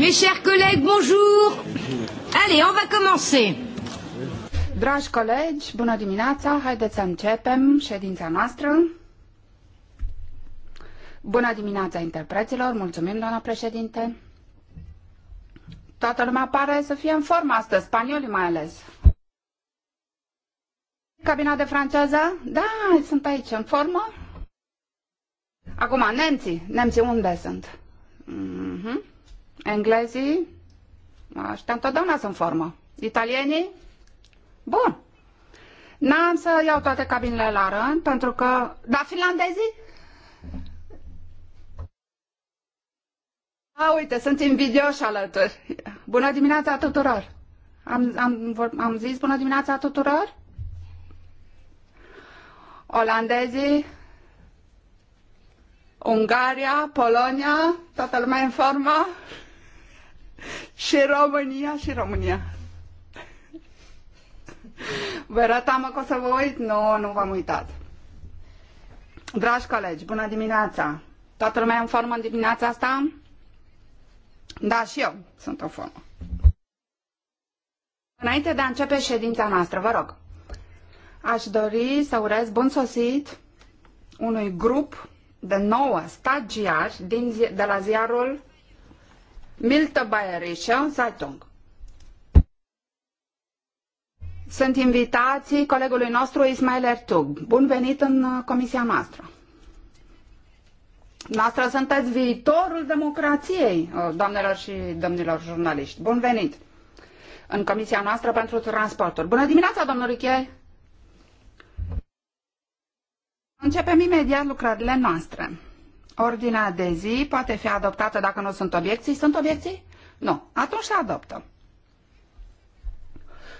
Mes chers collègues, bonjour. Allez, on va commencer. Dragi colegi, bună dimineața. Haideți să începem ședința noastră. Bună dimineața interpreților. Mulțumim, doamna președinte. Toată lumea pare să fie în formă astăzi, spaniolii mai ales. Cabina de franceză? Da, sunt aici, în formă. Acum, nemții. Nemții unde sunt? Mm -hmm. Englezii? Aștia întotdeauna sunt formă. Italienii? Bun. N-am să iau toate cabinele la rând, pentru că... da, finlandezii? A, uite, sunt invidioși alături. Bună dimineața tuturor! Am, am, am zis bună dimineața tuturor? Olandezii? Ungaria, Polonia, toată lumea în formă și România și România. Vă arătam că o să vă uit? Nu, no, nu v-am uitat. Dragi colegi, bună dimineața! Toată lumea în formă în dimineața asta? Da, și eu sunt în formă. Înainte de a începe ședința noastră, vă rog, aș dori să urez bun sosit unui grup de nouă stagiari din, de la ziarul Milte Bayerische Zeitung. Sunt invitații colegului nostru Ismail Ertug. Bun venit în uh, comisia noastră. Noastră sunteți viitorul democrației, uh, doamnelor și domnilor jurnaliști. Bun venit în comisia noastră pentru transporturi. Bună dimineața, domnul Richie! Începem imediat lucrările noastre. Ordinea de zi poate fi adoptată dacă nu sunt obiecții. Sunt obiecții? Nu. Atunci se adoptă.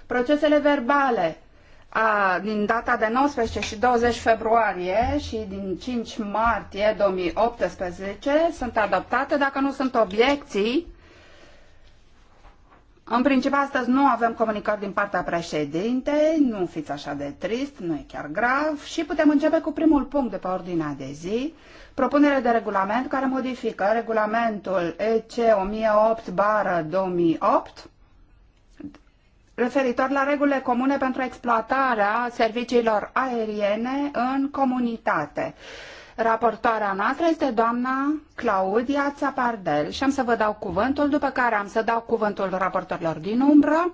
Procesele verbale a, din data de 19 și 20 februarie și din 5 martie 2018 sunt adoptate dacă nu sunt obiecții în principiu, astăzi nu avem comunicări din partea președintei, nu fiți așa de trist, nu e chiar grav și putem începe cu primul punct de pe ordinea de zi, propunere de regulament care modifică regulamentul EC 1008-2008 referitor la regulile comune pentru exploatarea serviciilor aeriene în comunitate. Raportoarea noastră este doamna Claudia Țapardel și am să vă dau cuvântul, după care am să dau cuvântul raportorilor din umbră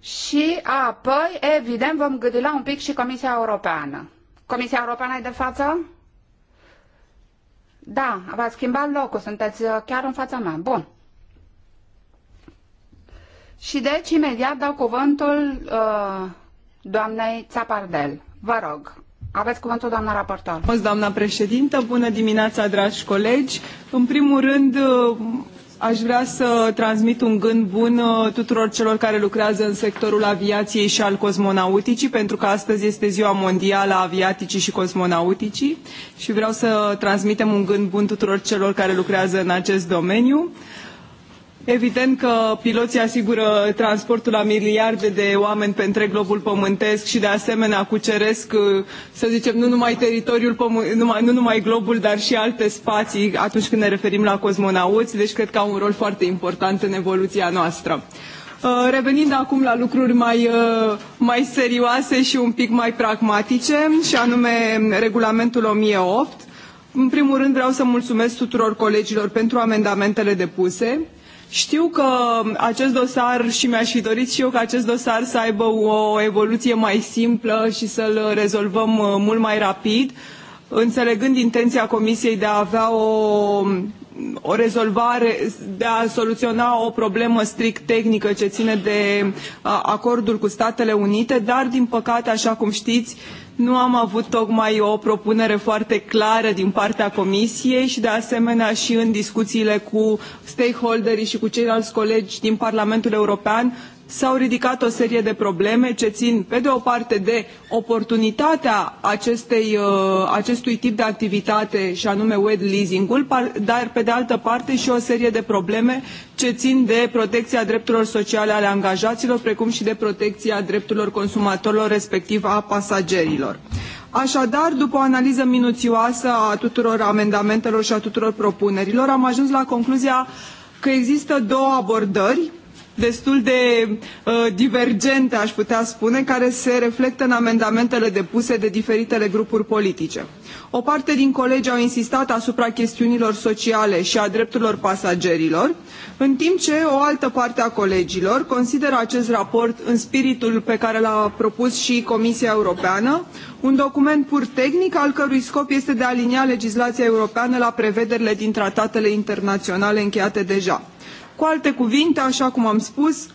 și apoi, evident, vom gândila un pic și Comisia Europeană. Comisia Europeană e de față? Da, v-ați schimbat locul, sunteți uh, chiar în fața mea. Bun. Și deci, imediat dau cuvântul uh, doamnei Țapardel. Vă rog. Aveți cuvântul, doamna raportor. Doamna președintă, bună dimineața, dragi colegi. În primul rând, uh, aș vrea să transmit un gând bun uh, tuturor celor care lucrează în sectorul aviației și al cosmonauticii, pentru că astăzi este Ziua Mondială a Aviaticii și Cosmonauticii și vreau să transmitem un gând bun tuturor celor care lucrează în acest domeniu. Evident că piloții asigură transportul la miliarde de oameni pe întreg globul pământesc și de asemenea cuceresc, uh, să zicem, nu numai teritoriul, nu, nu numai globul, dar și alte spații atunci când ne referim la cosmonauți, deci cred că au un rol foarte important în evoluția noastră. Uh, revenind acum la lucruri mai, uh, mai serioase și un pic mai pragmatice, și anume um, regulamentul 1008, în primul rând vreau să mulțumesc tuturor colegilor pentru amendamentele depuse. Știu că um, acest dosar și mi-aș fi dorit și eu ca acest dosar să aibă o evoluție mai simplă și să-l rezolvăm uh, mult mai rapid, înțelegând intenția Comisiei de a avea o, um, o rezolvare, de a soluționa o problemă strict tehnică ce ține de uh, acordul cu Statele Unite, dar, din păcate, așa cum știți, nu am avut tocmai o propunere foarte clară din partea Comisiei și, de asemenea, și în discuțiile cu stakeholderii și cu ceilalți colegi din Parlamentul European, s-au ridicat o serie de probleme ce țin, pe de o parte, de oportunitatea acestei, uh, acestui tip de activitate, și anume wet leasing-ul, dar, pe de altă parte, și o serie de probleme ce țin de protecția drepturilor sociale ale angajaților, precum și de protecția drepturilor consumatorilor, respectiv a pasagerilor. Așadar, după o analiză minuțioasă a tuturor amendamentelor și a tuturor propunerilor, am ajuns la concluzia că există două abordări destul de uh, divergente, aș putea spune, care se reflectă în amendamentele depuse de diferitele grupuri politice. O parte din colegi au insistat asupra chestiunilor sociale și a drepturilor pasagerilor, în timp ce o altă parte a colegilor consideră acest raport în spiritul pe care l-a propus și Comisia Europeană, un document pur tehnic al cărui scop este de a alinia legislația europeană la prevederile din tratatele internaționale încheiate deja cu alte cuvinte, așa cum am spus,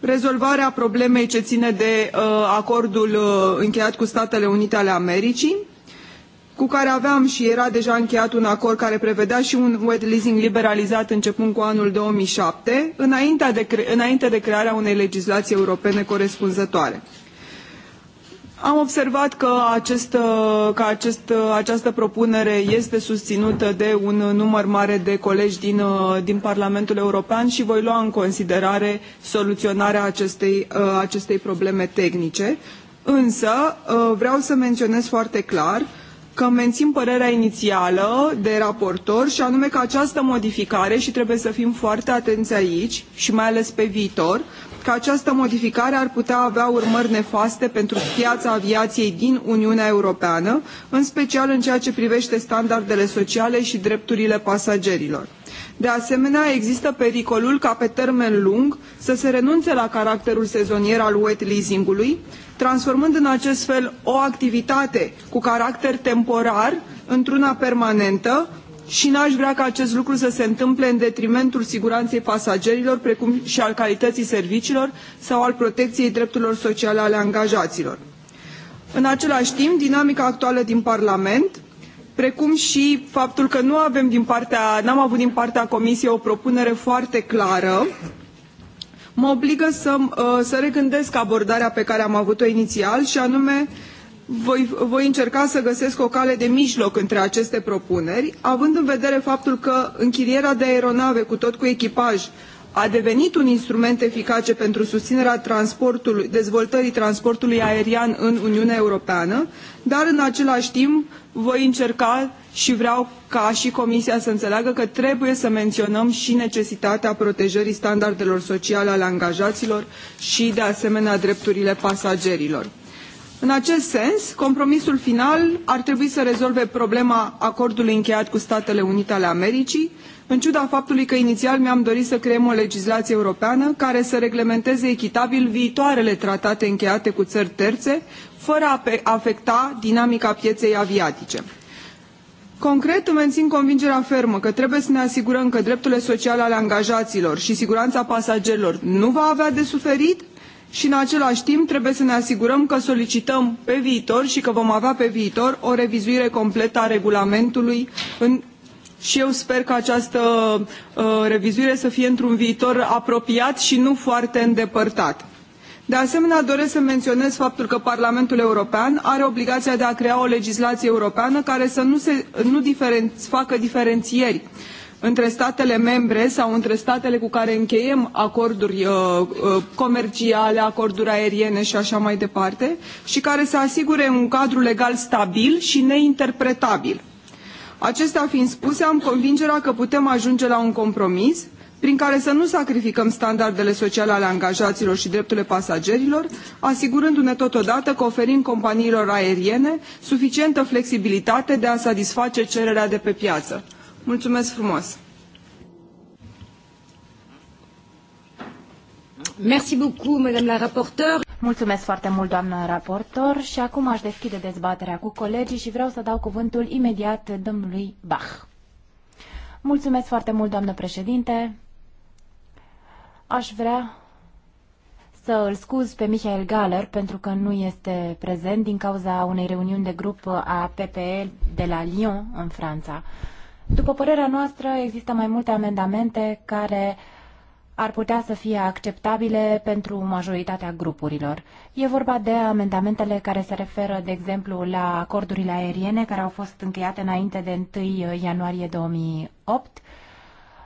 rezolvarea problemei ce ține de uh, acordul uh, încheiat cu Statele Unite ale Americii, cu care aveam și era deja încheiat un acord care prevedea și un wet leasing liberalizat începând cu anul 2007, înainte de, cre- înainte de crearea unei legislații europene corespunzătoare. Am observat că, acest, că acest, această propunere este susținută de un număr mare de colegi din, din Parlamentul European și voi lua în considerare soluționarea acestei, acestei probleme tehnice. Însă vreau să menționez foarte clar că mențin părerea inițială de raportor și anume că această modificare, și trebuie să fim foarte atenți aici și mai ales pe viitor, că această modificare ar putea avea urmări nefaste pentru piața aviației din Uniunea Europeană, în special în ceea ce privește standardele sociale și drepturile pasagerilor. De asemenea, există pericolul ca pe termen lung să se renunțe la caracterul sezonier al wet leasing-ului, transformând în acest fel o activitate cu caracter temporar într-una permanentă, și n-aș vrea ca acest lucru să se întâmple în detrimentul siguranței pasagerilor, precum și al calității serviciilor sau al protecției drepturilor sociale ale angajaților. În același timp, dinamica actuală din Parlament, precum și faptul că nu avem din partea, n-am avut din partea Comisiei o propunere foarte clară, mă obligă să, uh, să regândesc abordarea pe care am avut-o inițial și anume voi, voi încerca să găsesc o cale de mijloc între aceste propuneri, având în vedere faptul că închirierea de aeronave cu tot cu echipaj a devenit un instrument eficace pentru susținerea transportului, dezvoltării transportului aerian în Uniunea Europeană, dar în același timp voi încerca și vreau ca și Comisia să înțeleagă că trebuie să menționăm și necesitatea protejării standardelor sociale ale angajaților și, de asemenea, drepturile pasagerilor. În acest sens, compromisul final ar trebui să rezolve problema acordului încheiat cu Statele Unite ale Americii, în ciuda faptului că inițial mi-am dorit să creăm o legislație europeană care să reglementeze echitabil viitoarele tratate încheiate cu țări terțe, fără a afecta dinamica pieței aviatice. Concret, îmi mențin convingerea fermă că trebuie să ne asigurăm că drepturile sociale ale angajaților și siguranța pasagerilor nu va avea de suferit, și în același timp trebuie să ne asigurăm că solicităm pe viitor și că vom avea pe viitor o revizuire completă a regulamentului în și eu sper că această uh, revizuire să fie într un viitor apropiat și nu foarte îndepărtat. De asemenea, doresc să menționez faptul că Parlamentul European are obligația de a crea o legislație europeană care să nu, se, nu diferenț, facă diferențieri între statele membre sau între statele cu care încheiem acorduri uh, uh, comerciale, acorduri aeriene și așa mai departe, și care să asigure un cadru legal stabil și neinterpretabil. Acestea fiind spuse, am convingerea că putem ajunge la un compromis prin care să nu sacrificăm standardele sociale ale angajaților și drepturile pasagerilor, asigurându-ne totodată că oferim companiilor aeriene suficientă flexibilitate de a satisface cererea de pe piață. Mulțumesc frumos! Merci beaucoup, madame la rapporteur. Mulțumesc foarte mult, doamnă raportor, și acum aș deschide dezbaterea cu colegii și vreau să dau cuvântul imediat domnului Bach. Mulțumesc foarte mult, doamnă președinte. Aș vrea să îl scuz pe Michael Galler pentru că nu este prezent din cauza unei reuniuni de grup a PPE de la Lyon, în Franța. După părerea noastră, există mai multe amendamente care ar putea să fie acceptabile pentru majoritatea grupurilor. E vorba de amendamentele care se referă, de exemplu, la acordurile aeriene care au fost încheiate înainte de 1 ianuarie 2008,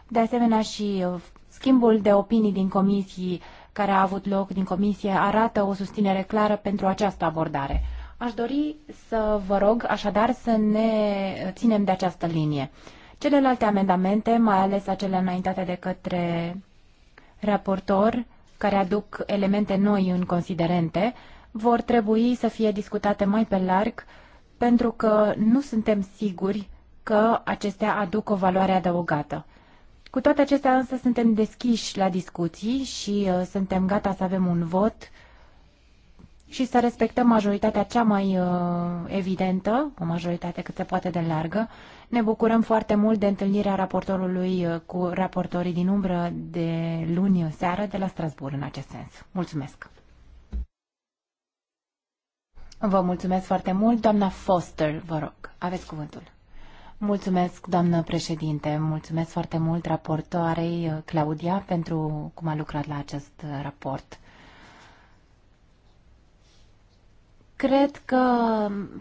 de asemenea și schimbul de opinii din comisii care a avut loc din comisie arată o susținere clară pentru această abordare. Aș dori să vă rog așadar să ne ținem de această linie. Celelalte amendamente, mai ales acele înaintate de către raportor, care aduc elemente noi în considerente, vor trebui să fie discutate mai pe larg, pentru că nu suntem siguri că acestea aduc o valoare adăugată. Cu toate acestea însă suntem deschiși la discuții și uh, suntem gata să avem un vot uh, și să respectăm majoritatea cea mai uh, evidentă, o majoritate cât se poate de largă. Ne bucurăm foarte mult de întâlnirea raportorului uh, cu raportorii din umbră de luni seară de la Strasbourg în acest sens. Mulțumesc! Vă mulțumesc foarte mult, doamna Foster, vă rog, aveți cuvântul. Mulțumesc, doamnă președinte, mulțumesc foarte mult raportoarei uh, Claudia pentru cum a lucrat la acest uh, raport. Cred că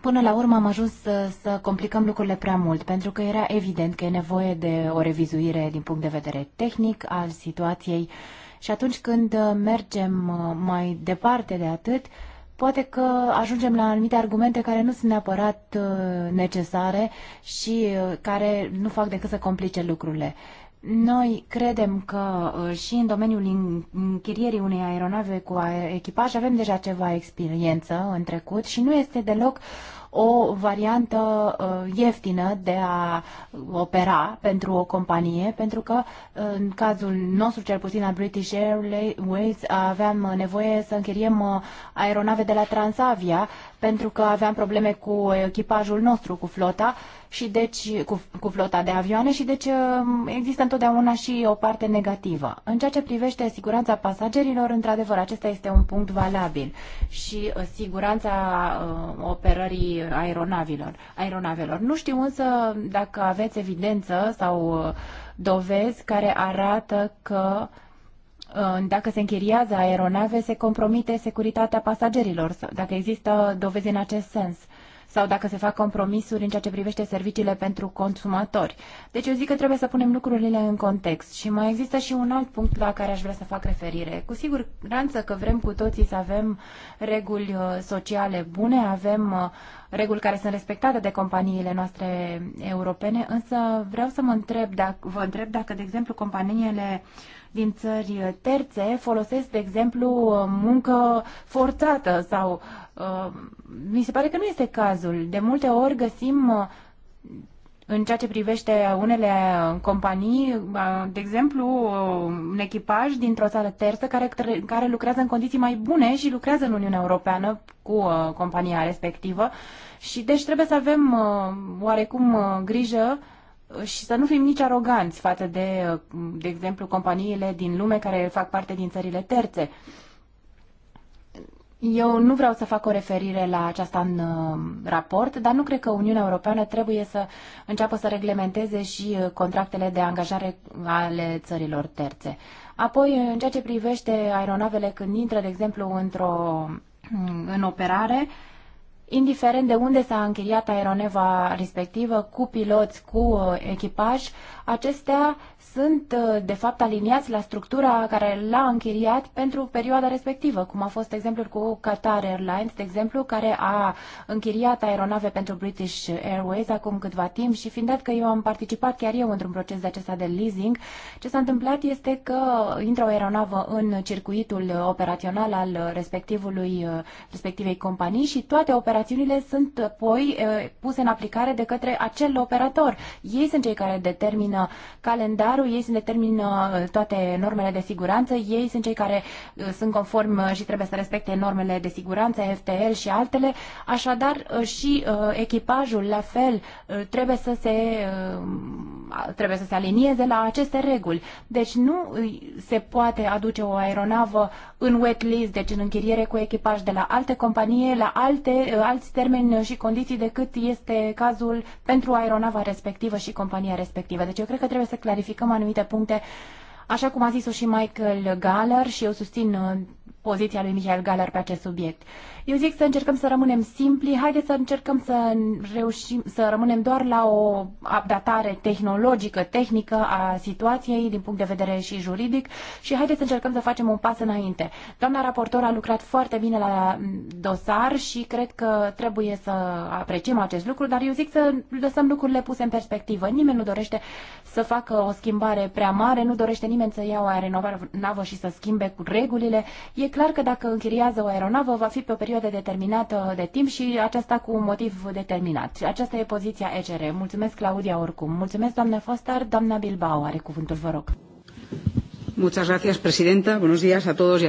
până la urmă am ajuns să, să complicăm lucrurile prea mult, pentru că era evident că e nevoie de o revizuire din punct de vedere tehnic al situației și atunci când uh, mergem uh, mai departe de atât, poate că ajungem la anumite argumente care nu sunt neapărat uh, necesare și care nu fac decât să complice lucrurile. Noi credem că uh, și în domeniul închirierii unei aeronave cu echipaj avem deja ceva experiență în trecut și nu este deloc o variantă uh, ieftină de a opera pentru o companie, pentru că uh, în cazul nostru, cel puțin al British Airways, aveam nevoie să închiriem uh, aeronave de la Transavia, pentru că aveam probleme cu echipajul nostru, cu flota și deci cu, cu flota de avioane și deci um, există întotdeauna și o parte negativă. În ceea ce privește siguranța pasagerilor, într-adevăr, acesta este un punct valabil și siguranța operării aeronavilor, aeronavelor. Nu știu însă dacă aveți evidență sau uh, dovezi care arată că uh, dacă se închiriază aeronave, se compromite securitatea pasagerilor, dacă există dovezi în acest sens sau dacă se fac compromisuri în ceea ce privește serviciile pentru consumatori. Deci eu zic că trebuie să punem lucrurile în context. Și mai există și un alt punct la care aș vrea să fac referire. Cu siguranță că vrem cu toții să avem reguli uh, sociale bune, avem uh, reguli care sunt respectate de companiile noastre europene, însă vreau să mă întreb dacă, vă întreb dacă, de exemplu, companiile din țări terțe folosesc, de exemplu, uh, muncă forțată sau uh, mi se pare că nu este cazul. De multe ori găsim uh, în ceea ce privește unele uh, companii, uh, de exemplu, un echipaj dintr-o țară terță care, care lucrează în condiții mai bune și lucrează în Uniunea Europeană cu compania respectivă și deci trebuie să avem oarecum grijă și să nu fim nici aroganți față de, de exemplu, companiile din lume care fac parte din țările terțe. Uh, eu nu vreau să fac o referire la aceasta în uh, raport, dar nu cred că Uniunea Europeană trebuie să înceapă să reglementeze și uh, contractele de angajare ale țărilor terțe. Apoi, uh, în ceea ce privește aeronavele când intră, de exemplu, într-o mm, în operare, indiferent de unde s-a închiriat aeroneva respectivă, cu piloți, cu echipaj, acestea sunt uh, de fapt aliniați la structura care l-a închiriat pentru perioada respectivă, cum a fost exemplul cu Qatar Airlines, de exemplu, care a închiriat aeronave pentru British Airways acum câtva timp și fiind dat că eu am participat chiar eu într-un proces de acesta de leasing, ce s-a întâmplat este că intră o aeronavă în circuitul operațional al respectivului, uh, respectivei companii și toate operațiunile sunt apoi uh, puse în aplicare de către acel operator. Ei sunt cei care determină calendarul calendarul, ei sunt determin uh, toate normele de siguranță, ei sunt cei care uh, sunt conform uh, și trebuie să respecte normele de siguranță, FTL și altele, așadar și echipajul la fel trebuie să se trebuie să se alinieze la aceste reguli. Deci nu se poate aduce o aeronavă în wet lease, deci în închiriere cu echipaj de la alte companie, la alte, alți termeni și condiții decât este cazul pentru aeronava respectivă și compania respectivă. Deci eu cred că trebuie să clarificăm clarificăm anumite puncte. Așa cum a zis-o și Michael Galler și eu susțin uh, poziția lui Michael Galler pe acest subiect. Eu zic să încercăm să rămânem simpli, haideți să încercăm să reușim să rămânem doar la o datare tehnologică, tehnică a situației din punct de vedere și juridic și haideți să încercăm să facem un pas înainte. Doamna raportor a lucrat foarte bine la dosar și cred că trebuie să apreciem acest lucru, dar eu zic să lăsăm lucrurile puse în perspectivă. Nimeni nu dorește să facă o schimbare prea mare, nu dorește nimeni să ia o aeronavă și să schimbe cu regulile. E clar că dacă închiriază o aeronavă, va fi pe o perioadă perioadă determinată de timp și aceasta cu un motiv determinat. Și aceasta e poziția ECR. Mulțumesc, Claudia, oricum. Mulțumesc, doamna Foster. Doamna Bilbao are cuvântul, vă rog. Muchas gracias, presidenta. Buenos días a todos.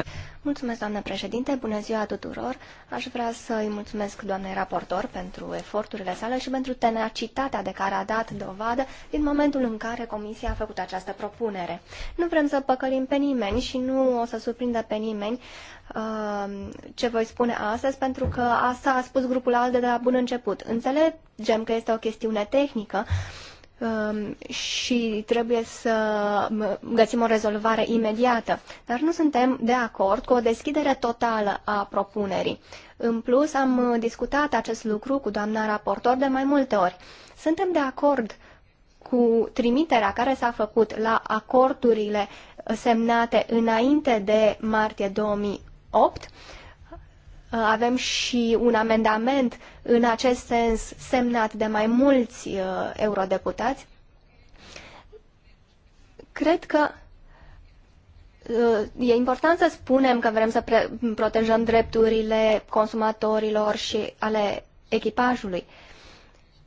Mulțumesc, doamnă președinte, bună ziua tuturor. Aș vrea să îi mulțumesc doamnei raportor pentru eforturile sale și pentru tenacitatea de care a dat dovadă din momentul în care Comisia a făcut această propunere. Nu vrem să păcălim pe nimeni și nu o să surprindă pe nimeni Uh, ce voi spune astăzi, pentru că asta a spus grupul ALDE de la bun început. Înțelegem că este o chestiune tehnică um, și trebuie să găsim o rezolvare imediată, dar nu suntem de acord cu o deschidere totală a propunerii. În plus, am discutat acest lucru cu doamna raportor de mai multe ori. Suntem de acord cu trimiterea care s-a făcut la acordurile semnate înainte de martie 2000 8. Avem și un amendament în acest sens semnat de mai mulți uh, eurodeputați. Cred că uh, e important să spunem că vrem să protejăm drepturile consumatorilor și ale echipajului.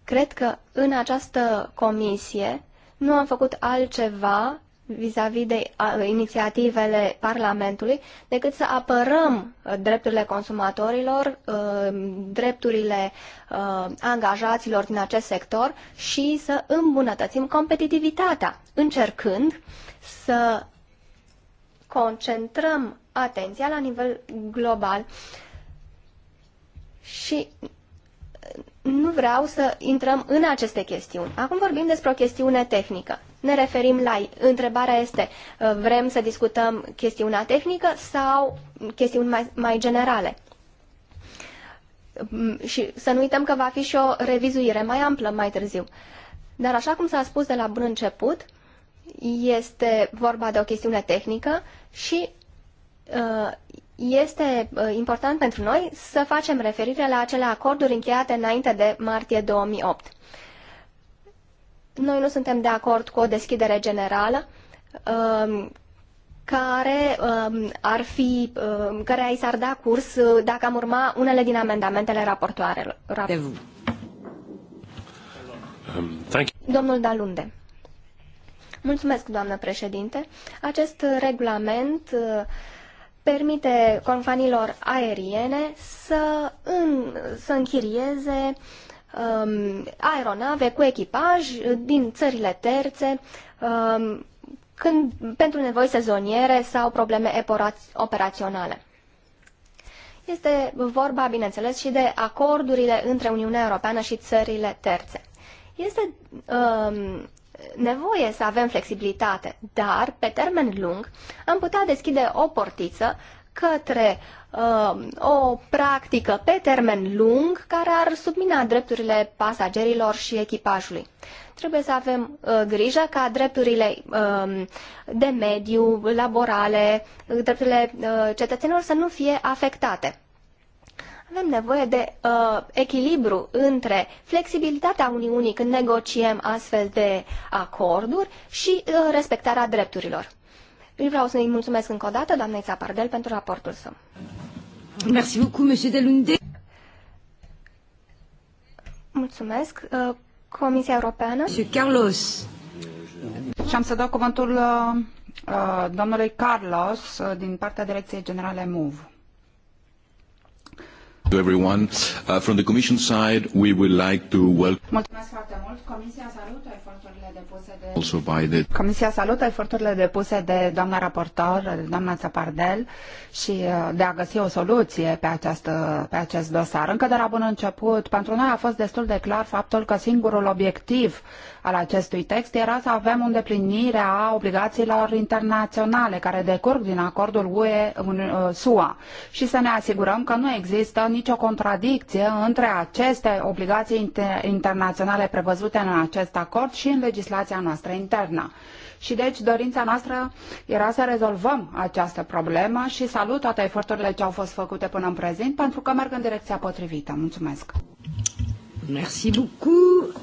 Cred că în această comisie nu am făcut altceva vis-a-vis -vis de inițiativele Parlamentului, decât să apărăm uh, drepturile consumatorilor, uh, drepturile uh, angajaților din acest sector și să îmbunătățim competitivitatea, încercând să concentrăm atenția la nivel global și nu vreau să intrăm în aceste chestiuni. Acum vorbim despre o chestiune tehnică ne referim la ei. Întrebarea este, uh, vrem să discutăm chestiunea tehnică sau chestiuni mai, mai generale? Mm, și să nu uităm că va fi și o revizuire mai amplă mai târziu. Dar așa cum s-a spus de la bun început, este vorba de o chestiune tehnică și uh, este uh, important pentru noi să facem referire la acele acorduri încheiate înainte de martie 2008. Noi nu suntem de acord cu o deschidere generală um, care um, ar fi, um, care ai s-ar da curs uh, dacă am urma unele din amendamentele raportoarelor. Domnul Dalunde. Mulțumesc, doamnă președinte. Acest regulament uh, permite companiilor aeriene să, în, să închirieze uh, um, aeronave cu echipaj din țările terțe um, când, pentru nevoi sezoniere sau probleme operaționale. Este vorba, bineînțeles, și de acordurile între Uniunea Europeană și țările terțe. Este um, nevoie să avem flexibilitate, dar, pe termen lung, am putea deschide o portiță către uh, o practică pe termen lung care ar submina drepturile pasagerilor și echipajului. Trebuie să avem uh, grijă ca drepturile uh, de mediu, laborale, drepturile uh, cetățenilor să nu fie afectate. Avem nevoie de uh, echilibru între flexibilitatea Uniunii când negociem astfel de acorduri și uh, respectarea drepturilor. Îi vreau să-i mulțumesc încă o dată, doamnei Zapardel, pentru raportul său. Merci beaucoup, monsieur Delunde. Mulțumesc. Uh, Comisia Europeană. Monsieur Carlos. Și am să dau cuvântul uh, uh domnului Carlos uh, din partea Direcției Generale MOVE. To everyone. Uh, from the Commission side, we would like to welcome. Comisia salută eforturile depuse de Also by the... Comisia salută eforturile depuse de doamna raportor, doamna Țapardel și uh, de a găsi o soluție pe, această, pe acest dosar. Încă de la bun început, pentru noi a fost destul de clar faptul că singurul obiectiv al acestui text era să avem îndeplinirea obligațiilor internaționale care decurg din acordul UE-SUA uh, și să ne asigurăm că nu există nici nicio contradicție între aceste obligații internaționale prevăzute în acest acord și în legislația noastră internă. Și deci dorința noastră era să rezolvăm această problemă și salut toate eforturile ce au fost făcute până în prezent pentru că merg în direcția potrivită. Mulțumesc! Merci beaucoup.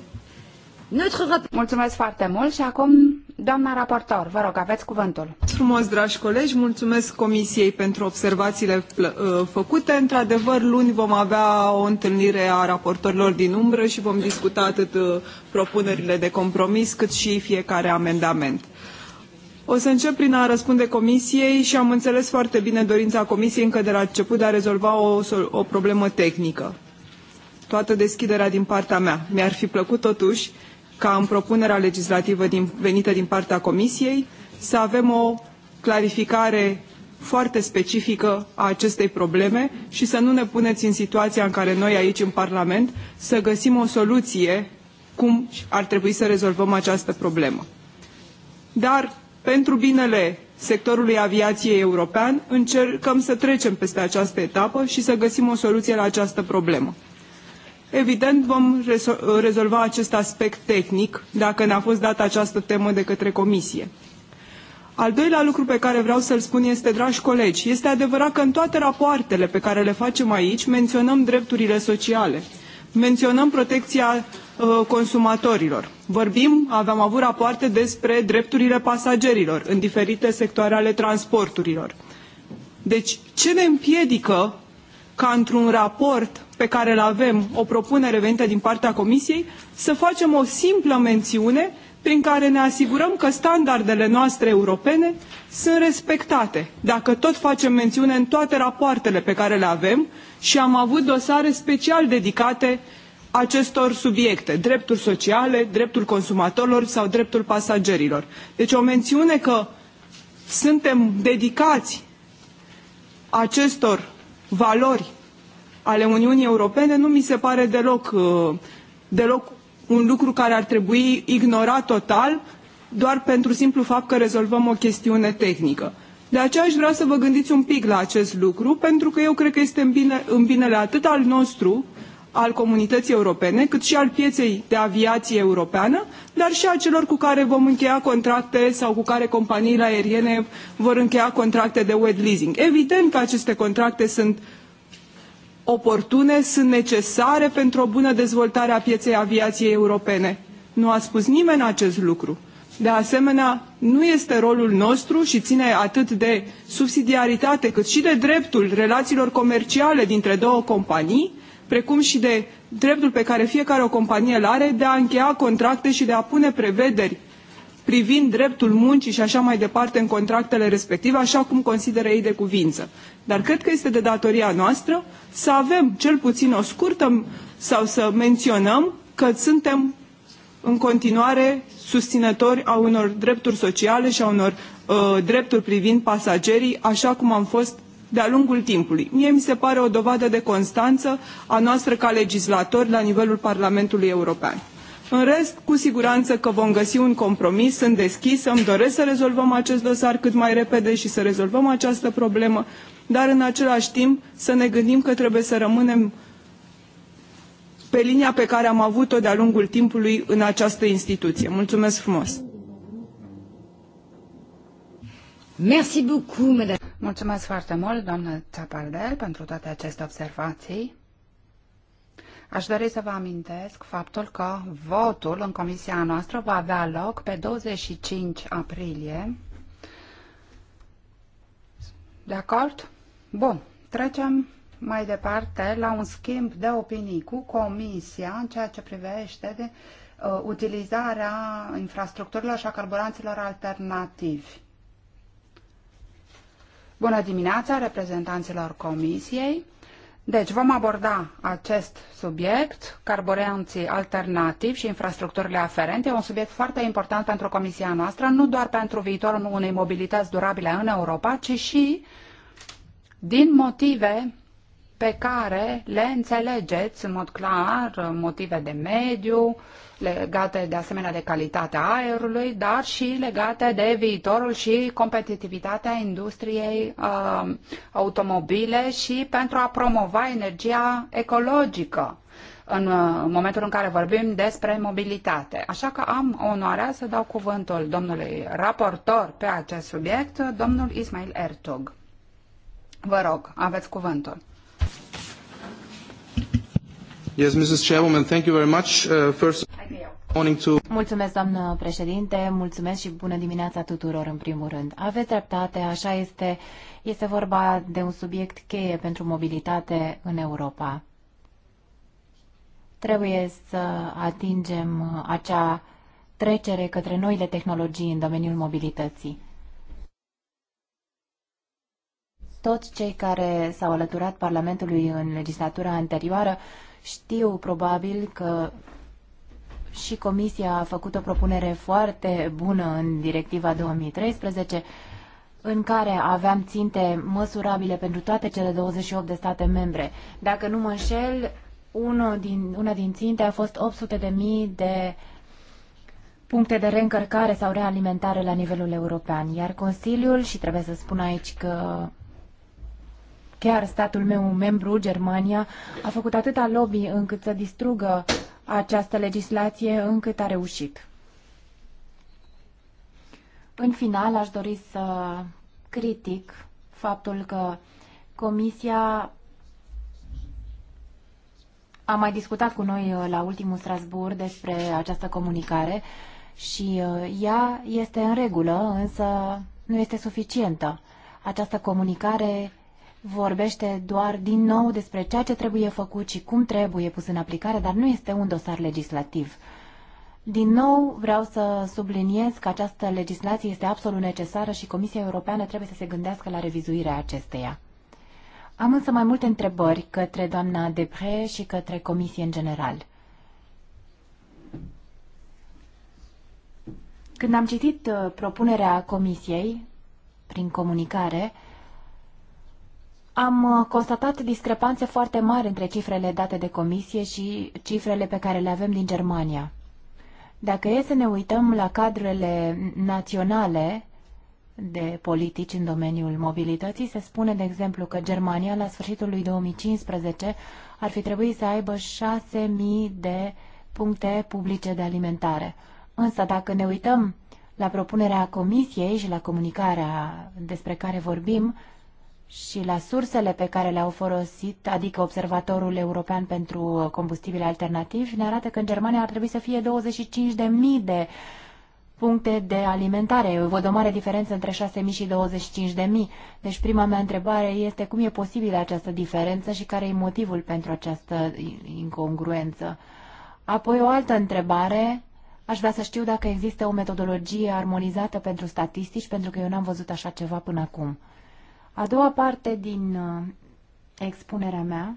Mulțumesc foarte mult și acum Doamna raportor, vă rog, aveți cuvântul. Frumos, dragi colegi, mulțumesc Comisiei pentru observațiile ă, făcute. Într-adevăr, luni vom avea o întâlnire a raportorilor din umbră și vom discuta atât ă, propunerile de compromis cât și fiecare amendament. O să încep prin a răspunde Comisiei și am înțeles foarte bine dorința Comisiei încă de la început de a rezolva o, o problemă tehnică. Toată deschiderea din partea mea. Mi-ar fi plăcut totuși ca în propunerea legislativă din, venită din partea Comisiei să avem o clarificare foarte specifică a acestei probleme și să nu ne puneți în situația în care noi aici în Parlament să găsim o soluție cum ar trebui să rezolvăm această problemă. Dar pentru binele sectorului aviației european încercăm să trecem peste această etapă și să găsim o soluție la această problemă. Evident, vom rezolva acest aspect tehnic, dacă ne-a fost dată această temă de către Comisie. Al doilea lucru pe care vreau să-l spun este, dragi colegi, este adevărat că în toate rapoartele pe care le facem aici menționăm drepturile sociale, menționăm protecția uh, consumatorilor. Vorbim, aveam avut rapoarte despre drepturile pasagerilor în diferite sectoare ale transporturilor. Deci, ce ne împiedică ca într-un raport pe care îl avem, o propunere venită din partea Comisiei, să facem o simplă mențiune prin care ne asigurăm că standardele noastre europene sunt respectate. Dacă tot facem mențiune în toate rapoartele pe care le avem și am avut dosare special dedicate acestor subiecte, drepturi sociale, dreptul consumatorilor sau dreptul pasagerilor. Deci o mențiune că suntem dedicați acestor valori ale Uniunii Europene nu mi se pare deloc, uh, deloc un lucru care ar trebui ignorat total doar pentru simplu fapt că rezolvăm o chestiune tehnică. De aceea aș vrea să vă gândiți un pic la acest lucru, pentru că eu cred că este în, bine, în binele atât al nostru, al comunității europene, cât și al pieței de aviație europeană, dar și al celor cu care vom încheia contracte sau cu care companiile aeriene vor încheia contracte de wet leasing. Evident că aceste contracte sunt oportune, sunt necesare pentru o bună dezvoltare a pieței aviației europene. Nu a spus nimeni acest lucru. De asemenea, nu este rolul nostru și ține atât de subsidiaritate cât și de dreptul relațiilor comerciale dintre două companii precum și de dreptul pe care fiecare o companie îl are de a încheia contracte și de a pune prevederi privind dreptul muncii și așa mai departe în contractele respective, așa cum consideră ei de cuvință. Dar cred că este de datoria noastră să avem cel puțin o scurtă sau să menționăm că suntem în continuare susținători a unor drepturi sociale și a unor uh, drepturi privind pasagerii, așa cum am fost de-a lungul timpului. Mie mi se pare o dovadă de constanță a noastră ca legislatori la nivelul Parlamentului European. În rest, cu siguranță că vom găsi un compromis, sunt deschis, îmi doresc să rezolvăm acest dosar cât mai repede și să rezolvăm această problemă, dar în același timp să ne gândim că trebuie să rămânem pe linia pe care am avut-o de-a lungul timpului în această instituție. Mulțumesc frumos! Merci beaucoup, madame. Mulțumesc foarte mult, doamnă Țapardel, pentru toate aceste observații. Aș dori să vă amintesc faptul că votul în comisia noastră va avea loc pe 25 aprilie. De acord? Bun. Trecem mai departe la un schimb de opinii cu comisia în ceea ce privește de, uh, utilizarea infrastructurilor și a carburanților alternativi. Bună dimineața reprezentanților Comisiei. Deci vom aborda acest subiect, carburanții alternativi și infrastructurile aferente. E un subiect foarte important pentru Comisia noastră, nu doar pentru viitorul unei mobilități durabile în Europa, ci și din motive pe care le înțelegeți în mod clar, motive de mediu, uh, legate de asemenea de calitatea aerului, dar și legate de viitorul și competitivitatea industriei uh, automobile și pentru a promova energia ecologică în uh, momentul în care vorbim despre mobilitate. Așa că am onoarea să dau cuvântul domnului raportor pe acest subiect, domnul Ismail Ertug. Vă rog, aveți cuvântul. Yes, Mrs. Chairwoman, thank you very much. Uh, first, morning to... Mulțumesc, doamnă președinte, mulțumesc și bună dimineața tuturor, în primul rând. Aveți dreptate, așa este. Este vorba de un subiect cheie pentru mobilitate în Europa. Trebuie să atingem acea trecere către noile tehnologii în domeniul mobilității. Toți cei care s-au alăturat Parlamentului în legislatura anterioară știu probabil că și Comisia a făcut o propunere foarte bună în Directiva 2013, în care aveam ținte măsurabile pentru toate cele 28 de state membre. Dacă nu mă înșel, una din, una din ținte a fost 800.000 de de puncte de reîncărcare sau realimentare la nivelul european, iar Consiliul, și trebuie să spun aici că Chiar statul meu membru, Germania, a făcut atâta lobby încât să distrugă această legislație încât a reușit. În final, aș dori să critic faptul că Comisia a mai discutat cu noi uh, la ultimul Strasbourg despre această comunicare și uh, ea este în regulă, însă nu este suficientă. Această comunicare vorbește doar din nou despre ceea ce trebuie făcut și cum trebuie pus în aplicare, dar nu este un dosar legislativ. Din nou, vreau să subliniez că această legislație este absolut necesară și Comisia Europeană trebuie să se gândească la revizuirea acesteia. Am însă mai multe întrebări către doamna Depre și către Comisie în general. Când am citit uh, propunerea Comisiei prin comunicare, am uh, constatat discrepanțe foarte mari între cifrele date de comisie și cifrele pe care le avem din Germania. Dacă e să ne uităm la cadrele naționale de politici în domeniul mobilității, se spune, de exemplu, că Germania, la sfârșitul lui 2015, ar fi trebuit să aibă 6.000 de puncte publice de alimentare. Însă, dacă ne uităm la propunerea comisiei și la comunicarea despre care vorbim, și la sursele pe care le-au folosit, adică Observatorul European pentru Combustibile Alternativi, ne arată că în Germania ar trebui să fie 25.000 de de puncte de alimentare. Văd o mare diferență între 6.000 și 25.000. Deci prima mea întrebare este cum e posibilă această diferență și care e motivul pentru această incongruență. Apoi o altă întrebare. Aș vrea să știu dacă există o metodologie armonizată pentru statistici, pentru că eu n-am văzut așa ceva până acum. A doua parte din uh, expunerea mea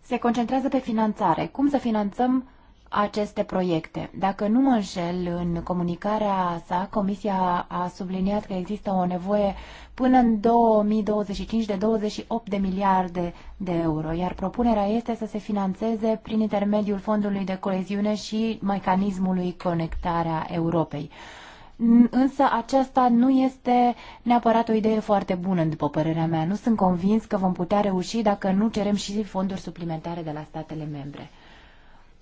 se concentrează pe finanțare. Cum să finanțăm aceste proiecte? Dacă nu mă înșel, în comunicarea sa, Comisia a subliniat că există o nevoie până în 2025 de 28 de miliarde de euro, iar propunerea este să se financeze prin intermediul Fondului de Coeziune și mecanismului Conectarea Europei însă aceasta nu este neapărat o idee foarte bună, după părerea mea. Nu sunt convins că vom putea reuși dacă nu cerem și fonduri suplimentare de la statele membre.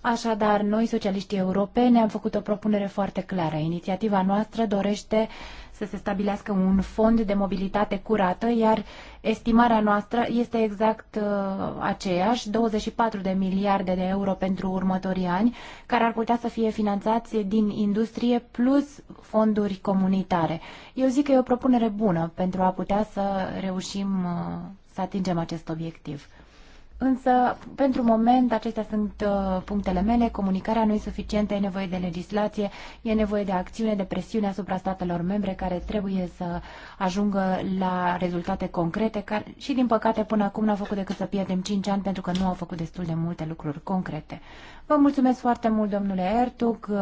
Așadar, noi, socialiștii europeni, ne am făcut o propunere foarte clară. Inițiativa noastră dorește să se stabilească un fond de mobilitate curată, iar estimarea noastră este exact uh, aceeași, 24 de miliarde de euro pentru următorii ani, care ar putea să fie finanțați din industrie plus fonduri comunitare. Eu zic că e o propunere bună pentru a putea să reușim uh, să atingem acest obiectiv. Însă, pentru moment, acestea sunt uh, punctele mele. Comunicarea nu e suficientă, e nevoie de legislație, e nevoie de acțiune, de presiune asupra statelor membre care trebuie să ajungă la rezultate concrete care, și, din păcate, până acum n-au făcut decât să pierdem 5 ani pentru că nu au făcut destul de multe lucruri concrete. Vă mulțumesc foarte mult, domnule Ertug, uh,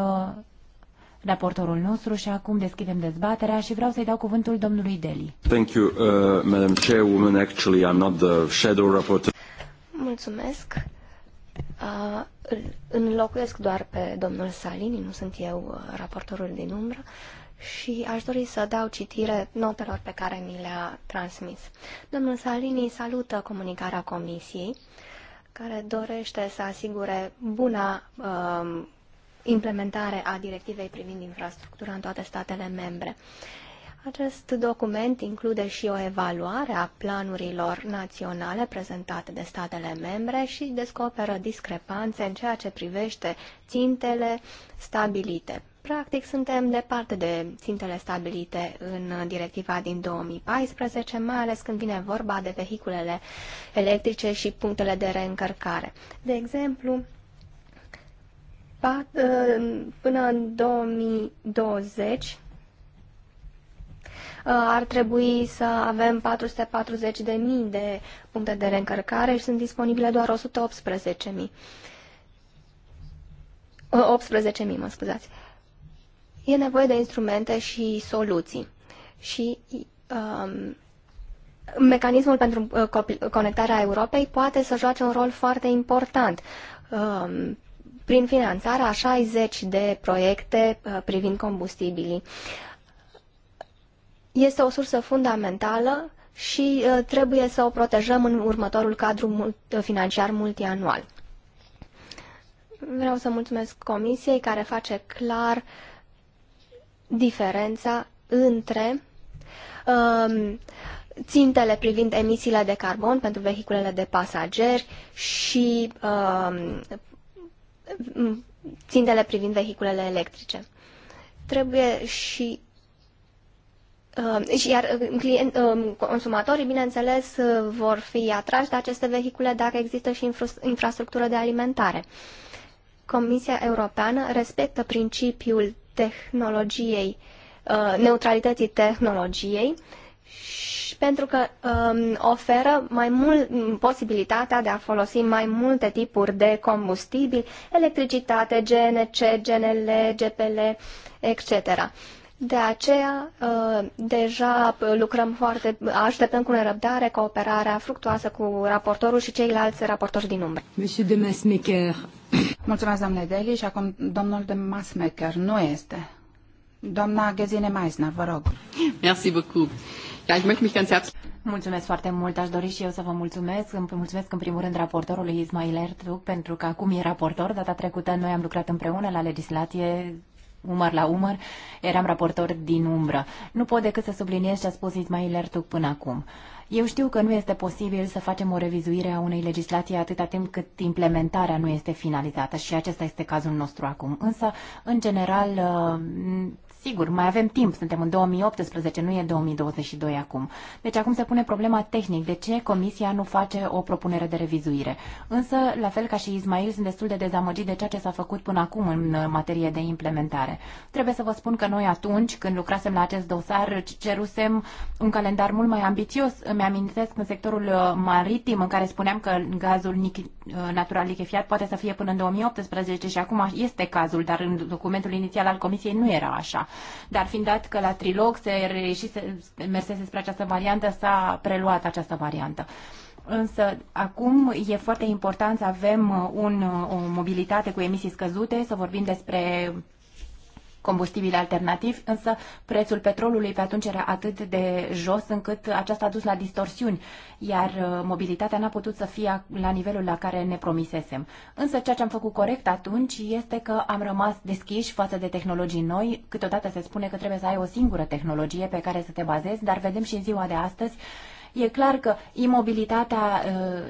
raportorul nostru și acum deschidem dezbaterea și vreau să-i dau cuvântul domnului Deli. Thank you, uh, Madam Chairwoman. Actually, I'm not the shadow rapporteur. Mulțumesc. Uh, înlocuiesc doar pe domnul Salini, nu sunt eu raportorul din umbră, și aș dori să dau citire notelor pe care mi le-a transmis. Domnul Salini salută comunicarea Comisiei, care dorește să asigure buna uh, implementare a directivei privind infrastructura în toate statele membre. Acest document include și o evaluare a planurilor naționale prezentate de statele membre și descoperă discrepanțe în ceea ce privește țintele stabilite. Practic, suntem departe de țintele stabilite în directiva din 2014, mai ales când vine vorba de vehiculele electrice și punctele de reîncărcare. De exemplu, ă, până în 2020, Uh, ar trebui să avem 440.000 de de puncte de reîncărcare și sunt disponibile doar 118.000. 18.000, uh, mă scuzați. E nevoie de instrumente și soluții. Și um, mecanismul pentru uh, conectarea Europei poate să joace un rol foarte important. Um, prin finanțarea a 60 de proiecte privind combustibilii. Uh, este o sursă fundamentală și uh, trebuie să o protejăm în următorul cadru uh, financiar multianual. Vreau să mulțumesc Comisiei care face clar diferența între um, țintele privind emisiile de carbon pentru vehiculele de pasageri și um, țintele privind vehiculele electrice. Trebuie și Ehm, iar ehm, client, ehm, consumatorii, bineînțeles, eh, vor fi atrași de aceste vehicule dacă există și infrastructură de alimentare. Comisia Europeană respectă principiul tehnologiei, eh, neutralității tehnologiei și pentru că um, oferă mai mult mm, posibilitatea de a folosi mai multe tipuri de combustibili, electricitate, GNC, GNL, GPL, etc. De aceea, uh, deja lucrăm foarte, așteptăm cu nerăbdare cooperarea fructuoasă cu raportorul și ceilalți raportori din umbră. Monsieur de Masmaker. Mulțumesc, doamne Deli, și acum domnul de Masmaker nu este. Doamna Gezine Meisner, vă rog. Merci beaucoup. Mulțumesc foarte mult. Aș dori și eu să vă mulțumesc. Îmi mulțumesc în primul rând raportorului Ismail Ertug pentru că acum e raportor. Data trecută noi am lucrat împreună la legislație umăr la umăr, eram raportor din umbră. Nu pot decât să subliniez ce a spus Ismail Ertug până acum. Eu știu că nu este posibil să facem o revizuire a unei legislații atâta timp cât implementarea nu este finalizată și acesta este cazul nostru acum. Însă, în general, Sigur, mai avem timp, suntem în 2018, nu e 2022 acum. Deci acum se pune problema tehnic, de ce Comisia nu face o propunere de revizuire. Însă, la fel ca și Ismail, sunt destul de dezamăgit de ceea ce s-a făcut până acum în uh, materie de implementare. Trebuie să vă spun că noi atunci, când lucrasem la acest dosar, cerusem un calendar mult mai ambițios. Îmi amintesc în sectorul uh, maritim, în care spuneam că gazul uh, natural lichefiat poate să fie până în 2018 și acum este cazul, dar în documentul inițial al Comisiei nu era așa. Dar fiind dat că la trilog se reușise, mersese spre această variantă, s-a preluat această variantă. Însă acum e foarte important să avem un, o mobilitate cu emisii scăzute, să vorbim despre combustibili alternativi, însă prețul petrolului pe atunci era atât de jos încât aceasta a dus la distorsiuni, iar uh, mobilitatea n-a putut să fie la nivelul la care ne promisesem. Însă ceea ce am făcut corect atunci este că am rămas deschiși față de tehnologii noi. Câteodată se spune că trebuie să ai o singură tehnologie pe care să te bazezi, dar vedem și în ziua de astăzi E clar că imobilitatea,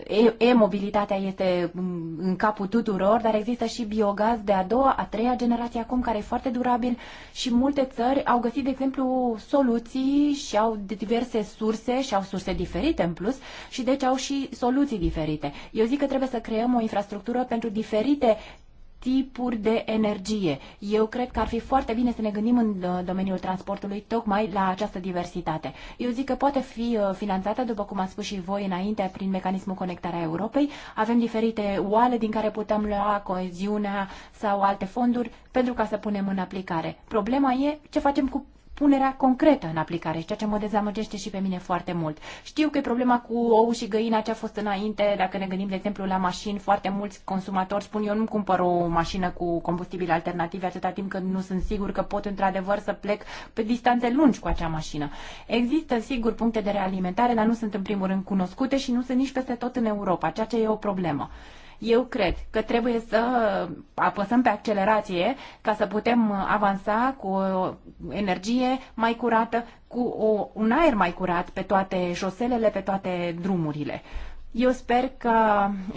uh, e-mobilitatea este mm, în capul tuturor, dar există și biogaz de a doua, a treia generație acum, care e foarte durabil și multe țări au găsit, de exemplu, soluții și au diverse surse și au surse diferite în plus și deci au și soluții diferite. Eu zic că trebuie să creăm o infrastructură pentru diferite tipuri de energie. Eu cred că ar fi foarte bine să ne gândim în uh, domeniul transportului tocmai la această diversitate. Eu zic că poate fi uh, finanțată, după cum ați spus și voi înainte, prin mecanismul conectarea Europei. Avem diferite oale din care putem lua coeziunea sau alte fonduri pentru ca să punem în aplicare. Problema e ce facem cu punerea concretă în aplicare, ceea ce mă dezamăgește și pe mine foarte mult. Știu că e problema cu ou și găina ce a fost înainte, dacă ne gândim, de exemplu, la mașini, foarte mulți consumatori spun eu nu cumpăr o mașină cu combustibil alternativ atâta timp când nu sunt sigur că pot într-adevăr să plec pe distanțe lungi cu acea mașină. Există, sigur, puncte de realimentare, dar nu sunt în primul rând cunoscute și nu sunt nici peste tot în Europa, ceea ce e o problemă. Eu cred că trebuie să apăsăm pe accelerație ca să putem avansa cu o energie mai curată, cu o, un aer mai curat pe toate șoselele, pe toate drumurile. Eu sper că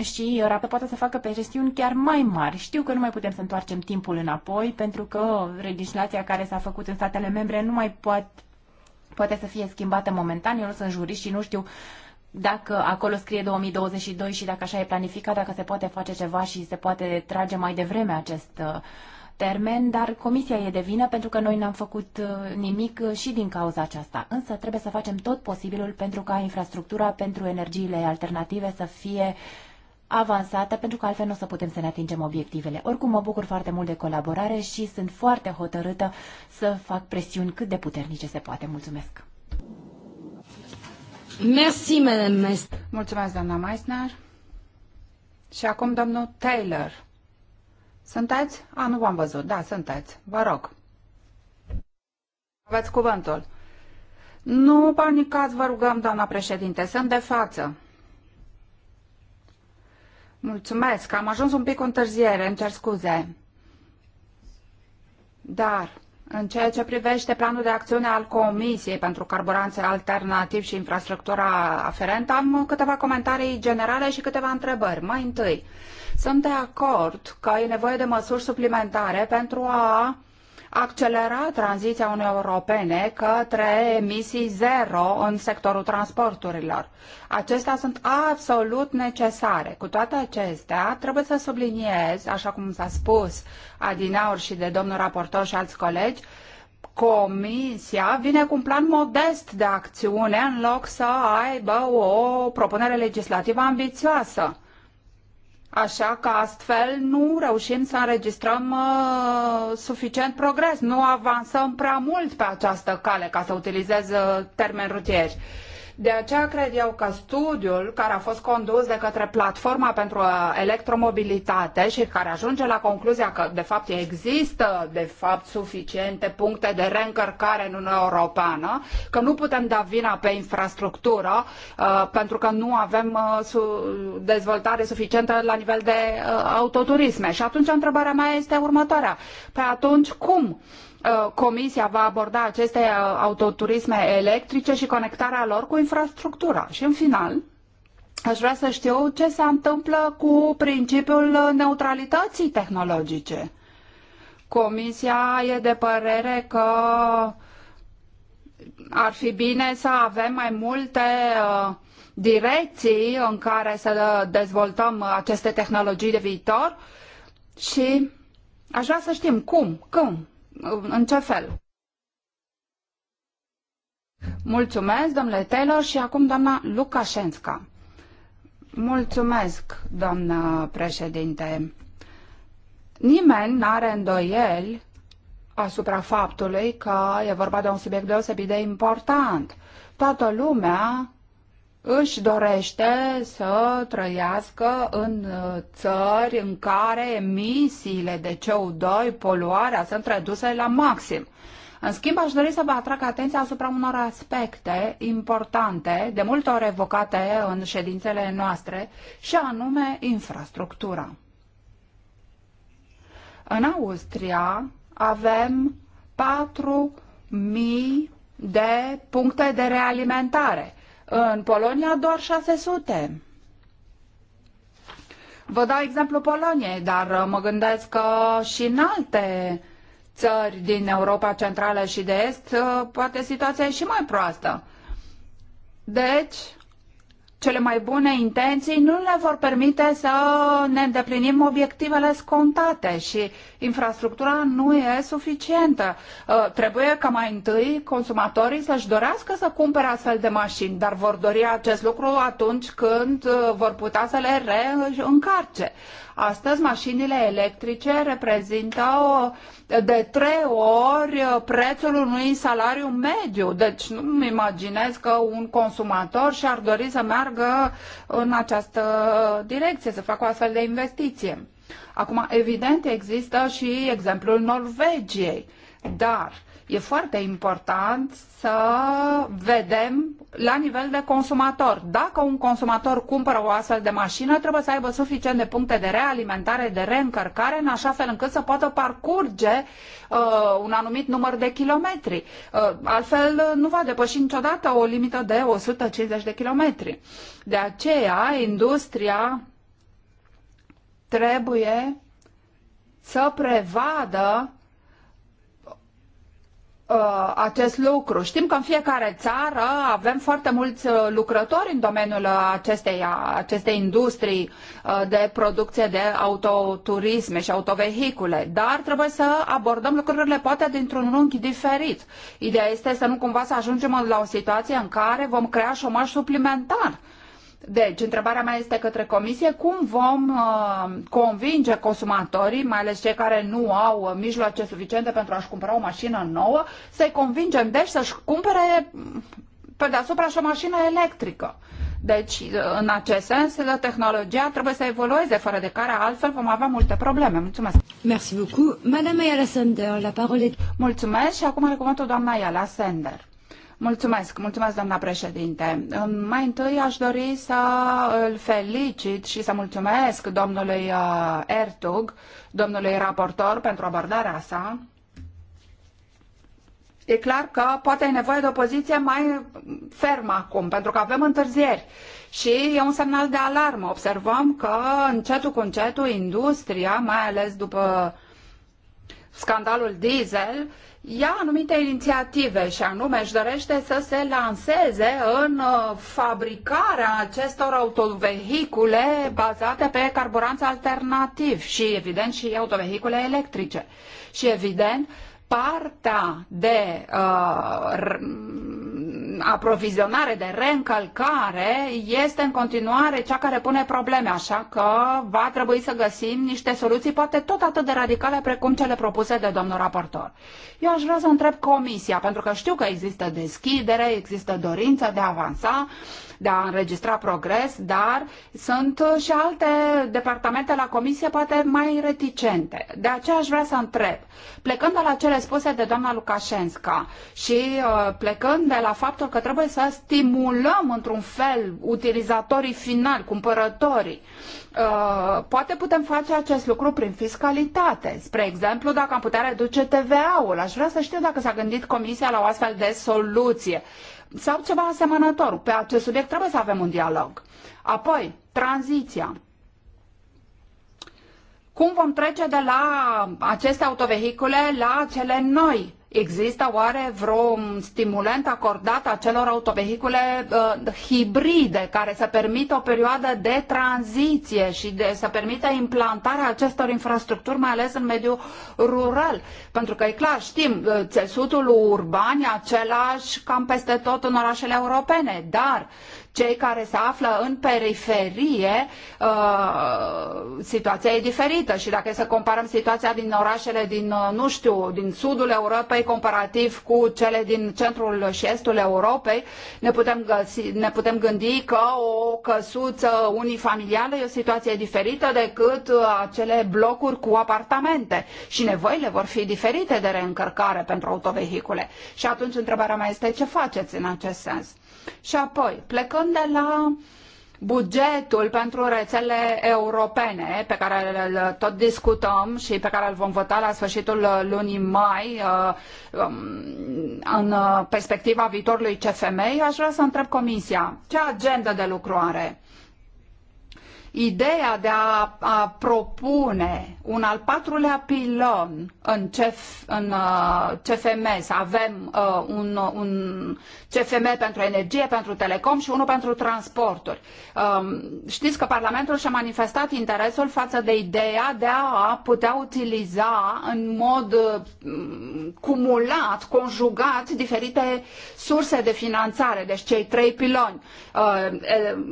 și Rapid poate să facă pe gestiuni chiar mai mari. Știu că nu mai putem să întoarcem timpul înapoi, pentru că legislația care s-a făcut în statele membre nu mai poate poate să fie schimbată momentan. Eu nu sunt jurist și nu știu dacă acolo scrie 2022 și dacă așa e planificat, dacă se poate face ceva și se poate trage mai devreme acest uh, termen, dar comisia e de vină pentru că noi n-am făcut uh, nimic uh, și din cauza aceasta. Însă trebuie să facem tot posibilul pentru ca infrastructura pentru energiile alternative să fie avansată, pentru că altfel nu o să putem să ne atingem obiectivele. Oricum, mă bucur foarte mult de colaborare și sunt foarte hotărâtă să fac presiuni cât de puternice se poate. Mulțumesc! Merci, Madame Meissner. Mulțumesc, doamna Meissner. Și acum domnul Taylor. Sunteți? A, nu v-am văzut. Da, sunteți. Vă rog. Aveți cuvântul. Nu panicați, vă rugăm, doamna președinte. Sunt de față. Mulțumesc, am ajuns un pic cu întârziere, îmi cer scuze. Dar în ceea ce privește planul de acțiune al Comisiei pentru carburanțe alternativi și infrastructura aferentă, am câteva comentarii generale și câteva întrebări. Mai întâi, sunt de acord că e nevoie de măsuri suplimentare pentru a uh, accelera tranziția Uniunii Europene către emisii zero în sectorul transporturilor. Acestea sunt absolut necesare. Cu toate acestea, trebuie să subliniez, așa cum s-a spus Adinaur și de domnul raportor și alți colegi, Comisia vine cu un plan modest de acțiune în loc să aibă o propunere legislativă ambițioasă. Așa că astfel nu reușim să înregistrăm uh, suficient progres, nu avansăm prea mult pe această cale, ca să utilizez uh, termeni rutieri. Uh, de aceea cred eu că studiul care a fost condus de către Platforma pentru Electromobilitate și care ajunge la concluzia că de fapt există de fapt suficiente puncte de reîncărcare în Uniunea Europeană, că nu putem da vina pe infrastructură uh, pentru că nu avem uh, su dezvoltare suficientă la nivel de uh, autoturisme. Și atunci întrebarea mea este următoarea. Pe atunci cum? Uh, comisia va aborda aceste uh, autoturisme electrice și conectarea lor cu infrastructura. Și în final, aș vrea să știu ce se întâmplă cu principiul neutralității tehnologice. Comisia e de părere că ar fi bine să avem mai multe uh, direcții în care să dezvoltăm aceste tehnologii de viitor și aș vrea să știm cum, când. În ce fel? Mulțumesc, domnule Taylor, și acum doamna Lukashenska. Mulțumesc, doamnă președinte. Nimeni nu are îndoieli asupra faptului că e vorba de un subiect deosebit de important. Toată lumea își dorește să trăiască în uh, țări în care emisiile de CO2, poluarea, sunt reduse la maxim. În schimb, aș dori să vă atrag atenția asupra unor aspecte importante, de multe ori evocate în ședințele noastre, și anume infrastructura. În Austria avem 4.000 de puncte de realimentare în Polonia doar 600. Vă dau exemplu Poloniei, dar uh, mă gândesc că și în alte țări din Europa Centrală și de Est, uh, poate situația e și mai proastă. Deci, cele mai bune intenții nu ne vor permite să ne îndeplinim obiectivele scontate și infrastructura nu e suficientă. Uh, trebuie ca mai întâi consumatorii să-și dorească să cumpere astfel de mașini, dar vor dori acest lucru atunci când uh, vor putea să le reîncarce. Astăzi, mașinile electrice reprezintă o, de trei ori uh, prețul unui salariu mediu. Deci nu-mi imaginez că un consumator și-ar dori să meargă în această direcție, să facă o astfel de investiție. Acum, evident, există și exemplul Norvegiei, dar e foarte important să vedem la nivel de consumator. Dacă un consumator cumpără o astfel de mașină, trebuie să aibă suficient de puncte de realimentare, de reîncărcare, în așa fel încât să poată parcurge uh, un anumit număr de kilometri. Uh, altfel, nu va depăși niciodată o limită de 150 de kilometri. De aceea, industria trebuie să prevadă uh, acest lucru. Știm că în fiecare țară avem foarte mulți uh, lucrători în domeniul acestei, acestei industrii uh, de producție de autoturisme și autovehicule, dar trebuie să abordăm lucrurile poate dintr-un unghi diferit. Ideea este să nu cumva să ajungem la o situație în care vom crea șomaj suplimentar deci, întrebarea mea este către comisie, cum vom uh, convinge consumatorii, mai ales cei care nu au uh, mijloace suficiente pentru a-și cumpăra o mașină nouă, să-i convingem, deci, să-și cumpere mm, pe deasupra și o mașină electrică. Deci, uh, în acest sens, tehnologia trebuie să evolueze, fără de care altfel vom avea multe probleme. Mulțumesc. Mulțumesc. beaucoup. Madame Ayala Sender, la parole. Mulțumesc și acum are cuvântul doamna Ayala Sender. Mulțumesc, mulțumesc, doamna președinte. Mai întâi aș dori să îl felicit și să mulțumesc domnului uh, Ertug, domnului raportor, pentru abordarea sa. E clar că poate e nevoie de o poziție mai fermă acum, pentru că avem întârzieri. Și e un semnal de alarmă. Observăm că încetul cu încetul industria, mai ales după scandalul diesel, ia anumite inițiative și anume își dorește să se lanseze în uh, fabricarea acestor autovehicule bazate pe carburanți alternativi și evident și autovehicule electrice. Și evident, partea de uh, aprovizionare, de reîncălcare, este în continuare cea care pune probleme, așa că va trebui să găsim niște soluții poate tot atât de radicale precum cele propuse de domnul raportor. Eu aș vrea să întreb comisia, pentru că știu că există deschidere, există dorință de a avansa, de a înregistra progres, dar sunt și alte departamente la comisie poate mai reticente. De aceea aș vrea să întreb, plecând de la cele spuse de doamna Lukashenska și uh, plecând de la faptul că trebuie să stimulăm într-un fel utilizatorii finali, cumpărătorii, uh, poate putem face acest lucru prin fiscalitate. Spre exemplu, dacă am putea reduce TVA-ul, aș vrea să știu dacă s-a gândit Comisia la o astfel de soluție sau ceva asemănător. Pe acest subiect trebuie să avem un dialog. Apoi, tranziția. Cum vom trece de la aceste autovehicule la cele noi? Există oare vreo stimulent acordat acelor autovehicule uh, hibride care să permită o perioadă de tranziție și de, să permită implantarea acestor infrastructuri, mai ales în mediul rural? Pentru că e clar, știm, uh, țesutul urban e același cam peste tot în orașele europene, dar cei care se află în periferie, uh, situația e diferită și dacă e să comparăm situația din orașele din, uh, nu știu, din sudul Europei comparativ cu cele din centrul și estul Europei, ne putem, găsi, ne putem gândi că o căsuță unifamilială e o situație diferită decât uh, acele blocuri cu apartamente și nevoile vor fi diferite de reîncărcare pentru autovehicule. Și atunci întrebarea mea este ce faceți în acest sens? Și apoi, plecând de la bugetul pentru rețele europene pe care îl tot discutăm și pe care îl vom vota la sfârșitul uh, lunii mai uh, um, în uh, perspectiva viitorului CFM, aș vrea să întreb Comisia ce agenda de lucru are Ideea de a, a propune un al patrulea pilon în, CF, în uh, CFM, să avem uh, un, un CFM pentru energie, pentru telecom și unul pentru transporturi. Um, știți că Parlamentul și-a manifestat interesul față de ideea de a putea utiliza în mod uh, cumulat, conjugat, diferite surse de finanțare, deci cei trei piloni, uh,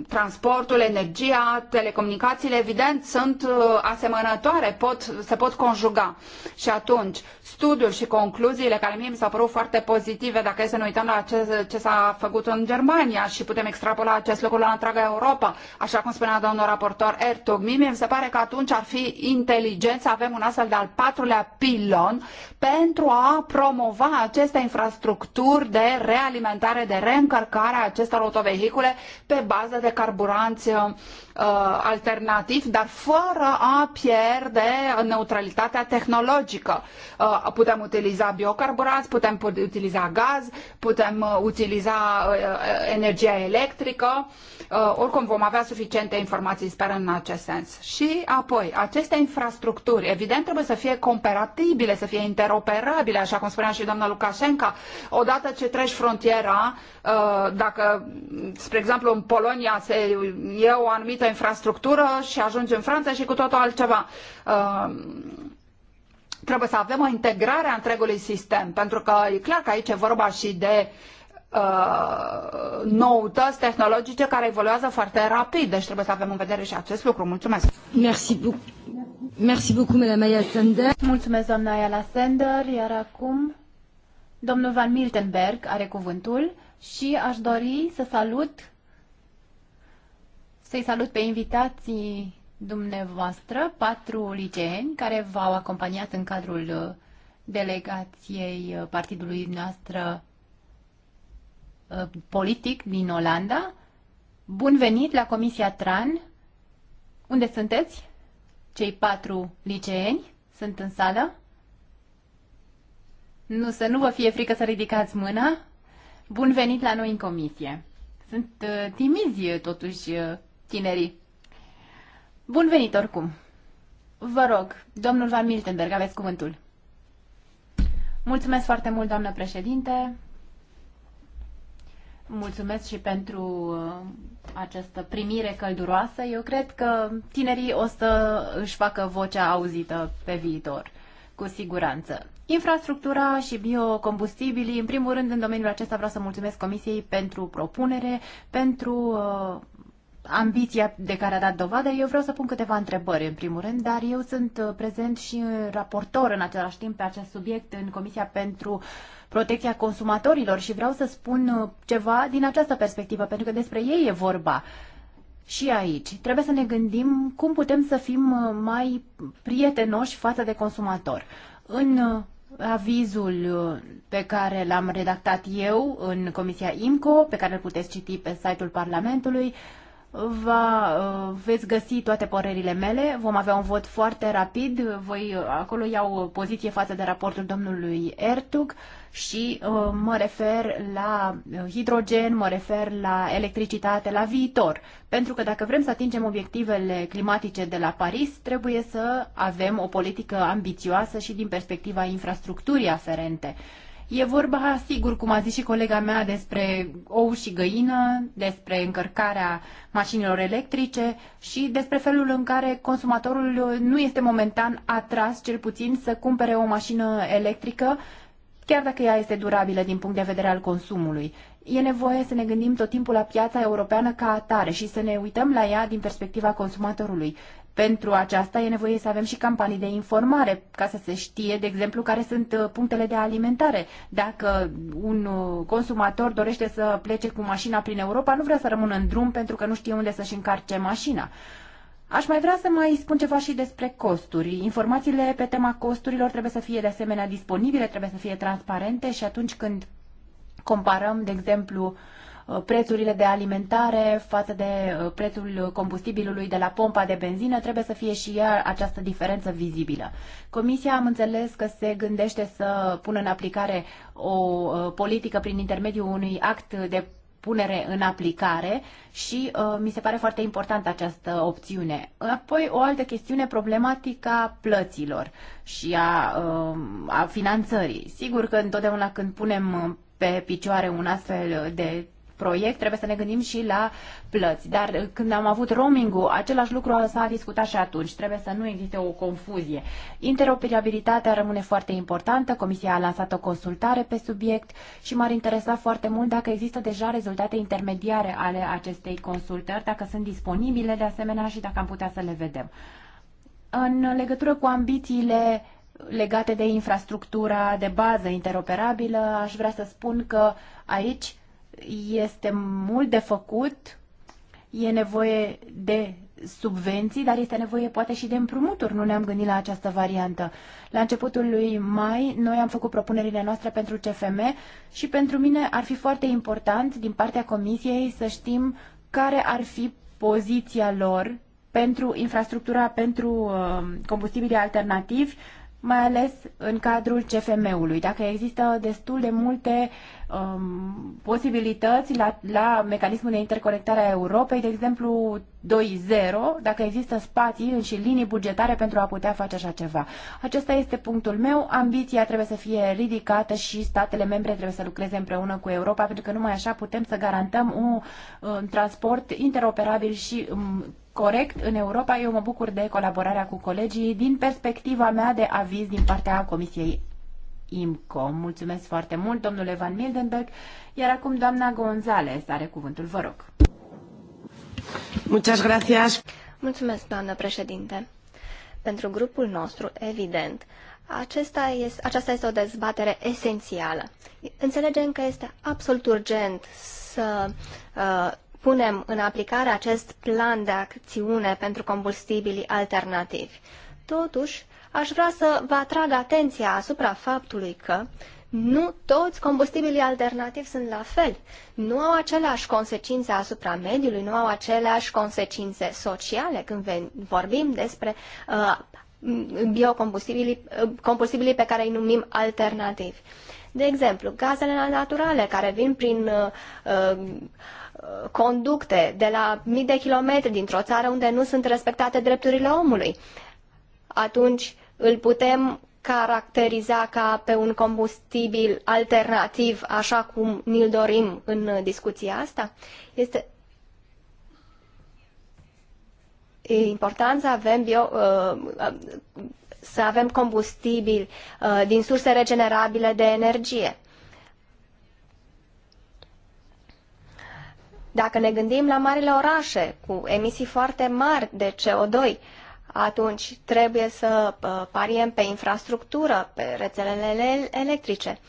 transportul, energia, telecom, telecomunicațiile, evident, sunt uh, asemănătoare, pot, se pot conjuga. Și atunci, studiul și concluziile care mie mi s-au părut foarte pozitive, dacă e să ne uităm la ce, ce s-a făcut în Germania și putem extrapola acest lucru la întreaga Europa, așa cum spunea domnul raportor Ertug, mie mi se pare că atunci ar fi inteligent să avem un astfel de al patrulea pilon pentru a promova aceste infrastructuri de realimentare, de reîncărcare a acestor autovehicule pe bază de carburanți uh, Uh, alternativ, dar fără a pierde neutralitatea tehnologică. Uh, putem utiliza biocarburanți, putem utiliza gaz, putem uh, utiliza energia electrică. oricum vom avea suficiente informații, sper, în acest sens. Și apoi, aceste infrastructuri, evident, trebuie să fie comparabile, să fie interoperabile, așa cum spunea și doamna Lukashenko. Odată ce treci frontiera, dacă, spre exemplu, în Polonia se e o anumită infrastructură și ajungi în Franța și cu totul altceva. Ehm, trebuie să avem o integrare a întregului sistem, pentru că e clar că aici e vorba și de uh, noutăți tehnologice care evoluează foarte rapid, deci trebuie să avem în vedere și acest lucru. Mulțumesc! Merci beaucoup. Merci beaucoup, Madame Aya Sender. Mulțumesc, doamna Ayala Sender. Iar acum, domnul Van Miltenberg are cuvântul și aș dori să salut să-i salut pe invitații dumneavoastră, patru liceeni care v-au acompaniat în cadrul uh, delegației uh, partidului noastră uh, politic din Olanda. Bun venit la Comisia TRAN. Unde sunteți? Cei patru liceeni sunt în sală. Nu, să nu vă fie frică să ridicați mâna. Bun venit la noi în comisie. Sunt timizi, totuși, tinerii. Bun venit oricum! Vă rog, domnul Van Miltenberg, aveți cuvântul. Mulțumesc foarte mult, doamnă președinte. Mulțumesc și pentru uh, această primire călduroasă. Eu cred că tinerii o să își facă vocea auzită pe viitor, cu siguranță. Infrastructura și biocombustibilii, în primul rând, în domeniul acesta vreau să mulțumesc Comisiei pentru propunere, pentru uh, ambiția de care a dat dovadă, eu vreau să pun câteva întrebări, în primul rând, dar eu sunt uh, prezent și raportor în același timp pe acest subiect în Comisia pentru Protecția Consumatorilor și vreau să spun uh, ceva din această perspectivă, pentru că despre ei e vorba. Și aici trebuie să ne gândim cum putem să fim uh, mai prietenoși față de consumator. În avizul pe care l-am redactat eu în Comisia IMCO, pe care îl puteți citi pe site-ul Parlamentului, uh, va, uh, veți găsi toate părerile mele, vom avea un vot foarte rapid, voi uh, acolo iau poziție față de raportul domnului Ertug și uh, mă refer la hidrogen, mă refer la electricitate, la viitor. Pentru că dacă vrem să atingem obiectivele climatice de la Paris, trebuie să avem o politică ambițioasă și din perspectiva infrastructurii aferente. E vorba, sigur, cum a zis și colega mea, despre ou și găină, despre încărcarea mașinilor electrice și despre felul în care consumatorul nu este momentan atras, cel puțin, să cumpere o mașină electrică, chiar dacă ea este durabilă din punct de vedere al consumului. E nevoie să ne gândim tot timpul la piața europeană ca atare și să ne uităm la ea din perspectiva consumatorului pentru aceasta e nevoie să avem și campanii de informare ca să se știe, de exemplu, care sunt uh, punctele de alimentare. Dacă un uh, consumator dorește să plece cu mașina prin Europa, nu vrea să rămână în drum pentru că nu știe unde să-și încarce mașina. Aș mai vrea să mai spun ceva și despre costuri. Informațiile pe tema costurilor trebuie să fie de asemenea disponibile, trebuie să fie transparente și atunci când comparăm, de exemplu, Uh, prețurile de alimentare față de uh, prețul combustibilului de la pompa de benzină, trebuie să fie și ea această diferență vizibilă. Comisia am înțeles că se gândește să pună în aplicare o uh, politică prin intermediul unui act de punere în aplicare și uh, mi se pare foarte importantă această opțiune. Apoi o altă chestiune problematica plăților și a, uh, a finanțării. Sigur că întotdeauna când punem pe picioare un astfel de proiect, trebuie să ne gândim și la plăți. Dar când am avut roaming-ul, același lucru s-a discutat și atunci. Trebuie să nu existe o confuzie. Interoperabilitatea rămâne foarte importantă. Comisia a lansat o consultare pe subiect și m-ar interesa foarte mult dacă există deja rezultate intermediare ale acestei consultări, dacă sunt disponibile de asemenea și dacă am putea să le vedem. În legătură cu ambițiile legate de infrastructura de bază interoperabilă, aș vrea să spun că aici este mult de făcut, e nevoie de subvenții, dar este nevoie poate și de împrumuturi. Nu ne-am gândit la această variantă. La începutul lui mai, noi am făcut propunerile noastre pentru CFM și pentru mine ar fi foarte important din partea Comisiei să știm care ar fi poziția lor pentru infrastructura, pentru uh, combustibili alternativi, mai ales în cadrul CFM-ului. Dacă există destul de multe um, posibilități la, la mecanismul de interconectare a Europei, de exemplu 2.0, dacă există spații și linii bugetare pentru a putea face așa ceva. Acesta este punctul meu. Ambiția trebuie să fie ridicată și statele membre trebuie să lucreze împreună cu Europa, pentru că numai așa putem să garantăm un, un transport interoperabil și um, corect în Europa. Eu mă bucur de colaborarea cu colegii din perspectiva mea de aviz din partea Comisiei IMCO. Mulțumesc foarte mult, domnule Van Mildenberg. Iar acum doamna Gonzales are cuvântul, vă rog. Muchas gracias. Mulțumesc, doamnă președinte. Pentru grupul nostru, evident, acesta este, aceasta este o dezbatere esențială. Înțelegem că este absolut urgent să uh, punem în aplicare acest plan de acțiune pentru combustibilii alternativi. Totuși, aș vrea să vă atrag atenția asupra faptului că nu toți combustibilii alternativi sunt la fel. Nu au aceleași consecințe asupra mediului, nu au aceleași consecințe sociale când vorbim despre uh, biocombustibilii uh, combustibilii pe care îi numim alternativi. De exemplu, gazele naturale care vin prin uh, uh conducte de la mii de kilometri dintr-o țară unde nu sunt respectate drepturile omului. Atunci îl putem caracteriza ca pe un combustibil alternativ, așa cum ni-l dorim în discuția asta? Este important să avem bio, uh, uh, să avem combustibil uh, din surse regenerabile de energie. Dacă ne gândim la marile orașe cu emisii foarte mari de CO2, atunci trebuie să uh, pariem pe infrastructură, pe rețelele electrice.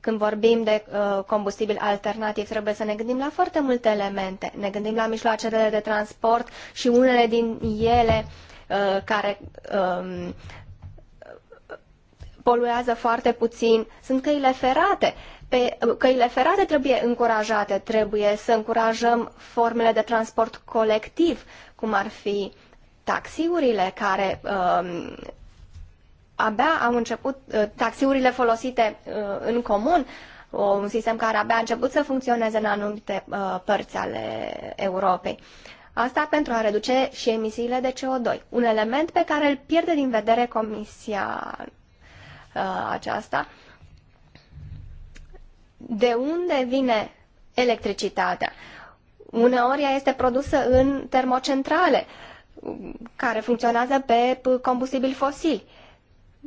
Când vorbim de uh, combustibil alternativ, trebuie să ne gândim la foarte multe elemente. Ne gândim la mijloacele de transport și unele din ele uh, care um, poluează foarte puțin sunt căile ferate. Pe căile ferate trebuie încurajate, trebuie să încurajăm formele de transport colectiv, cum ar fi taxiurile care uh, abia au început, uh, taxiurile folosite uh, în comun, un sistem care abia a început să funcționeze în anumite uh, părți ale Europei. Asta pentru a reduce și emisiile de CO2, un element pe care îl pierde din vedere Comisia aceasta de unde vine electricitatea. Uneori ea este produsă în termocentrale care funcționează pe combustibili fosili.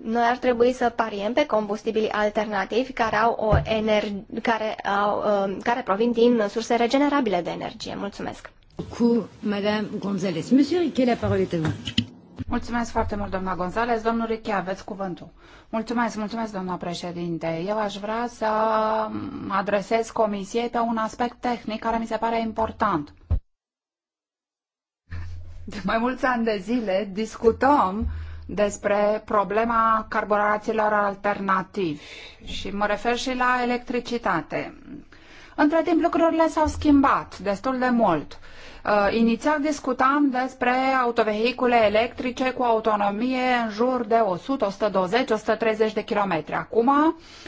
Noi ar trebui să pariem pe combustibili alternativi care, au o ener- care, au, um, care provin din surse regenerabile de energie. Mulțumesc. Cu Madame González. Monsieur Riquet, la parole est Mulțumesc foarte mult, doamna González, Domnul Richea, aveți cuvântul. Mulțumesc, mulțumesc, doamna președinte. Eu aș vrea să adresez comisiei pe un aspect tehnic care mi se pare important. De mai mulți ani de zile discutăm despre problema carburaților alternativi și mă refer și la electricitate. Între timp lucrurile s-au schimbat destul de mult. Uh, inițial discutam despre autovehicule electrice cu autonomie în jur de 100, 120, 130 de kilometri. Acum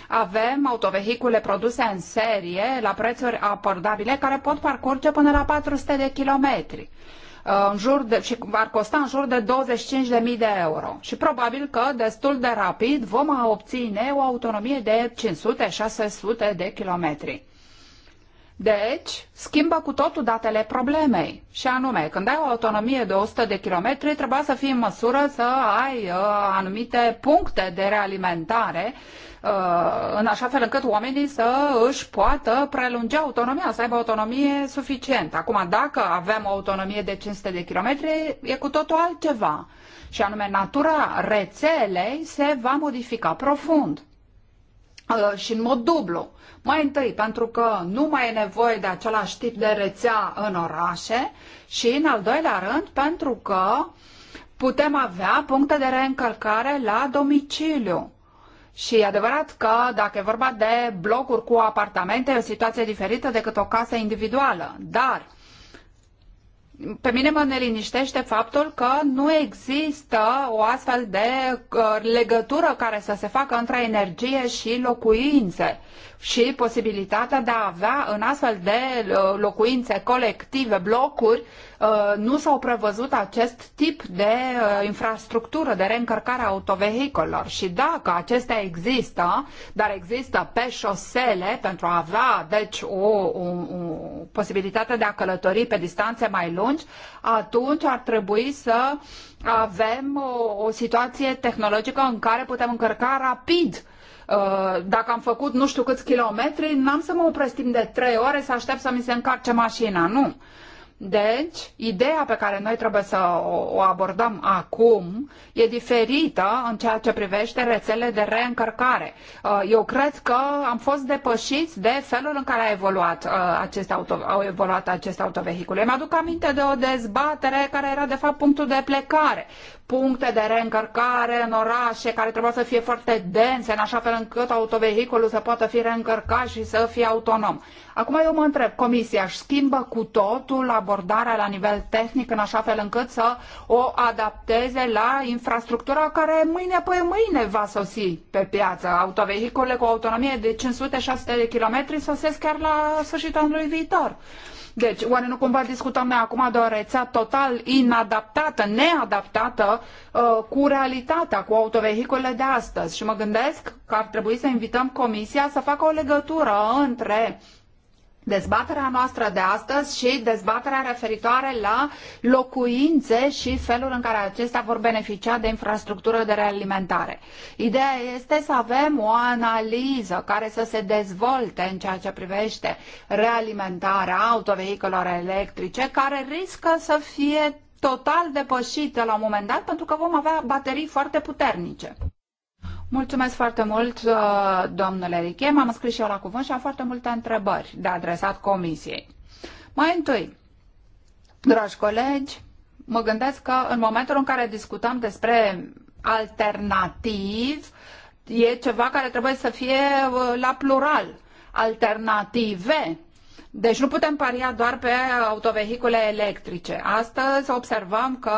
avem autovehicule produse în serie la prețuri abordabile care pot parcurge până la 400 de kilometri uh, în jur de, și ar costa în jur de 25.000 de euro. Și probabil că destul de rapid vom obține o autonomie de 500-600 de kilometri. Deci, schimbă cu totul datele problemei. Și anume, când ai o autonomie de 100 de kilometri, trebuia să fii în măsură să ai uh, anumite puncte de realimentare, uh, în așa fel încât oamenii să își poată prelungi autonomia, să aibă autonomie suficientă. Acum, dacă avem o autonomie de 500 de kilometri, e cu totul altceva. Și anume, natura rețelei se va modifica profund. Uh, și în mod dublu. Mai întâi, pentru că nu mai e nevoie de același tip de rețea în orașe și, în al doilea rând, pentru că putem avea puncte de reîncălcare la domiciliu. Și e adevărat că dacă e vorba de blocuri cu apartamente, e o situație diferită decât o casă individuală. Dar pe mine mă neliniștește faptul că nu există o astfel de uh, legătură care să se facă între energie și locuințe și posibilitatea de a avea în astfel de uh, locuințe colective, blocuri, uh, nu s-au prevăzut acest tip de uh, infrastructură de reîncărcare a autovehicolor. Și dacă acestea există, dar există pe șosele pentru a avea deci o, o, o posibilitate de a călători pe distanțe mai lungi, atunci ar trebui să avem o, o situație tehnologică în care putem încărca rapid Uh, dacă am făcut nu știu câți kilometri, n-am să mă opresc timp de trei ore să aștept să mi se încarce mașina. Nu. Deci, ideea pe care noi trebuie să o abordăm acum e diferită în ceea ce privește rețele de reîncărcare. Uh, eu cred că am fost depășiți de felul în care a evoluat uh, acest auto, au evoluat acest autovehicul. Eu mi-aduc aminte de o dezbatere care era de fapt punctul de plecare. Puncte de reîncărcare în orașe care trebuia să fie foarte dense, în așa fel încât autovehiculul să poată fi reîncărcat și să fie autonom. Acum eu mă întreb, Comisia își schimbă cu totul abordarea la nivel tehnic în așa fel încât să o adapteze la infrastructura care mâine pe păi mâine va sosi pe piață. Autovehiculele cu autonomie de 500-600 de kilometri sosesc chiar la sfârșitul anului viitor. Deci, oare nu cumva discutăm noi acum de o rețea total inadaptată, neadaptată uh, cu realitatea, cu autovehiculele de astăzi? Și mă gândesc că ar trebui să invităm Comisia să facă o legătură între dezbaterea noastră de astăzi și dezbaterea referitoare la locuințe și felul în care acestea vor beneficia de infrastructură de realimentare. Ideea este să avem o analiză care să se dezvolte în ceea ce privește realimentarea autovehicolor electrice care riscă să fie total depășită la un moment dat pentru că vom avea baterii foarte puternice. Mulțumesc foarte mult, uh, domnule Riche. M-am scris și eu la cuvânt și am foarte multe întrebări de adresat comisiei. Mai întâi, dragi colegi, mă gândesc că în momentul în care discutăm despre alternativ, e ceva care trebuie să fie uh, la plural. Alternative deci nu putem paria doar pe autovehicule electrice. Astăzi observăm că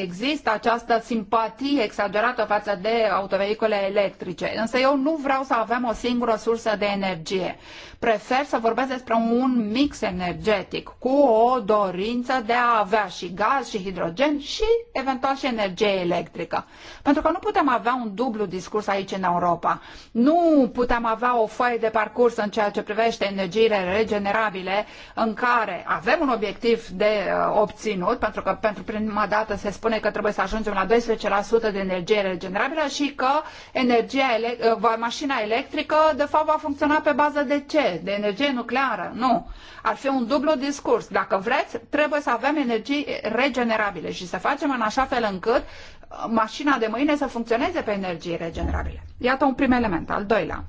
există această simpatie exagerată față de autovehicule electrice. Însă eu nu vreau să avem o singură sursă de energie. Prefer să vorbesc despre un mix energetic cu o dorință de a avea și gaz și hidrogen și eventual și energie electrică. Pentru că nu putem avea un dublu discurs aici în Europa. Nu putem avea o foaie de parcurs în ceea ce privește energiile regenerabile variabile în care avem un obiectiv de uh, obținut, pentru că pentru prima dată se spune că trebuie să ajungem la 12% de energie regenerabilă și că energia ele- uh, mașina electrică de fapt va funcționa pe bază de ce? De energie nucleară? Nu. Ar fi un dublu discurs. Dacă vreți, trebuie să avem energii regenerabile și să facem în așa fel încât uh, mașina de mâine să funcționeze pe energie regenerabile. Iată un prim element. Al doilea,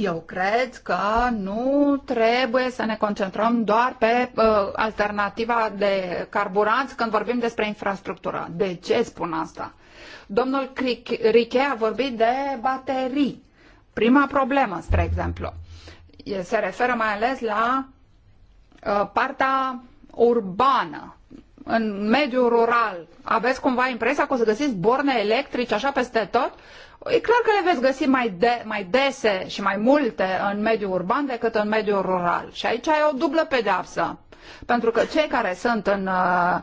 eu cred că nu trebuie să ne concentrăm doar pe uh, alternativa de carburanți când vorbim despre infrastructură. De ce spun asta? Domnul Riche a vorbit de baterii. Prima problemă, spre exemplu, se referă mai ales la uh, partea urbană în mediul rural, aveți cumva impresia că o să găsiți borne electrice așa peste tot? E clar că le veți găsi mai, de, mai dese și mai multe în mediul urban decât în mediul rural. Și aici e o dublă pedeapsă. Pentru că cei care sunt în uh,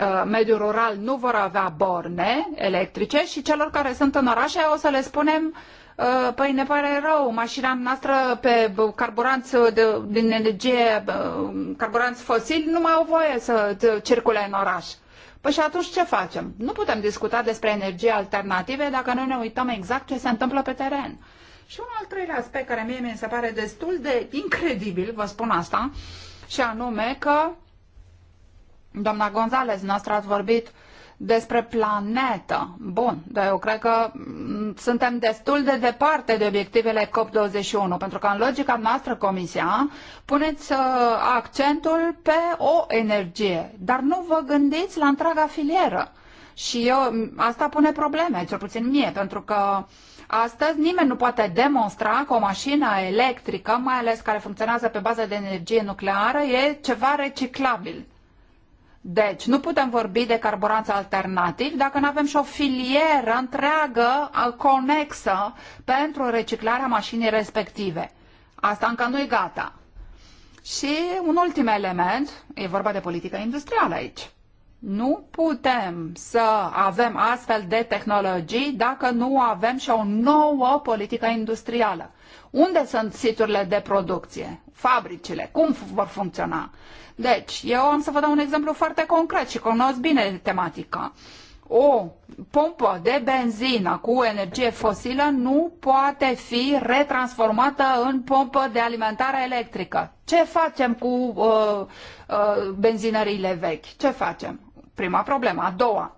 uh, mediul rural nu vor avea borne electrice și celor care sunt în orașe o să le spunem uh, Uh, păi ne pare rău, mașina noastră pe carburanți de, din energie, uh, carburanți fosili, nu mai au voie să circule în oraș. Păi și atunci ce facem? Nu putem discuta despre energie alternative dacă noi ne uităm exact ce se întâmplă pe teren. Și un al treilea aspect care mie mi se pare destul de incredibil, vă spun asta, și anume că doamna Gonzalez, noastră ați vorbit uh, despre planetă. Bun, dar eu cred că mm, suntem destul de departe de obiectivele COP21, pentru că în logica noastră, Comisia, puneți uh, accentul pe o energie, dar nu vă gândiți la întreaga filieră. Și eu, mm, asta pune probleme, cel puțin mie, pentru că astăzi nimeni nu poate demonstra că o mașină electrică, mai ales care funcționează pe bază de energie nucleară, e ceva reciclabil. Deci, nu putem vorbi de carburanți alternativi dacă nu avem și o filieră întreagă, conexă, pentru reciclarea mașinii respective. Asta încă nu e gata. Și un ultim element, e vorba de politică industrială aici. Nu putem să avem astfel de tehnologii dacă nu avem și o nouă politică industrială. Unde sunt siturile de producție? Fabricile? Cum vor funcționa? Deci, eu am să vă dau un exemplu foarte concret și cunosc bine tematica. O pompă de benzină cu energie fosilă nu poate fi retransformată în pompă de alimentare electrică. Ce facem cu uh, uh, benzinările vechi? Ce facem? Prima problemă. A doua.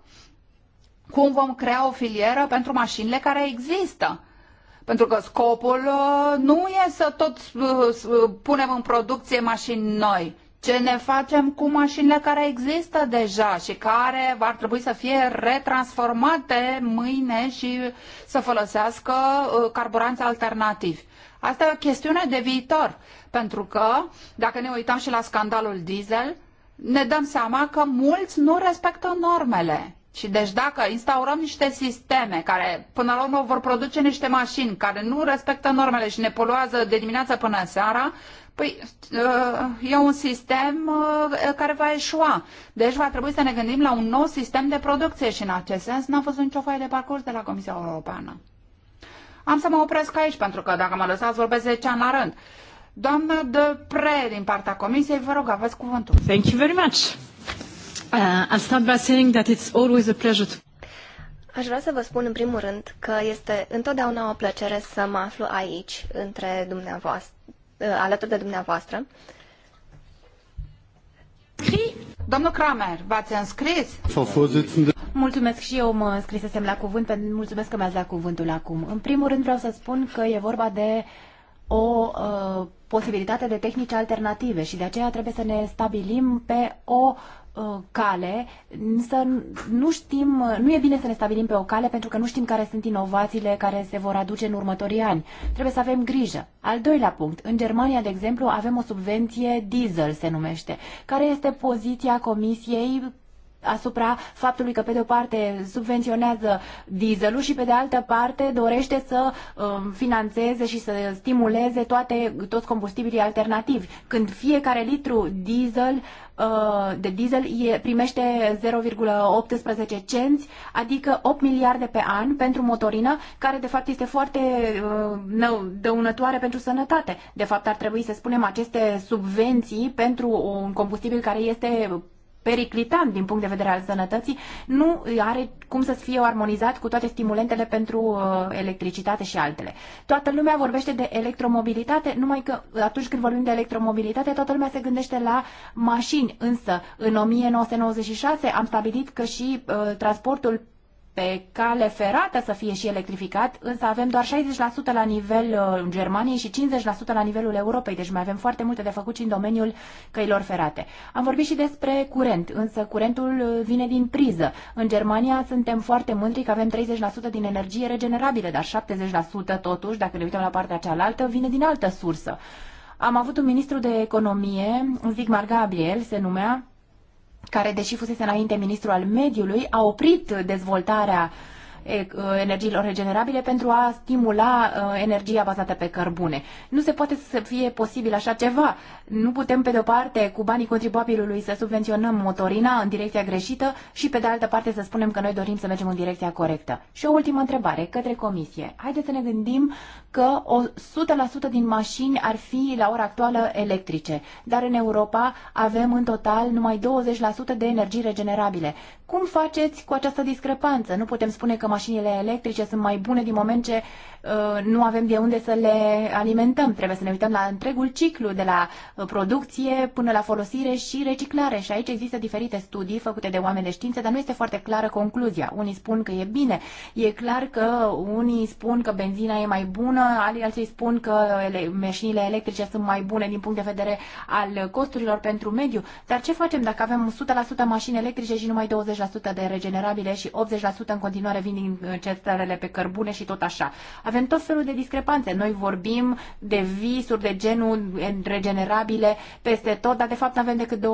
Cum vom crea o filieră pentru mașinile care există? Pentru că scopul uh, nu e să tot uh, uh, punem în producție mașini noi, ce ne facem cu mașinile care există deja și care ar trebui să fie retransformate mâine și să folosească carburanți alternativi. Asta e o chestiune de viitor, pentru că dacă ne uităm și la scandalul diesel, ne dăm seama că mulți nu respectă normele. Și deci dacă instaurăm niște sisteme care până la urmă vor produce niște mașini care nu respectă normele și ne poluează de dimineață până seara, păi uh, e un sistem uh, care va eșua. Deci va trebui să ne gândim la un nou sistem de producție și în acest sens n-a fost nicio foaie de parcurs de la Comisia Europeană. Am să mă opresc aici pentru că dacă mă lăsați vorbesc 10 ani la rând. Doamna de Pre din partea Comisiei, vă rog, aveți cuvântul. Thank you very much. Uh, I'll start by saying that it's always a pleasure to... Aș vrea să vă spun în primul rând că este întotdeauna o plăcere să mă aflu aici, între dumneavoastră, uh, alături de dumneavoastră. Domnul Kramer, v-ați înscris? Mulțumesc și eu mă înscrisesem la cuvânt, mulțumesc că mi-ați dat cuvântul acum. În primul rând vreau să spun că e vorba de o uh, posibilitate de tehnici alternative și de aceea trebuie să ne stabilim pe o uh, Uh, cale, să nu știm, uh, nu e bine să ne stabilim pe o cale pentru că nu știm care sunt inovațiile care se vor aduce în următorii ani. Trebuie să avem grijă. Al doilea punct, în Germania, de exemplu, avem o subvenție diesel, se numește. Care este poziția Comisiei asupra faptului că, pe de o parte, subvenționează dieselul și, pe de altă parte, dorește să finanțeze um, financeze și să stimuleze toate, toți combustibilii alternativi, când fiecare litru diesel uh, de diesel e, primește 0,18 cenți, adică 8 miliarde pe an pentru motorină, care de fapt este foarte uh, dăunătoare pentru sănătate. De fapt ar trebui să spunem aceste subvenții pentru un combustibil care este periclitant din punct de vedere al sănătății, nu are cum să fie armonizat cu toate stimulentele pentru uh, electricitate și altele. Toată lumea vorbește de electromobilitate, numai că atunci când vorbim de electromobilitate, toată lumea se gândește la mașini, însă în 1996 am stabilit că și uh, transportul pe cale ferată să fie și electrificat, însă avem doar 60% la nivel uh, Germaniei și 50% la nivelul Europei, deci mai avem foarte multe de făcut și în domeniul căilor ferate. Am vorbit și despre curent, însă curentul uh, vine din priză. În Germania suntem foarte mândri că avem 30% din energie regenerabilă, dar 70% totuși, dacă ne uităm la partea cealaltă, vine din altă sursă. Am avut un ministru de economie, Zigmar Gabriel se numea, care, deși fusese înainte ministru al mediului, a oprit dezvoltarea uh, Uh, energiilor regenerabile pentru a stimula uh, energia bazată pe cărbune. Nu se poate să fie posibil așa ceva. Nu putem, pe de-o parte, cu banii contribuabilului să subvenționăm motorina în direcția greșită și, pe de altă parte, să spunem că noi dorim să mergem în direcția corectă. Și o ultimă întrebare către Comisie. Haideți să ne gândim că 100% din mașini ar fi la ora actuală electrice, dar în Europa avem în total numai 20% de energii regenerabile. Cum faceți cu această discrepanță? Nu putem spune că mașinile electrice sunt mai bune din moment ce uh, nu avem de unde să le alimentăm. Trebuie să ne uităm la întregul ciclu, de la uh, producție până la folosire și reciclare. Și aici există diferite studii făcute de oameni de știință, dar nu este foarte clară concluzia. Unii spun că e bine. E clar că unii spun că benzina e mai bună, alții spun că ele, mașinile electrice sunt mai bune din punct de vedere al costurilor pentru mediu. Dar ce facem dacă avem 100% mașini electrice și numai 20 90% de regenerabile și 80% în continuare vin din uh, centralele pe cărbune și tot așa. Avem tot felul de discrepanțe. Noi vorbim de visuri de genul regenerabile peste tot, dar de fapt avem decât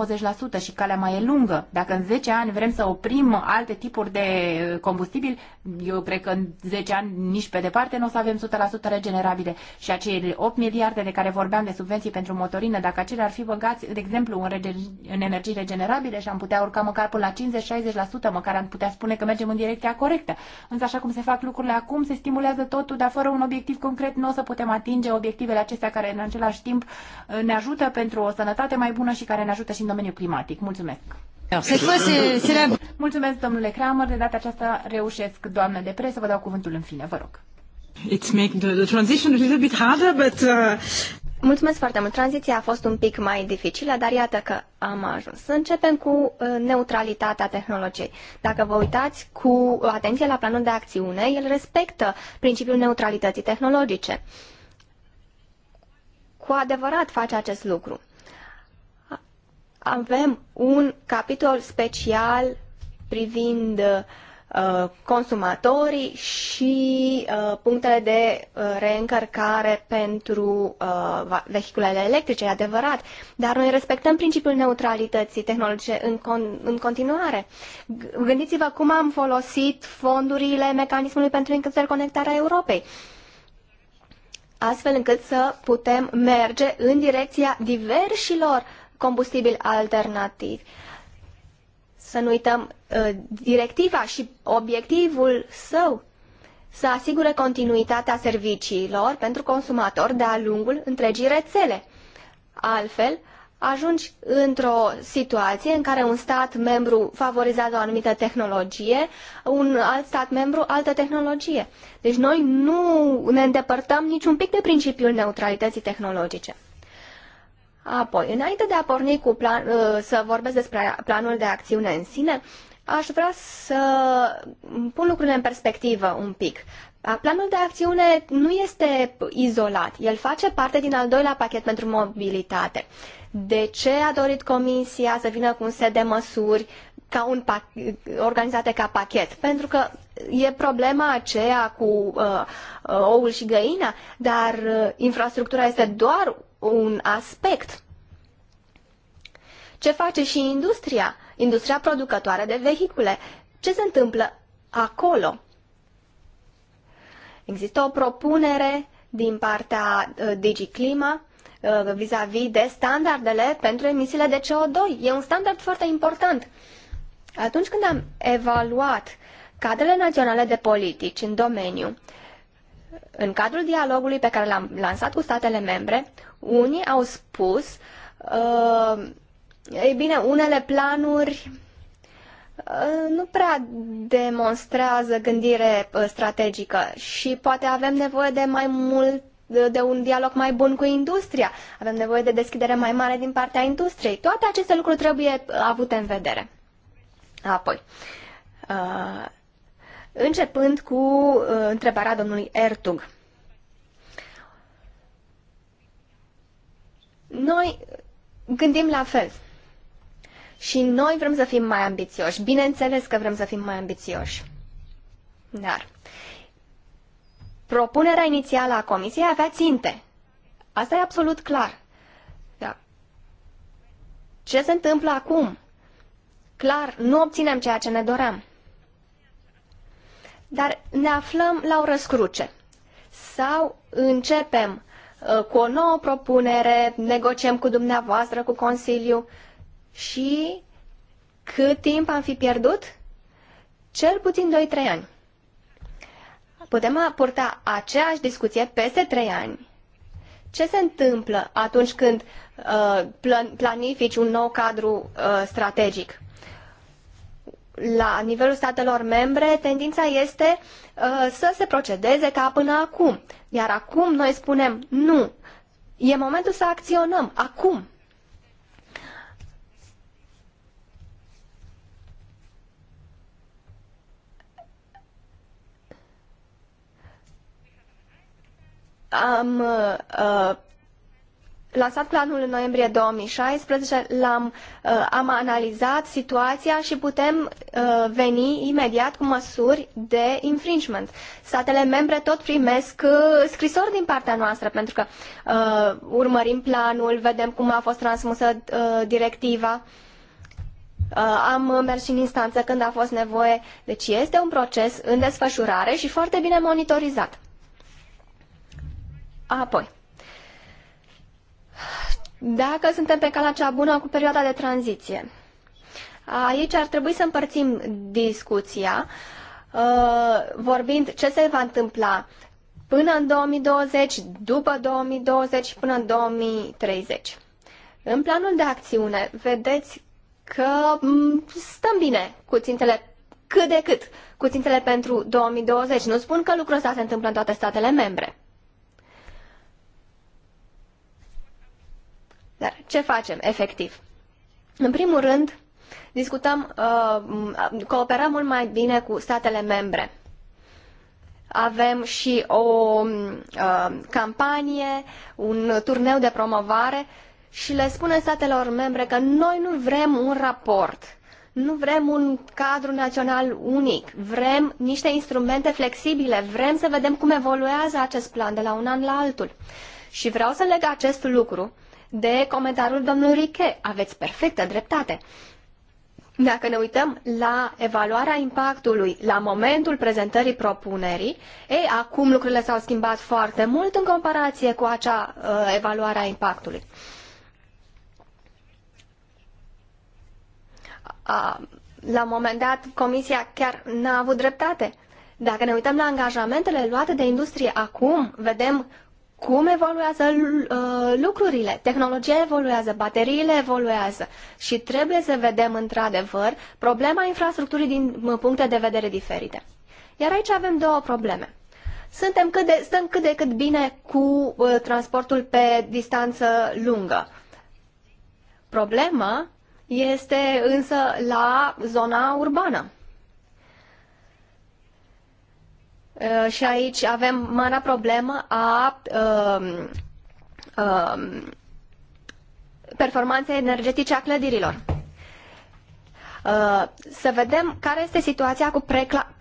20% și calea mai e lungă. Dacă în 10 ani vrem să oprim alte tipuri de uh, combustibil, eu cred că în 10 ani nici pe departe nu o să avem 100% regenerabile. Și acei 8 miliarde de care vorbeam de subvenții pentru motorină, dacă acele ar fi băgați, de exemplu, în, rege- în energii regenerabile și am putea urca măcar până la măcar am putea spune că mergem în direcția corectă. Însă așa cum se fac lucrurile acum, se stimulează totul, dar fără un obiectiv concret nu o să putem atinge obiectivele acestea care în același timp uh, ne ajută pentru o sănătate mai bună și care ne ajută și în domeniul climatic. Mulțumesc! Mulțumesc, domnule Kramer. De data aceasta reușesc, doamnă de presă, vă dau cuvântul în fine, vă rog. It's making the transition a little bit harder, but... Uh... Mulțumesc foarte mult. Tranziția a fost un pic mai dificilă, dar iată că am ajuns. Să începem cu uh, neutralitatea tehnologiei. Dacă vă uitați cu atenție la planul de acțiune, el respectă principiul neutralității tehnologice. Cu adevărat face acest lucru. Avem un capitol special privind uh, Uh, consumatorii și uh, punctele de uh, reîncărcare pentru vehiculele electrice, e adevărat, dar noi respectăm principiul neutralității tehnologice în, con- în continuare. Gândiți-vă cum am folosit fondurile mecanismului pentru interconectarea Europei astfel încât să putem merge în direcția diversilor combustibili alternativi. Uh, să nu uităm ă, directiva și obiectivul său să asigure continuitatea serviciilor pentru consumator de-a lungul întregii rețele. Altfel, ajungi într-o situație în care un stat membru favorizează o anumită tehnologie, un alt stat membru altă tehnologie. Deci noi nu ne îndepărtăm niciun pic de principiul neutralității tehnologice. Apoi, înainte de a porni cu plan, uh, să vorbesc despre planul de acțiune în sine, aș vrea să pun lucrurile în perspectivă un pic. Planul de acțiune nu este izolat, el face parte din al doilea pachet pentru mobilitate. De ce a dorit Comisia să vină cu un set de măsuri ca un organizate ca pachet? Pentru că e problema aceea cu uh, uh oul și găina, dar uh, infrastructura este doar un aspect. Ce face și industria, industria producătoare de vehicule? Ce se întâmplă acolo? Există o propunere din partea uh, DigiClima uh, vis-a-vis -vis de standardele pentru emisiile de CO2. E un standard foarte important. Atunci când am evaluat cadrele naționale de politici în domeniu, în cadrul dialogului pe care l-am lansat cu statele membre, unii au spus, uh, ei bine, unele planuri uh, nu prea demonstrează gândire uh, strategică și poate avem nevoie de mai mult de un dialog mai bun cu industria. Avem nevoie de deschidere mai mare din partea industriei. Toate aceste lucruri trebuie uh, avute în vedere. Apoi, începând cu întrebarea domnului Ertug. Noi gândim la fel. Și noi vrem să fim mai ambițioși. Bineînțeles că vrem să fim mai ambițioși. Dar propunerea inițială a comisiei avea ținte. Asta e absolut clar. Da. Ce se întâmplă acum? Clar, nu obținem ceea ce ne doream. Dar ne aflăm la o răscruce. Sau începem Uh, cu o nouă propunere, negociem cu dumneavoastră, cu Consiliu și cât timp am fi pierdut? Cel puțin 2-3 ani. Putem purta aceeași discuție peste 3 ani. Ce se întâmplă atunci când uh, planifici un nou cadru uh, strategic? la nivelul statelor membre, tendința este uh, să se procedeze ca până acum. Iar acum noi spunem nu. E momentul să acționăm. Acum. Am uh, lansat planul în noiembrie 2016, l-am, uh, am analizat situația și putem uh, veni imediat cu măsuri de infringement. Statele membre tot primesc uh, scrisori din partea noastră pentru că urmărim planul, vedem cum a fost transmusă directiva. Am mers și în instanță când a fost nevoie. Deci este un proces în desfășurare și foarte bine monitorizat. Apoi, dacă suntem pe calea cea bună cu perioada de tranziție. Aici ar trebui să împărțim discuția, uh, vorbind ce se va întâmpla până în 2020, după 2020 până în 2030. În planul de acțiune vedeți că mm, stăm bine cu țintele cât de cât, cu țintele pentru 2020. Nu spun că lucrul ăsta se întâmplă în toate statele membre. Dar ce facem, efectiv? În primul rând, discutăm, uh, cooperăm mult mai bine cu statele membre. Avem și o um, uh, campanie, un turneu de promovare și le spunem statelor membre că noi nu vrem un raport, nu vrem un cadru național unic, vrem niște instrumente flexibile, vrem să vedem cum evoluează acest plan de la un an la altul. Și vreau să leg acest lucru de comentariul domnului Riche. Aveți perfectă dreptate. Dacă ne uităm la evaluarea impactului la momentul prezentării propunerii, ei, acum lucrurile s-au schimbat foarte mult în comparație cu acea uh, evaluare a impactului. Uh, la un moment dat, Comisia chiar n-a avut dreptate. Dacă ne uităm la angajamentele luate de industrie acum, vedem cum evoluează uh, lucrurile. Tehnologia evoluează, bateriile evoluează și trebuie să vedem într-adevăr problema infrastructurii din uh, puncte de vedere diferite. Iar aici avem două probleme. Suntem cât de, stăm cât de cât bine cu uh, transportul pe distanță lungă. Problema este însă la zona urbană. Uh, și aici avem marea problemă a um, um, performanței energetice a clădirilor. Uh, să vedem care este situația cu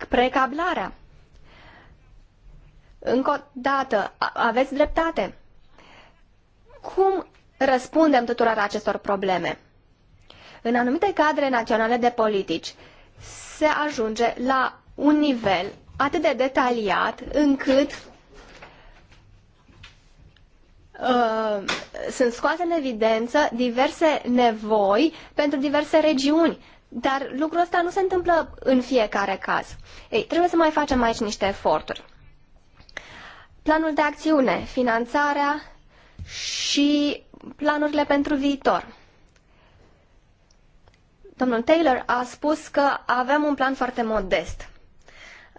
precablarea. Încă o dată, aveți dreptate. Cum răspundem tuturor acestor probleme? În anumite cadre naționale de politici se ajunge la un nivel atât de detaliat încât uh, sunt scoase în evidență diverse nevoi pentru diverse regiuni. Dar lucrul ăsta nu se întâmplă în fiecare caz. Ei, trebuie să mai facem aici niște eforturi. Planul de acțiune, finanțarea și planurile pentru viitor. Domnul Taylor a spus că avem un plan foarte modest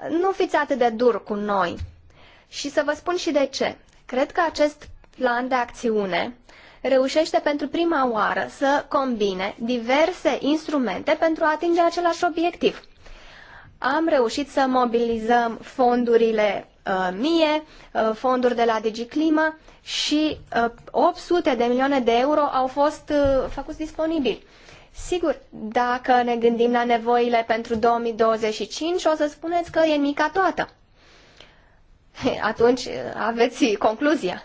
nu fiți atât de dur cu noi. Și să vă spun și de ce. Cred că acest plan de acțiune reușește pentru prima oară să combine diverse instrumente pentru a atinge același obiectiv. Am reușit să mobilizăm fondurile uh, mie, uh, fonduri de la DigiClima și uh, 800 de milioane de euro au fost uh, făcuți disponibili. Sigur, dacă ne gândim la nevoile pentru 2025, o să spuneți că e mica toată. Atunci uh, aveți concluzia.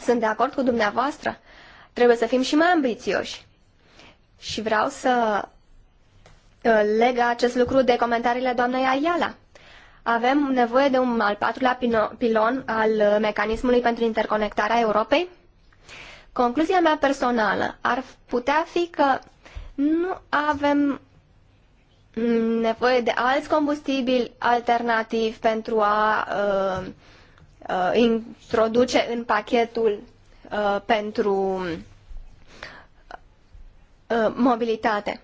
Sunt de acord cu dumneavoastră. Trebuie să fim și mai ambițioși. Și vreau să uh, leg acest lucru de comentariile doamnei Ayala. Avem nevoie de un al patrulea pilon al uh, mecanismului pentru interconectarea Europei? Concluzia mea personală ar putea fi că nu avem nevoie de alți combustibili alternativi pentru a uh, uh, introduce în pachetul uh, pentru uh, mobilitate.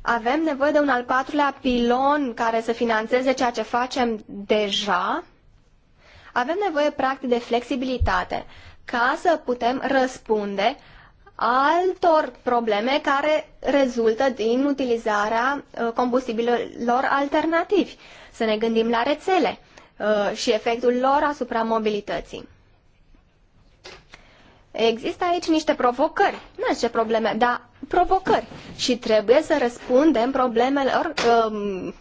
Avem nevoie de un al patrulea pilon care să financeze ceea ce facem deja. Avem nevoie, practic, de flexibilitate ca să putem răspunde uh, altor probleme care rezultă din utilizarea uh, combustibililor alternativi. Să ne gândim la rețele uh, și efectul lor asupra mobilității. Există aici niște provocări, nu niște probleme, dar provocări și trebuie să răspundem problemelor, um,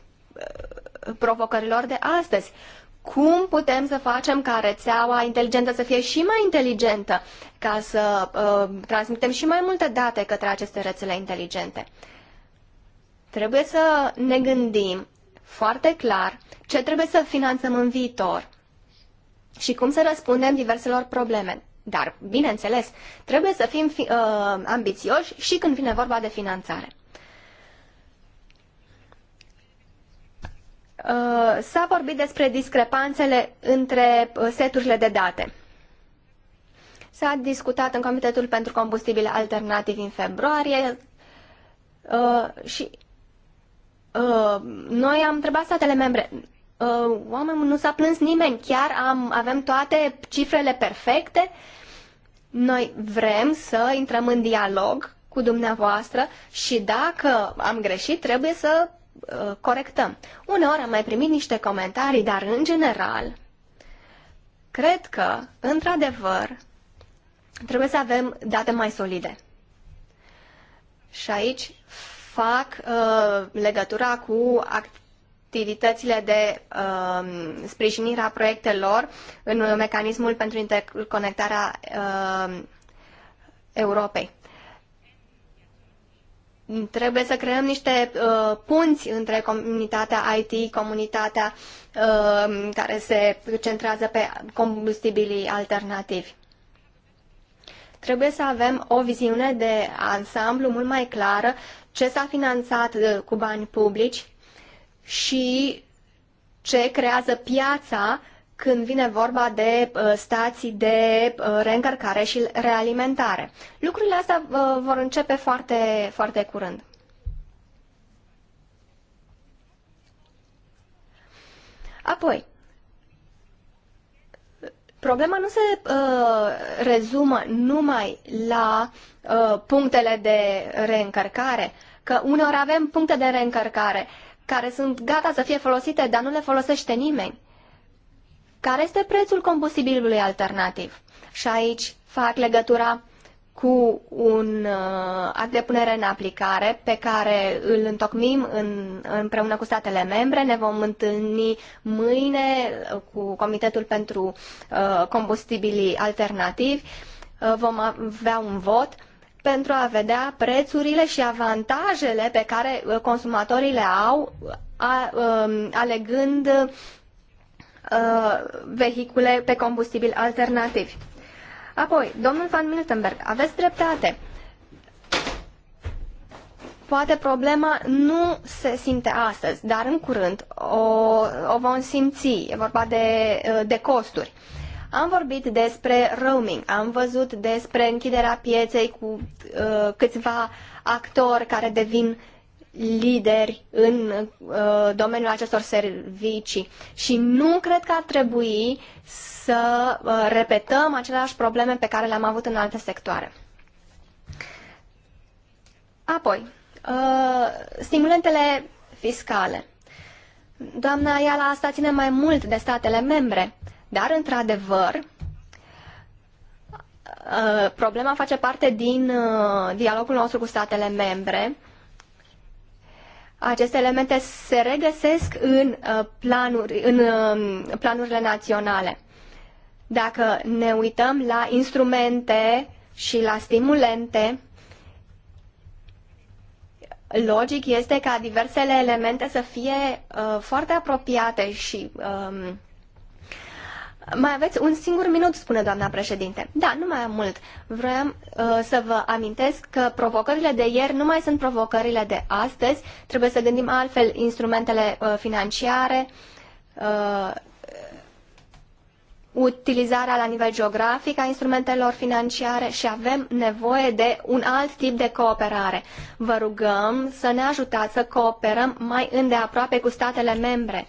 provocărilor de astăzi cum putem să facem ca rețeaua inteligentă să fie și mai inteligentă, ca să uh, transmitem și mai multe date către aceste rețele inteligente. Trebuie să ne gândim foarte clar ce trebuie să finanțăm în viitor și cum să răspundem diverselor probleme. Dar, bineînțeles, trebuie să fim fi, uh, ambițioși și când vine vorba de finanțare. Uh, s-a vorbit despre discrepanțele între uh, seturile de date. S-a discutat în Comitetul pentru Combustibile Alternativi în februarie uh, și noi am întrebat statele membre, oameni, nu s-a plâns nimeni, chiar am, avem toate cifrele perfecte. Noi vrem să intrăm în dialog cu dumneavoastră și dacă am greșit, trebuie să Uh, corectăm. Uneori am mai primit niște comentarii, dar în general, cred că, într-adevăr, trebuie să avem date mai solide. Și aici fac uh, legătura cu activitățile de uh, sprijinire a proiectelor în mecanismul pentru interconectarea uh, Europei. Trebuie să creăm niște uh, punți între comunitatea IT, comunitatea uh, care se centrează pe combustibilii alternativi. Trebuie să avem o viziune de ansamblu mult mai clară ce s-a finanțat uh, cu bani publici și ce creează piața când vine vorba de uh, stații de uh, reîncărcare și realimentare. Lucrurile astea uh, vor începe foarte, foarte curând. Apoi, problema nu se uh, rezumă numai la uh, punctele de reîncărcare, că uneori avem puncte de reîncărcare care sunt gata să fie folosite, dar nu le folosește nimeni. Care este prețul combustibilului alternativ? Și aici fac legătura cu un uh, act de punere în aplicare pe care îl întocmim în, împreună cu statele membre. Ne vom întâlni mâine uh, cu Comitetul pentru uh, Combustibilii Alternativi. Uh, vom avea un vot pentru a vedea prețurile și avantajele pe care uh, consumatorii le au a, a, um, alegând Uh, vehicule pe combustibil alternativ. Apoi, domnul Van Miltenberg, aveți dreptate. Poate problema nu se simte astăzi, dar în curând o, o vom simți. E vorba de, uh, de costuri. Am vorbit despre roaming, am văzut despre închiderea pieței cu uh, câțiva actori care devin lideri în uh, domeniul acestor servicii și nu cred că ar trebui să uh, repetăm aceleași probleme pe care le-am avut în alte sectoare. Apoi, uh, stimulentele fiscale. Doamna Iala, asta ține mai mult de statele membre, dar, într-adevăr, uh, problema face parte din uh, dialogul nostru cu statele membre aceste elemente se regăsesc în, uh, planuri, în uh, planurile naționale. Dacă ne uităm la instrumente și la stimulente, logic este ca diversele elemente să fie uh, foarte apropiate și uh, mai aveți un singur minut, spune doamna președinte. Da, nu mai am mult. Vreau uh, să vă amintesc că provocările de ieri nu mai sunt provocările de astăzi. Trebuie să gândim altfel instrumentele uh, financiare, uh, utilizarea la nivel geografic a instrumentelor financiare și avem nevoie de un alt tip de cooperare. Vă rugăm să ne ajutați să cooperăm mai îndeaproape cu statele membre.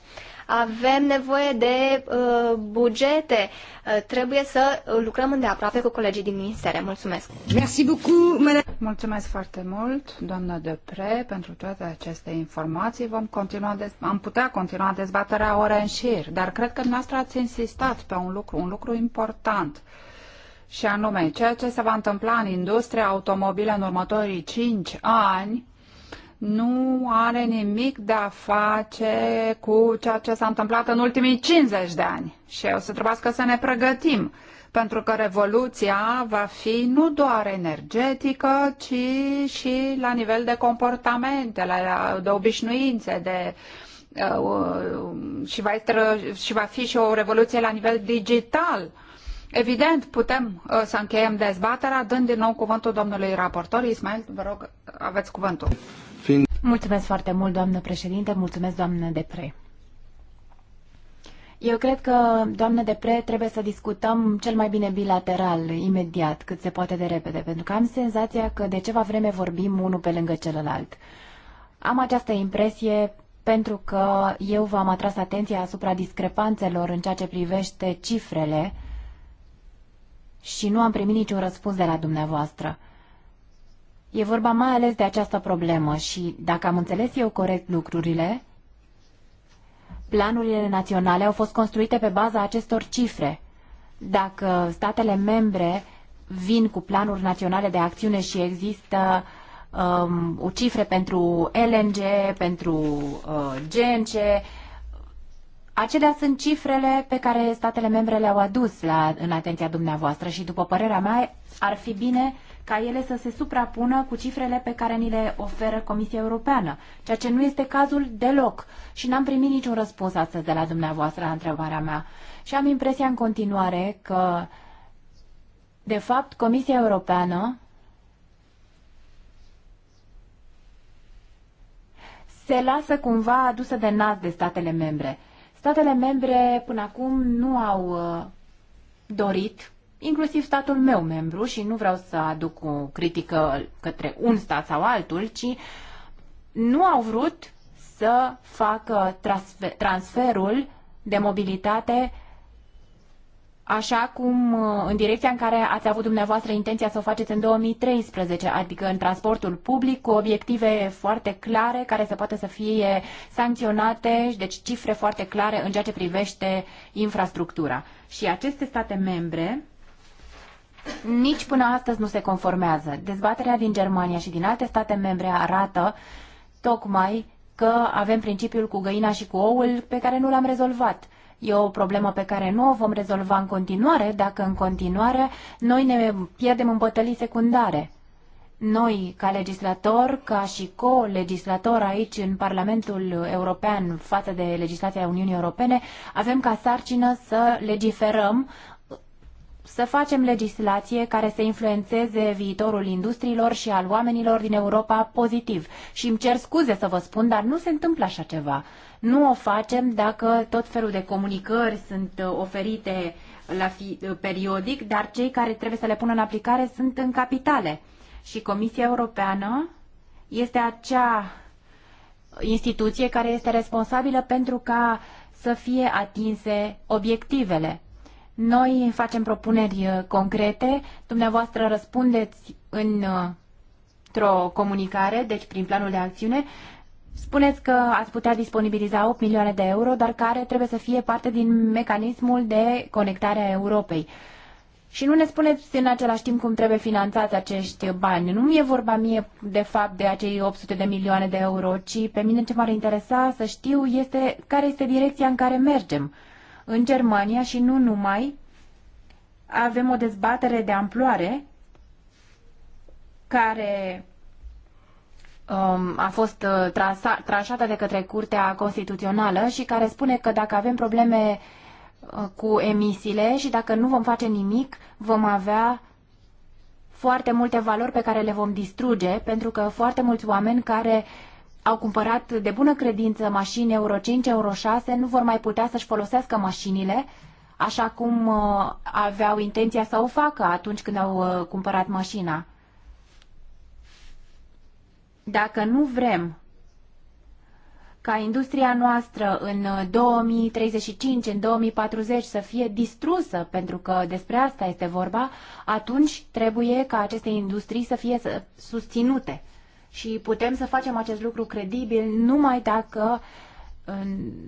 Avem nevoie de uh, bugete. Uh, trebuie să lucrăm îndeaproape cu colegii din ministere. Mulțumesc! Merci beaucoup, Mulțumesc foarte mult, doamnă Depre, pentru toate aceste informații. Vom continua dez... Am putea continua dezbaterea ore în șir, dar cred că noastră ați insistat pe un lucru, un lucru important și anume ceea ce se va întâmpla în industria automobilă în următorii 5 ani nu are nimic de a face cu ceea ce s-a întâmplat în ultimii 50 de ani. Și o să trebuiască să ne pregătim, pentru că revoluția va fi nu doar energetică, ci și la nivel de comportamente, la, de obișnuințe, de uh, uh, și, va, și va fi și o revoluție la nivel digital. Evident, putem uh, să încheiem dezbaterea, dând din nou cuvântul domnului raportor. Ismail, vă rog, aveți cuvântul. Mulțumesc foarte mult, doamnă președinte, mulțumesc, doamnă Depre. Eu cred că, doamnă Depre, trebuie să discutăm cel mai bine bilateral, imediat, cât se poate de repede, pentru că am senzația că de ceva vreme vorbim unul pe lângă celălalt. Am această impresie pentru că eu v-am atras atenția asupra discrepanțelor în ceea ce privește cifrele și nu am primit niciun răspuns de la dumneavoastră. E vorba mai ales de această problemă și, dacă am înțeles eu corect lucrurile, planurile naționale au fost construite pe baza acestor cifre. Dacă statele membre vin cu planuri naționale de acțiune și există um, o cifre pentru LNG, pentru uh, GNC, acelea sunt cifrele pe care statele membre le-au adus la, în atenția dumneavoastră și, după părerea mea, ar fi bine ca ele să se suprapună cu cifrele pe care ni le oferă Comisia Europeană, ceea ce nu este cazul deloc. Și n-am primit niciun răspuns astăzi de la dumneavoastră la întrebarea mea. Și am impresia în continuare că, de fapt, Comisia Europeană se lasă cumva adusă de nas de statele membre. Statele membre până acum nu au uh, dorit inclusiv statul meu membru și nu vreau să aduc o critică către un stat sau altul, ci nu au vrut să facă transferul de mobilitate așa cum uh, în direcția în care ați avut dumneavoastră intenția să o faceți în 2013, adică în transportul public cu obiective foarte clare care să poată să fie sancționate, deci cifre foarte clare în ceea ce privește infrastructura. Și aceste state membre nici până astăzi nu se conformează. Dezbaterea din Germania și din alte state membre arată tocmai că avem principiul cu găina și cu oul pe care nu l-am rezolvat. E o problemă pe care nu o vom rezolva în continuare dacă în continuare noi ne pierdem în bătălii secundare. Noi, ca legislator, ca și co-legislator aici în Parlamentul European față de legislația Uniunii Europene, avem ca sarcină să legiferăm să facem legislație care să influențeze viitorul industriilor și al oamenilor din Europa pozitiv. Și îmi cer scuze să vă spun, dar nu se întâmplă așa ceva. Nu o facem dacă tot felul de comunicări sunt uh, oferite uh, la fi, uh, periodic, dar cei care trebuie să le pună în aplicare sunt în capitale. Și Comisia Europeană este acea instituție care este responsabilă pentru ca să fie atinse obiectivele. Noi facem propuneri uh, concrete, dumneavoastră răspundeți uh, într-o comunicare, deci prin planul de acțiune, Spuneți că ați putea disponibiliza 8 milioane de euro, dar care trebuie să fie parte din mecanismul de conectare a Europei. Și nu ne spuneți în același timp cum trebuie finanțați acești bani. Nu e vorba mie de fapt de acei 800 de milioane de euro, ci pe mine ce m-ar interesa să știu este care este direcția în care mergem în Germania și nu numai, avem o dezbatere de amploare care um, a fost uh, trasa, de către Curtea Constituțională și care spune că dacă avem probleme uh, cu emisiile și dacă nu vom face nimic, vom avea foarte multe valori pe care le vom distruge, pentru că foarte mulți oameni care uh, au cumpărat de bună credință mașini Euro 5, Euro 6, nu vor mai putea să-și folosească mașinile așa cum uh, aveau intenția să o facă atunci când au uh, cumpărat mașina. Dacă nu vrem ca industria noastră în 2035, uh, în 2040 să fie distrusă, pentru că despre asta este vorba, atunci trebuie ca aceste industrii să fie susținute și putem să facem acest lucru credibil numai dacă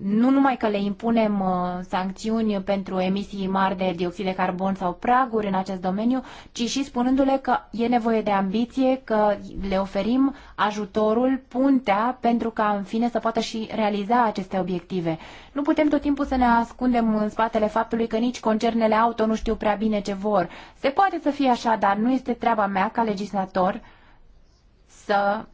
nu numai că le impunem uh, sancțiuni pentru emisii mari de dioxid de carbon sau praguri în acest domeniu, ci și spunându-le că e nevoie de ambiție, că le oferim ajutorul, puntea, pentru ca în fine să poată și realiza aceste obiective. Nu putem tot timpul să ne ascundem în spatele faptului că nici concernele auto nu știu prea bine ce vor. Se poate să fie așa, dar nu este treaba mea ca legislator să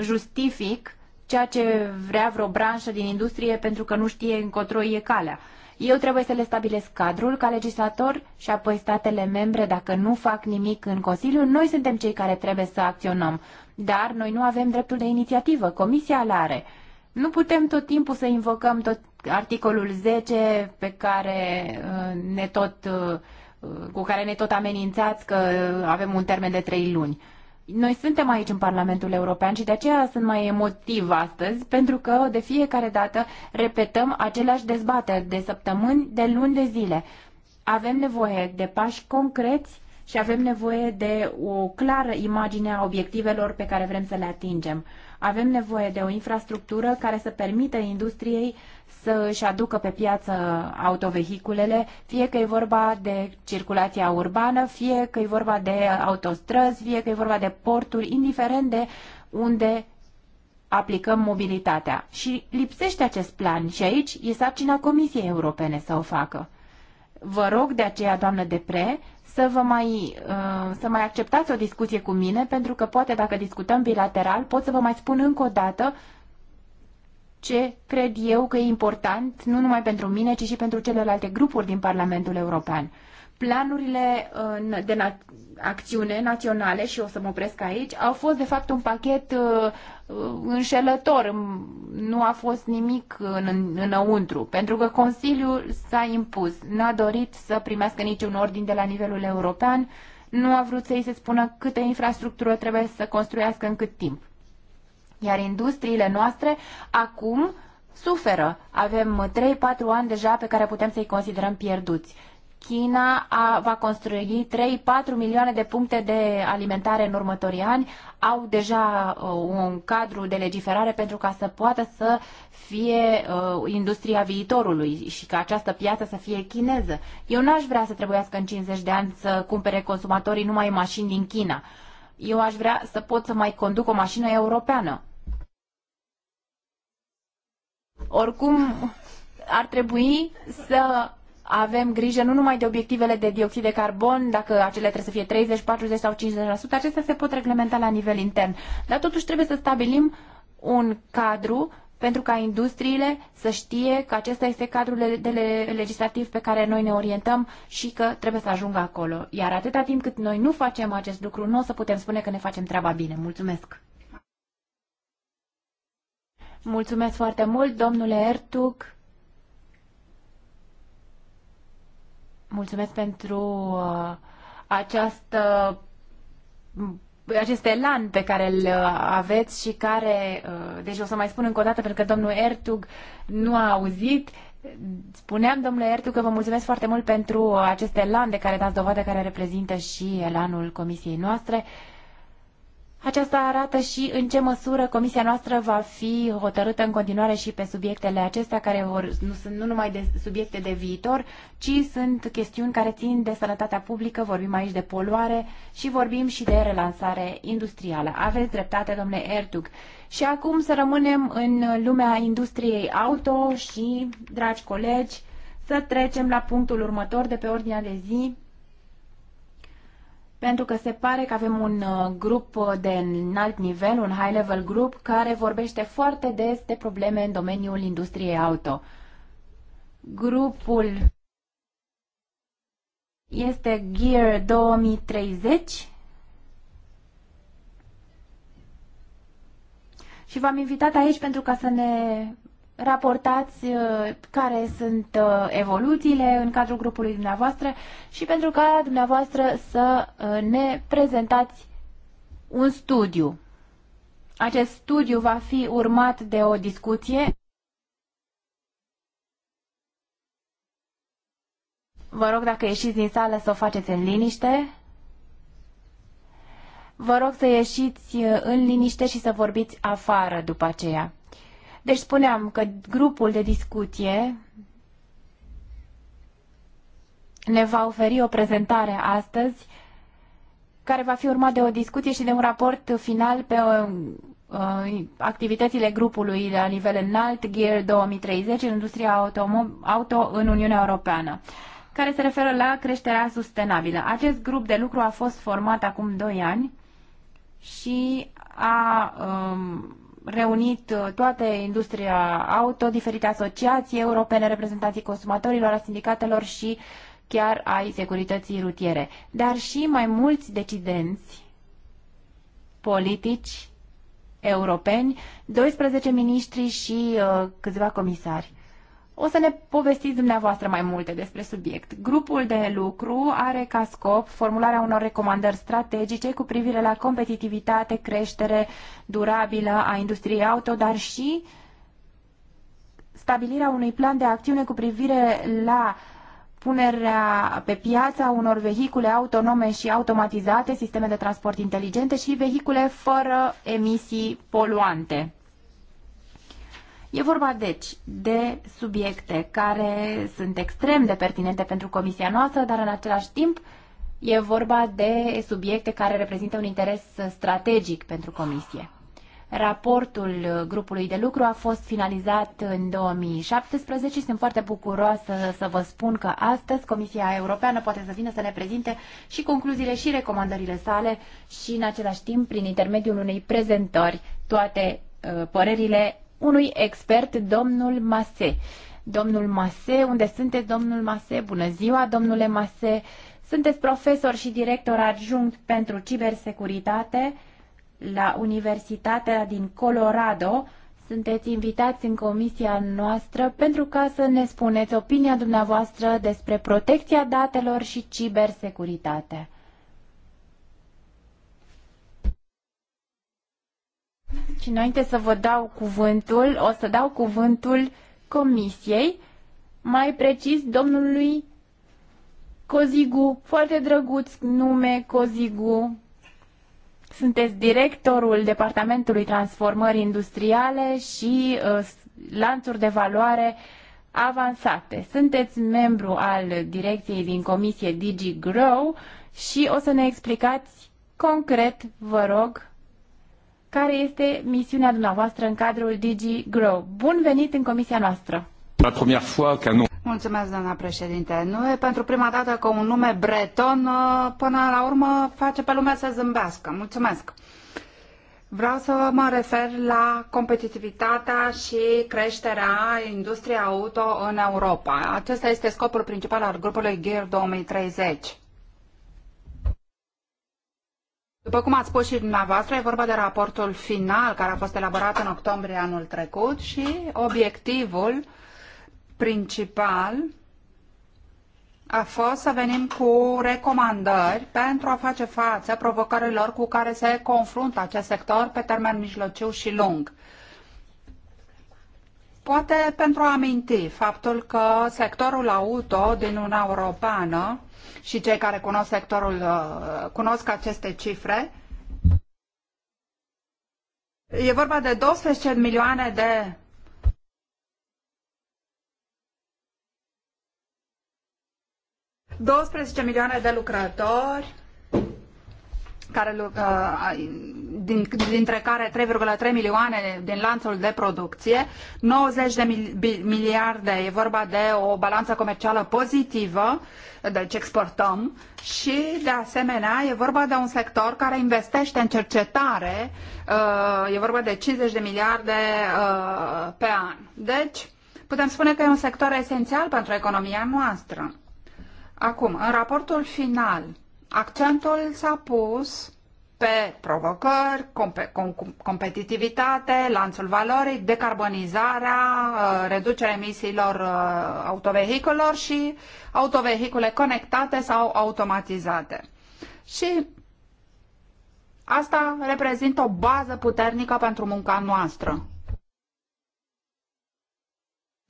justific ceea ce vrea vreo branșă din industrie pentru că nu știe încotro e calea. Eu trebuie să le stabilesc cadrul ca legislator și apoi statele membre, dacă nu fac nimic în Consiliu, noi suntem cei care trebuie să acționăm. Dar noi nu avem dreptul de inițiativă, Comisia îl are. Nu putem tot timpul să invocăm tot articolul 10 pe care uh, ne tot, uh, cu care ne tot amenințați că avem un termen de trei luni. Noi suntem aici în Parlamentul European și de aceea sunt mai emotiv astăzi, pentru că de fiecare dată repetăm aceleași dezbateri de săptămâni, de luni, de zile. Avem nevoie de pași concreți și avem nevoie de o clară imagine a obiectivelor pe care vrem să le atingem. Avem nevoie de o infrastructură care să permită industriei să își aducă pe piață autovehiculele, fie că e vorba de circulația urbană, fie că e vorba de autostrăzi, fie că e vorba de porturi, indiferent de unde aplicăm mobilitatea. Și lipsește acest plan și aici e sarcina Comisiei Europene să o facă. Vă rog de aceea, doamnă Depre, să vă mai, uh, să mai acceptați o discuție cu mine, pentru că poate dacă discutăm bilateral, pot să vă mai spun încă o dată ce cred eu că e important, nu numai pentru mine, ci și pentru celelalte grupuri din Parlamentul European planurile uh, de na- acțiune naționale, și o să mă opresc aici, au fost de fapt un pachet uh, uh, înșelător, nu a fost nimic în, înăuntru, pentru că Consiliul s-a impus, n-a dorit să primească niciun ordin de la nivelul european, nu a vrut să-i se spună câte infrastructură trebuie să construiască în cât timp. Iar industriile noastre acum suferă. Avem 3-4 ani deja pe care putem să-i considerăm pierduți. China a, va construi 3-4 milioane de puncte de alimentare în următorii ani. Au deja uh, un cadru de legiferare pentru ca să poată să fie uh, industria viitorului și ca această piață să fie chineză. Eu n-aș vrea să trebuiască în 50 de ani să cumpere consumatorii numai mașini din China. Eu aș vrea să pot să mai conduc o mașină europeană. Oricum, ar trebui să avem grijă nu numai de obiectivele de dioxid de carbon, dacă acele trebuie să fie 30, 40 sau 50%, acestea se pot reglementa la nivel intern. Dar totuși trebuie să stabilim un cadru pentru ca industriile să știe că acesta este cadrul legislativ pe care noi ne orientăm și că trebuie să ajungă acolo. Iar atâta timp cât noi nu facem acest lucru, nu o să putem spune că ne facem treaba bine. Mulțumesc! Mulțumesc foarte mult, domnule Ertug! Mulțumesc pentru uh, această acest elan pe care îl uh, aveți și care, uh, deci o să mai spun încă o dată pentru că domnul Ertug nu a auzit, spuneam domnule Ertug că vă mulțumesc foarte mult pentru acest elan de care dați dovadă care reprezintă și elanul comisiei noastre. Aceasta arată și în ce măsură comisia noastră va fi hotărâtă în continuare și pe subiectele acestea, care vor, nu sunt nu numai de subiecte de viitor, ci sunt chestiuni care țin de sănătatea publică, vorbim aici de poluare și vorbim și de relansare industrială. Aveți dreptate, domnule Ertug. Și acum să rămânem în lumea industriei auto și, dragi colegi, să trecem la punctul următor de pe ordinea de zi, pentru că se pare că avem un uh, grup uh, de înalt nivel, un high-level group, care vorbește foarte des de probleme în domeniul industriei auto. Grupul este Gear 2030 și v-am invitat aici pentru ca să ne raportați uh, care sunt uh, evoluțiile în cadrul grupului dumneavoastră și pentru ca dumneavoastră să uh, ne prezentați un studiu. Acest studiu va fi urmat de o discuție. Vă rog dacă ieșiți din sală să o faceți în liniște. Vă rog să ieșiți în liniște și să vorbiți afară după aceea. Deci spuneam că grupul de discuție ne va oferi o prezentare astăzi care va fi urmat de o discuție și de un raport final pe uh, uh, activitățile grupului la nivel înalt Gear 2030 în industria auto în Uniunea Europeană care se referă la creșterea sustenabilă. Acest grup de lucru a fost format acum 2 ani și a um, reunit uh, toate industria auto, diferite asociații europene, reprezentanții consumatorilor, a sindicatelor și chiar ai securității rutiere, dar și mai mulți decidenți politici europeni, 12 miniștri și uh, câțiva comisari. O să ne povestiți dumneavoastră mai multe despre subiect. Grupul de lucru are ca scop formularea unor recomandări strategice cu privire la competitivitate, creștere durabilă a industriei auto, dar și stabilirea unui plan de acțiune cu privire la punerea pe piață unor vehicule autonome și automatizate, sisteme de transport inteligente și vehicule fără emisii poluante. E vorba, deci, de subiecte care sunt extrem de pertinente pentru comisia noastră, dar în același timp e vorba de subiecte care reprezintă un interes strategic pentru comisie. Raportul grupului de lucru a fost finalizat în 2017 și sunt foarte bucuroasă să vă spun că astăzi Comisia Europeană poate să vină să ne prezinte și concluziile și recomandările sale și în același timp prin intermediul unei prezentări toate uh, părerile unui expert, domnul Mase. Domnul Mase, unde sunteți, domnul Mase? Bună ziua, domnule Mase! Sunteți profesor și director adjunct pentru cibersecuritate la Universitatea din Colorado. Sunteți invitați în comisia noastră pentru ca să ne spuneți opinia dumneavoastră despre protecția datelor și cibersecuritatea. Și înainte să vă dau cuvântul, o să dau cuvântul comisiei, mai precis domnului Cozigu, foarte drăguț nume Cozigu. Sunteți directorul Departamentului Transformări Industriale și uh, lanțuri de valoare avansate. Sunteți membru al direcției din comisie DigiGrow și o să ne explicați concret, vă rog, care este misiunea dumneavoastră în cadrul DG Grow. Bun venit în comisia noastră! La fois Mulțumesc, doamna președinte. Nu e pentru prima dată că un nume breton uh, până la urmă face pe lumea să zâmbească. Mulțumesc! Vreau să mă refer la competitivitatea și creșterea industriei auto în Europa. Acesta este scopul principal al grupului Gear 2030. După cum ați spus și dumneavoastră, e vorba de raportul final care a fost elaborat în octombrie anul trecut și obiectivul principal a fost să venim cu recomandări pentru a face față provocărilor cu care se confruntă acest sector pe termen mijlociu și lung. Poate pentru a aminti faptul că sectorul auto din Uniunea Europeană și cei care cunosc sectorul uh, cunosc aceste cifre. E vorba de 12 milioane de doisprezece milioane de lucrători care, uh, din, dintre care 3,3 milioane din lanțul de producție, 90 de miliarde e vorba de o balanță comercială pozitivă, deci exportăm, și de asemenea e vorba de un sector care investește în cercetare, uh, e vorba de 50 de miliarde uh, pe an. Deci, putem spune că e un sector esențial pentru economia noastră. Acum, în raportul final, Accentul s-a pus pe provocări, competitivitate, lanțul valorii, decarbonizarea, uh, reducerea emisiilor uh, autovehiculor și autovehicule conectate sau automatizate. Și asta reprezintă o bază puternică pentru munca noastră.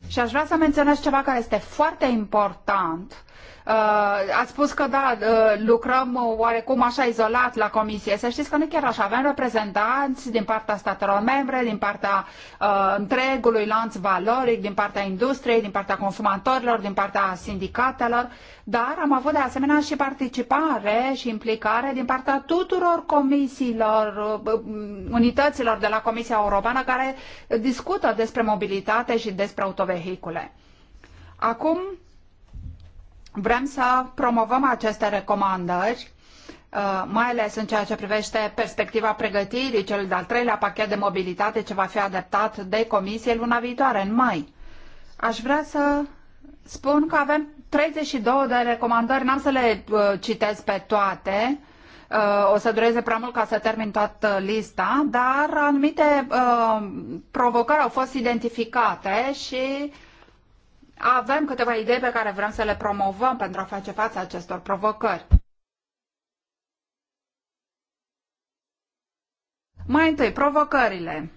Și aș vrea să menționez ceva care este foarte important Uh, ați spus că da, uh, lucrăm oarecum așa izolat la comisie. Să știți că nu chiar așa. Avem reprezentanți din partea statelor membre, din partea uh, întregului lanț valoric, din partea industriei, din partea consumatorilor, din partea sindicatelor, dar am avut de asemenea și participare și implicare din partea tuturor comisiilor, unităților de la Comisia Europeană care discută despre mobilitate și despre autovehicule. Acum, Vrem să promovăm aceste recomandări uh, mai ales în ceea ce privește perspectiva pregătirii celui de-al treilea pachet de mobilitate ce va fi adaptat de comisie luna viitoare, în mai. Aș vrea să spun că avem 32 de recomandări, n-am să le uh, citesc pe toate, uh, o să dureze prea mult ca să termin toată lista, dar anumite provocări au fost identificate și uh, avem câteva idei pe care vrem să le promovăm pentru a face față acestor provocări. Mai întâi, provocările.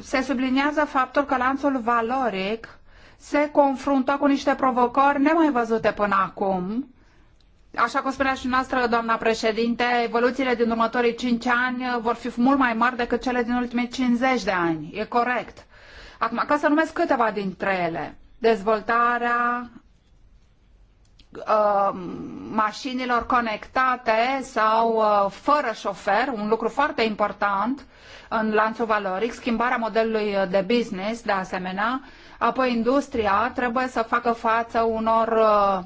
Se subliniază faptul că lanțul valoric se confruntă cu niște provocări nemai văzute până acum. Așa cum spunea și noastră, doamna președinte, evoluțiile din următorii 5 ani vor fi mult mai mari decât cele din ultimii 50 de ani. E corect. Acum, ca să numesc câteva dintre ele, dezvoltarea uh, mașinilor conectate sau uh, fără șofer, un lucru foarte important în lanțul valoric, schimbarea modelului de business, de asemenea, apoi industria trebuie să facă față unor uh,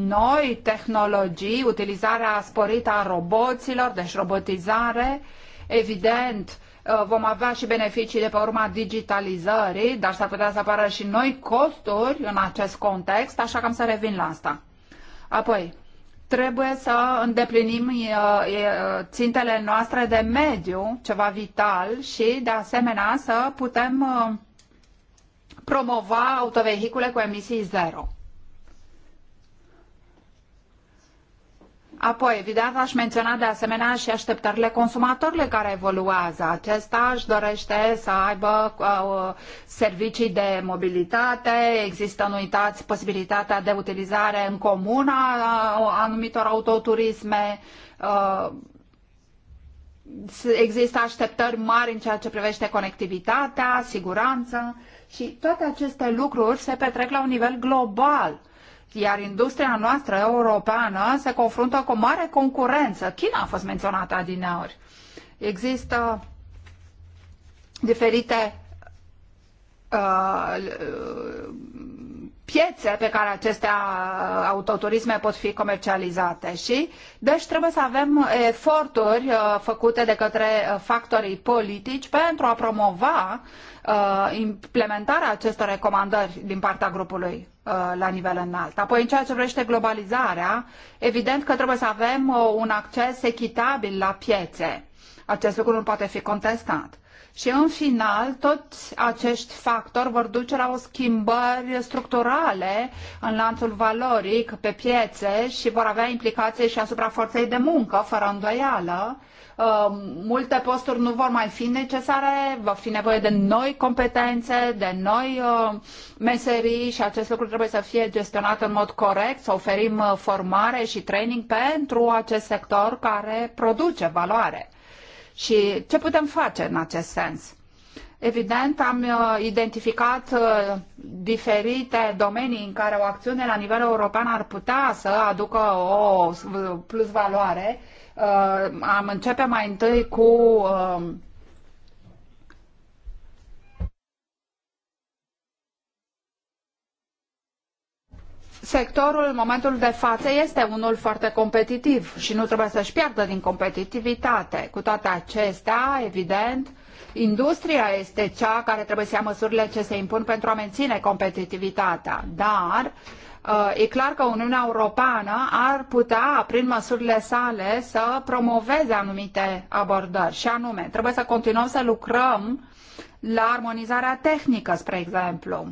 noi tehnologii, utilizarea sporită a roboților, deci robotizare, evident, Uh, vom avea și beneficii de pe urma digitalizării, dar s-ar putea să apară și noi costuri în acest context, așa că am să revin la asta. Apoi, trebuie să îndeplinim uh, țintele noastre de mediu, ceva vital, și de asemenea să putem uh, promova autovehicule cu emisii zero. Apoi, evident, aș menționa de asemenea și așteptările consumatorilor care evoluează. Acesta își dorește să aibă uh, servicii de mobilitate, există, nu uitați, posibilitatea de utilizare în comun a uh, anumitor autoturisme, uh, există așteptări mari în ceea ce privește conectivitatea, siguranța și toate aceste lucruri se petrec la un nivel global iar industria noastră europeană se confruntă cu o mare concurență. China a fost menționată adineori. Există diferite uh, piețe pe care aceste uh, autoturisme pot fi comercializate și deci trebuie să avem eforturi uh, făcute de către factorii politici pentru a promova implementarea acestor recomandări din partea grupului Uh, la nivel înalt. Apoi, în ceea ce vrește globalizarea, evident că trebuie să avem uh, un acces echitabil la piețe. Acest lucru nu poate fi contestat. Și în final, toți acești factori vor duce la o schimbări structurale în lanțul valoric, pe piețe și vor avea implicații și asupra forței de muncă, fără îndoială. Um, multe posturi nu vor mai fi necesare, va fi nevoie de noi competențe, de noi uh, meserii și acest lucru trebuie să fie gestionat în mod corect, să oferim uh, formare și training pentru acest sector care produce valoare. Și ce putem face în acest sens? Evident, am uh, identificat uh, diferite domenii în care o acțiune la nivel european ar putea să aducă o plus valoare. Uh, am începe mai întâi cu um, sectorul în momentul de față este unul foarte competitiv și nu trebuie să-și piardă din competitivitate. Cu toate acestea, evident, industria este cea care trebuie să ia măsurile ce se impun pentru a menține competitivitatea. Dar uh, e clar că Uniunea Europeană ar putea, prin măsurile sale, să promoveze anumite abordări. Și anume, trebuie să continuăm să lucrăm la armonizarea tehnică, spre exemplu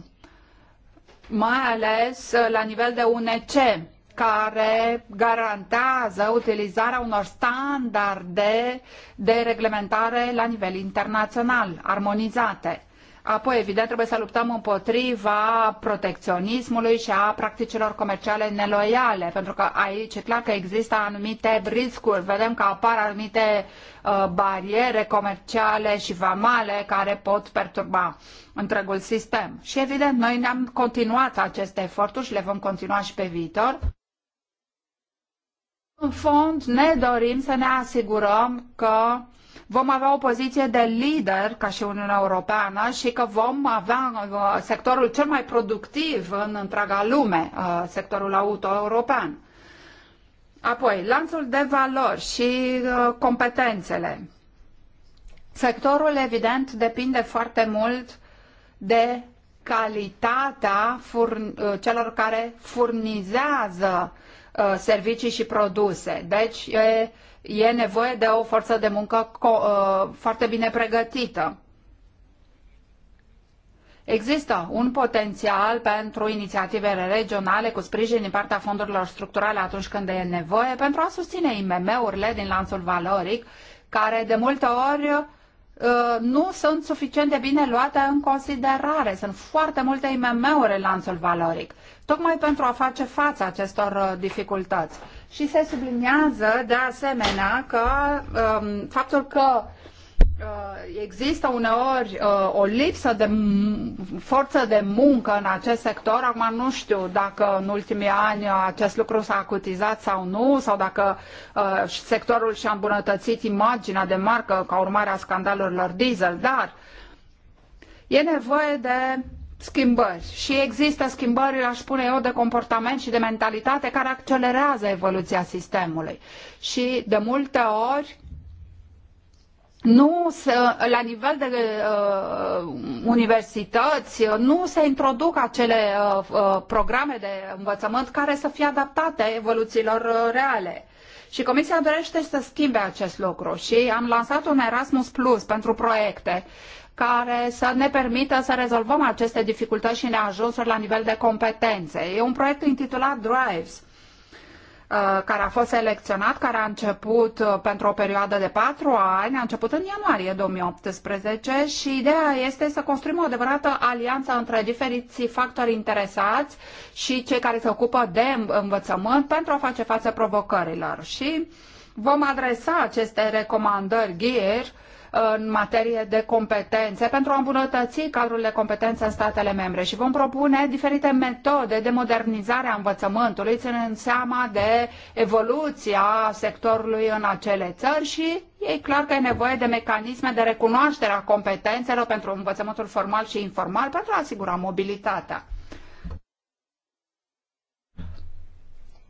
mai ales uh, la nivel de UNC, care garantează utilizarea unor standarde de reglementare la nivel internațional, armonizate. Apoi, evident, trebuie să luptăm împotriva protecționismului și a practicilor comerciale neloiale, pentru că aici e clar că există anumite riscuri. Vedem că apar anumite uh, bariere comerciale și vamale care pot perturba întregul sistem. Și, evident, noi ne-am continuat aceste eforturi și le vom continua și pe viitor. În fond, ne dorim să ne asigurăm că vom avea o poziție de lider ca și Uniunea Europeană și că vom avea uh, sectorul cel mai productiv în întreaga lume, uh, sectorul auto european. Apoi, lanțul de valori și uh, competențele. Sectorul, evident, depinde foarte mult de calitatea celor care furnizează servicii și produse. Deci e e nevoie de o forță de muncă uh, foarte bine pregătită. Există un potențial pentru inițiativele regionale cu sprijin din partea fondurilor structurale atunci când e nevoie pentru a susține IMM-urile din lanțul valoric, care de multe ori uh, nu sunt suficient de bine luate în considerare. Sunt foarte multe IMM-uri în lanțul valoric, tocmai pentru a face față acestor uh, dificultăți. Și se subliniază de asemenea că um, faptul că uh, există uneori uh, o lipsă de forță de muncă în acest sector. Acum nu știu dacă în ultimii ani acest lucru s-a acutizat sau nu, sau dacă uh, sectorul și-a îmbunătățit imaginea de marcă ca urmare a scandalurilor diesel, dar e nevoie de schimbări și există schimbări, aș spune eu, de comportament și de mentalitate care accelerează evoluția sistemului. Și de multe ori nu se, la nivel de uh, universități nu se introduc acele uh, uh programe de învățământ care să fie adaptate evoluțiilor uh, reale. Și Comisia dorește să schimbe acest lucru și am lansat un Erasmus Plus pentru proiecte care să ne permită să rezolvăm aceste dificultăți și neajunsuri la nivel de competențe. E un proiect intitulat Drives uh, care a fost selecționat, care a început uh, pentru o perioadă de patru ani, a început în ianuarie 2018 și ideea este să construim o adevărată alianță între diferiți factori interesați și cei care se ocupă de învățământ pentru a face față provocărilor. Și vom adresa aceste recomandări GEAR în materie de competențe pentru a îmbunătăți cadrul de competențe în statele membre și vom propune diferite metode de modernizare a învățământului, ținând seama de evoluția sectorului în acele țări și e clar că e nevoie de mecanisme de recunoaștere a competențelor pentru învățământul formal și informal pentru a asigura mobilitatea.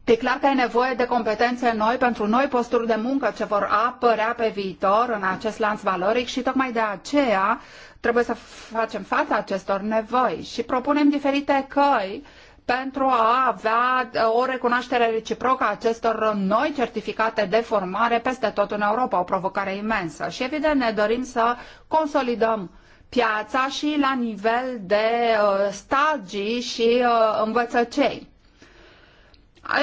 E clar că e nevoie de competențe noi pentru noi posturi de muncă ce vor apărea pe viitor în acest lanț valoric și tocmai de aceea trebuie să facem față acestor nevoi și propunem diferite căi pentru a avea uh, o recunoaștere reciprocă a acestor noi certificate de formare peste tot în Europa, o provocare imensă. Și evident ne dorim să consolidăm piața și la nivel de uh, stagii și uh, învățăcei.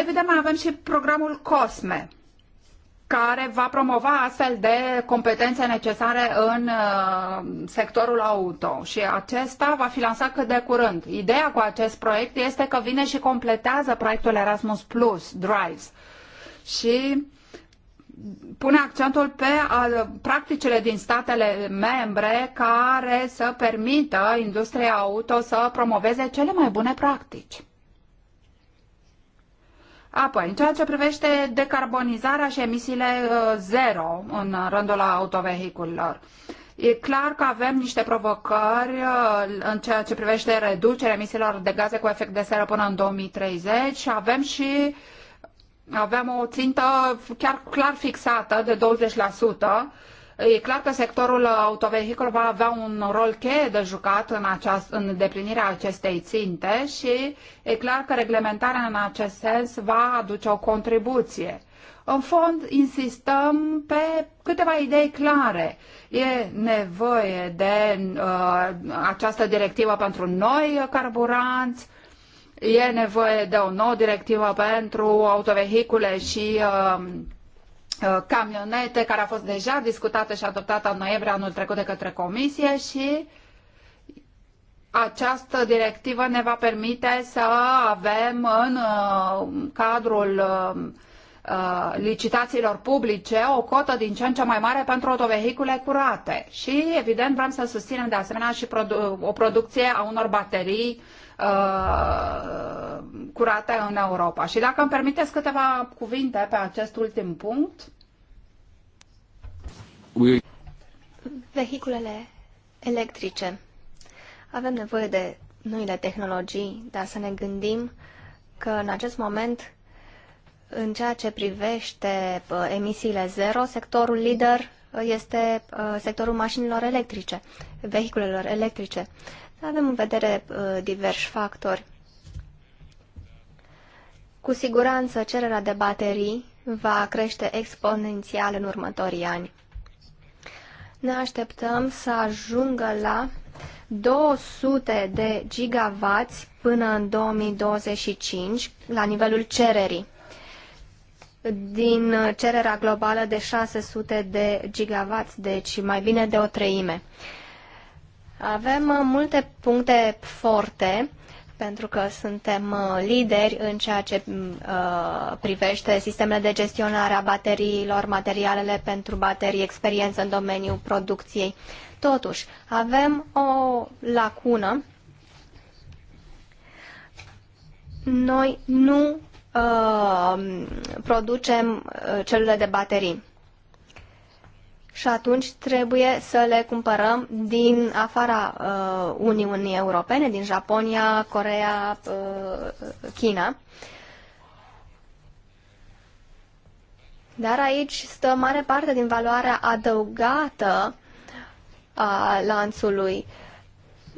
Evident, mai avem și programul COSME, care va promova astfel de competențe necesare în uh, sectorul auto și acesta va fi lansat cât de curând. Ideea cu acest proiect este că vine și completează proiectul Erasmus Plus Drives și pune accentul pe uh, practicile din statele membre care să permită industriei auto să promoveze cele mai bune practici. Apoi, în ceea ce privește decarbonizarea și emisiile uh, zero în rândul autovehiculelor, E clar că avem niște provocări uh, în ceea ce privește reducerea emisiilor de gaze cu efect de seră până în 2030 și avem și avem o țintă chiar clar fixată de 20% E clar că sectorul autovehicul va avea un rol cheie de jucat în, aceast, în deplinirea acestei ținte și e clar că reglementarea în acest sens va aduce o contribuție. În fond, insistăm pe câteva idei clare. E nevoie de uh, această directivă pentru noi carburanți, e nevoie de o nouă directivă pentru autovehicule și uh, Uh, camionete care a fost deja discutată și adoptată în noiembrie anul trecut de către Comisie și această directivă ne va permite să avem în uh, cadrul uh, licitațiilor publice o cotă din ce în ce mai mare pentru autovehicule curate. Și, evident, vrem să susținem de asemenea și produ o producție a unor baterii uh, Uh, curate în Europa. Și dacă îmi permiteți câteva cuvinte pe acest ultim punct. Vehiculele electrice. Avem nevoie de noile tehnologii, dar să ne gândim că în acest moment, în ceea ce privește uh, emisiile zero, sectorul lider uh, este sectorul mașinilor electrice, vehiculelor electrice. Avem în vedere uh, diversi factori. Cu siguranță, cererea de baterii va crește exponențial în următorii ani. Ne așteptăm să ajungă la 200 de gigavați până în 2025 la nivelul cererii din cererea globală de 600 de gigavați, deci mai bine de o treime. Avem uh, multe puncte forte pentru că suntem uh, lideri în ceea ce uh, privește sistemele de gestionare a bateriilor, materialele pentru baterii, experiență în domeniul producției. Totuși, avem o lacună. Noi nu uh, producem uh, celule de baterii și atunci trebuie să le cumpărăm din afara uh, Uniunii Europene, din Japonia, Corea, uh, China. Dar aici stă mare parte din valoarea adăugată a lanțului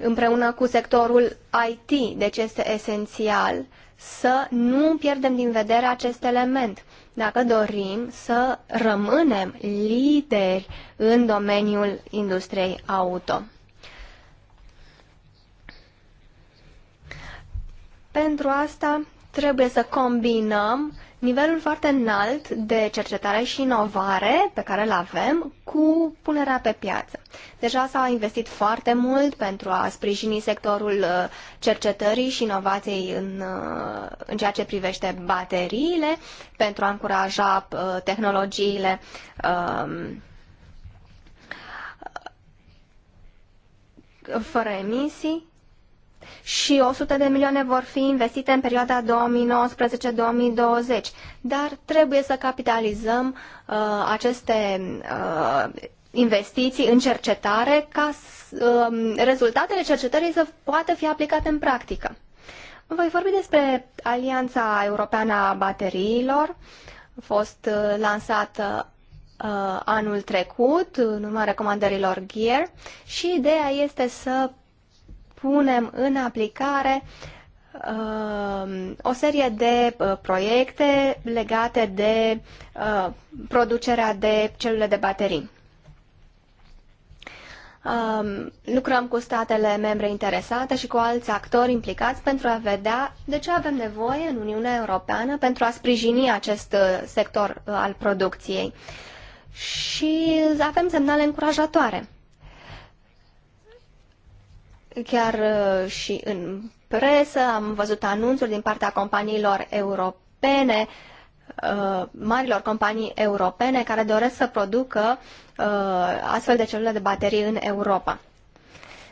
împreună cu sectorul IT, deci este esențial să nu pierdem din vedere acest element dacă dorim să rămânem lideri în domeniul industriei auto. Pentru asta trebuie să combinăm nivelul foarte înalt de cercetare și inovare pe care îl avem cu punerea pe piață. Deja s-a investit foarte mult pentru a sprijini sectorul uh, cercetării și inovației în, uh, în ceea ce privește bateriile, pentru a încuraja uh, tehnologiile um, fără emisii și 100 de milioane vor fi investite în perioada 2019-2020, dar trebuie să capitalizăm uh, aceste uh, investiții în cercetare ca uh, rezultatele cercetării să poată fi aplicate în practică. Voi vorbi despre Alianța Europeană a Bateriilor, fost uh, lansată uh, anul trecut, în urma recomandărilor GEAR și ideea este să punem în aplicare uh, o serie de uh, proiecte legate de uh, producerea de celule de baterii. Um, lucrăm cu statele membre interesate și cu alți actori implicați pentru a vedea de ce avem nevoie în Uniunea Europeană pentru a sprijini acest sector al producției. Și avem semnale încurajatoare. Chiar uh, și în presă am văzut anunțuri din partea companiilor europene, uh, marilor companii europene care doresc să producă uh, astfel de celule de baterii în Europa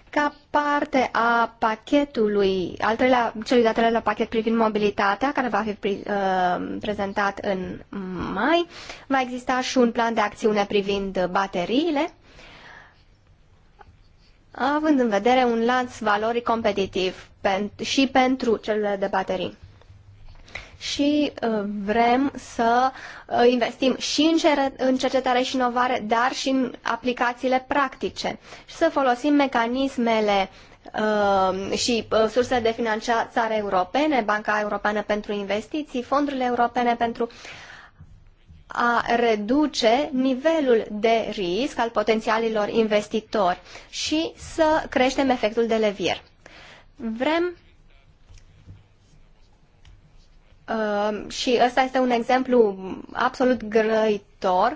ca parte a pachetului, al treilea, celui de-al treilea pachet privind mobilitatea, care va fi pri, uh, prezentat în mai, va exista și un plan de acțiune privind bateriile având în vedere un lanț valorii competitiv și pentru celulele de baterii. Și uh, vrem să uh, investim și în cercetare și inovare, dar și în aplicațiile practice și să folosim mecanismele uh, și surse de finanțare europene, Banca Europeană pentru Investiții, fondurile europene pentru uh, a reduce nivelul de risc al potențialilor investitori și să creștem efectul de levier. Vrem uh, și ăsta este un exemplu absolut grăitor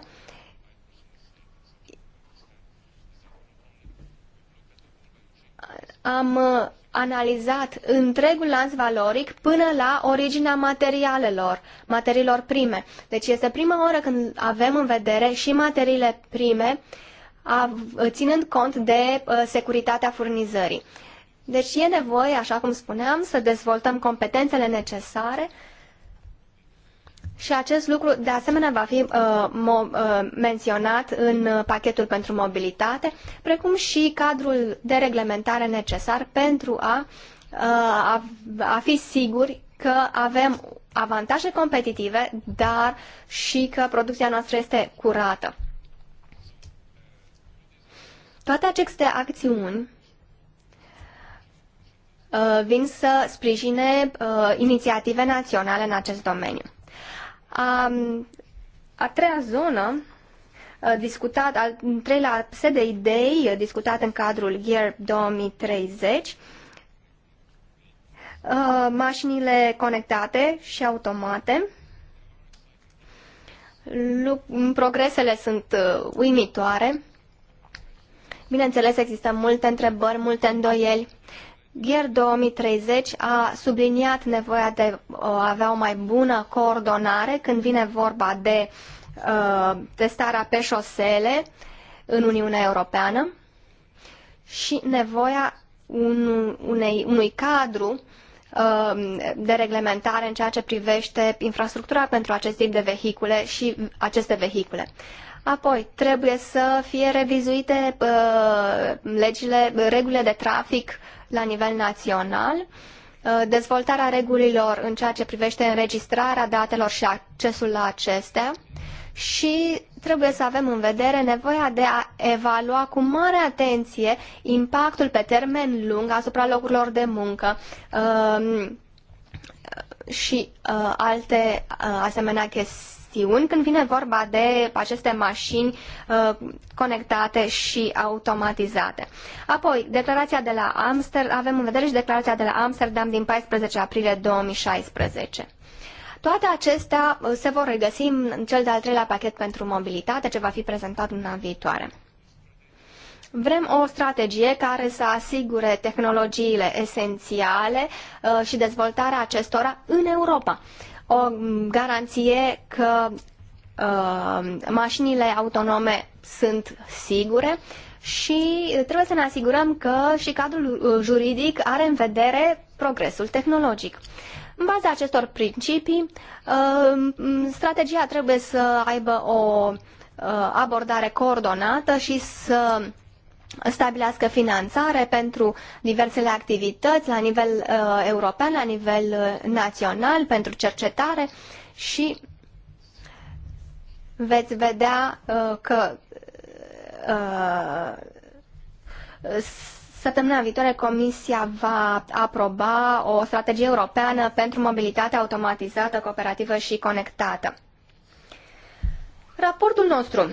am uh, analizat întregul lanț valoric până la originea materialelor, materiilor prime. Deci este prima oară când avem în vedere și materiile prime, ținând cont de uh, securitatea furnizării. Deci e nevoie, așa cum spuneam, să dezvoltăm competențele necesare și acest lucru, de asemenea, va fi uh, mo, uh, menționat în uh, pachetul pentru mobilitate, precum și cadrul de reglementare necesar pentru a, uh, a, a fi siguri că avem avantaje competitive, dar și că producția noastră este curată. Toate aceste acțiuni uh, vin să sprijine uh, inițiative naționale în acest domeniu. A, a treia zonă discutat, al treilea set de idei discutat în cadrul Gear 2030, mașinile conectate și automate. Progresele sunt uimitoare. Bineînțeles, există multe întrebări, multe îndoieli GER 2030 a subliniat nevoia de a avea o mai bună coordonare când vine vorba de uh, testarea pe șosele în Uniunea Europeană și nevoia unui unui cadru uh, de reglementare în ceea ce privește infrastructura pentru acest tip de vehicule și aceste vehicule. Apoi, trebuie să fie revizuite uh, legile, regulile de trafic la nivel național, uh, dezvoltarea regulilor în ceea ce privește înregistrarea datelor și accesul la acestea și trebuie să avem în vedere nevoia de a evalua cu mare atenție impactul pe termen lung asupra locurilor de muncă um, și uh, alte uh, asemenea chestii acțiuni când vine vorba de aceste mașini uh, conectate și automatizate. Apoi, declarația de la Amsterdam, avem în vedere și declarația de la Amsterdam din 14 aprilie 2016. Toate acestea uh, se vor regăsi în cel de-al treilea pachet pentru mobilitate, ce va fi prezentat în an viitoare. Vrem o strategie care să asigure tehnologiile esențiale uh, și dezvoltarea acestora în Europa o garanție că uh, mașinile autonome sunt sigure și trebuie să ne asigurăm că și cadrul uh, juridic are în vedere progresul tehnologic. În baza acestor principii, uh, strategia trebuie să aibă o uh, abordare coordonată și să stabilească finanțare pentru diversele activități la nivel uh, european, la nivel uh, național, pentru cercetare și veți vedea uh, că uh, Săptămâna viitoare Comisia va aproba o strategie europeană pentru mobilitate automatizată, cooperativă și conectată. Raportul nostru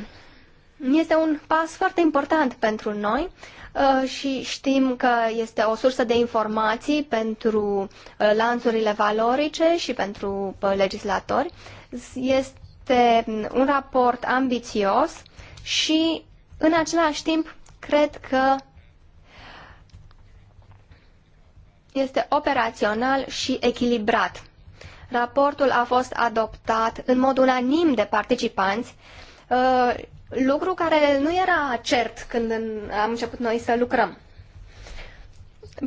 este un pas foarte important pentru noi uh, și știm că este o sursă de informații pentru uh, lanțurile valorice și pentru uh, legislatori. Este mm, un raport ambițios și în același timp cred că este operațional și echilibrat. Raportul a fost adoptat în mod unanim de participanți lucru care nu era cert când am început noi să lucrăm.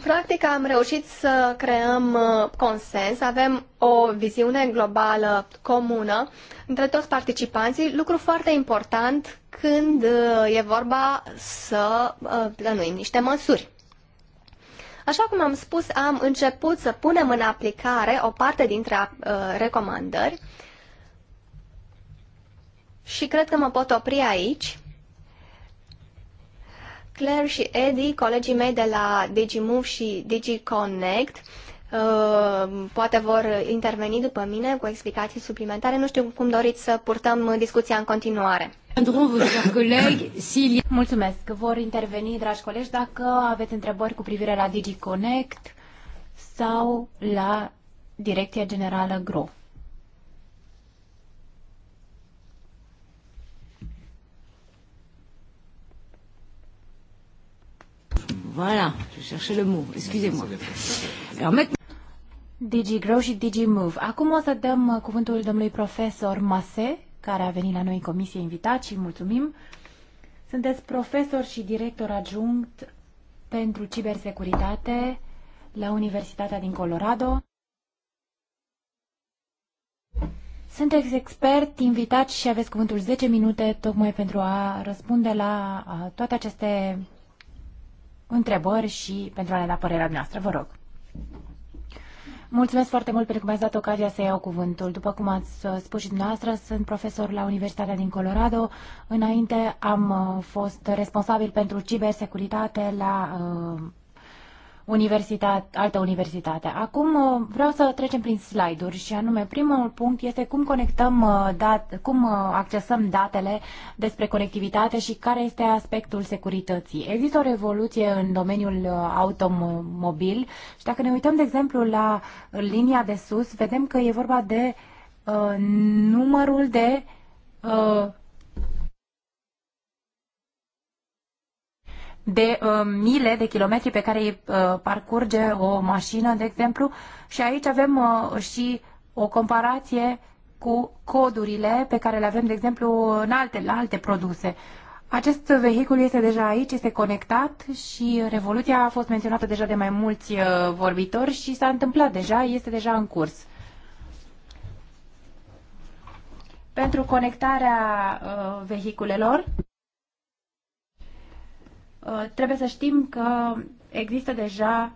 Practic am reușit să creăm uh, consens, avem o viziune globală comună între toți participanții, lucru foarte important când uh, e vorba să uh, plănuim niște măsuri. Așa cum am spus, am început să punem în aplicare o parte dintre recomandări și cred că mă pot opri aici. Claire și Eddie, colegii mei de la DigiMove și DigiConnect, uh, poate vor interveni după mine cu explicații suplimentare. Nu știu cum doriți să purtăm discuția în continuare. Mulțumesc. Vor interveni, dragi colegi, dacă aveți întrebări cu privire la DigiConnect sau la Direcția Generală Grow. Voilà, je cherchais le mot, excusez-mă. Digi Grow și Digi Move. Acum o să dăm uh, cuvântul domnului profesor Mase, care a venit la noi în comisie invitat și mulțumim. Sunteți profesor și director adjunct pentru cibersecuritate la Universitatea din Colorado. Sunteți expert, invitat și aveți cuvântul 10 minute tocmai pentru a răspunde la uh, toate aceste întrebări și pentru a ne da părerea noastră. Vă rog. Mulțumesc foarte mult pentru că mi-ați dat ocazia să iau cuvântul. După cum ați uh, spus și dumneavoastră, sunt profesor la Universitatea din Colorado. Înainte am uh, fost responsabil pentru cibersecuritate la uh, universitate, altă universitate. Acum uh, vreau să trecem prin slide-uri și anume primul punct este cum conectăm uh, dat, cum uh, accesăm datele despre conectivitate și care este aspectul securității. Există o revoluție în domeniul automobil și dacă ne uităm de exemplu la linia de sus, vedem că e vorba de uh, numărul de uh, de uh, mile de kilometri pe care îi uh, parcurge o mașină, de exemplu. Și aici avem uh, și o comparație cu codurile pe care le avem, de exemplu, în alte, la alte produse. Acest vehicul este deja aici, este conectat și revoluția a fost menționată deja de mai mulți uh, vorbitori și s-a întâmplat deja, este deja în curs. Pentru conectarea uh, vehiculelor, Uh, trebuie să știm că există deja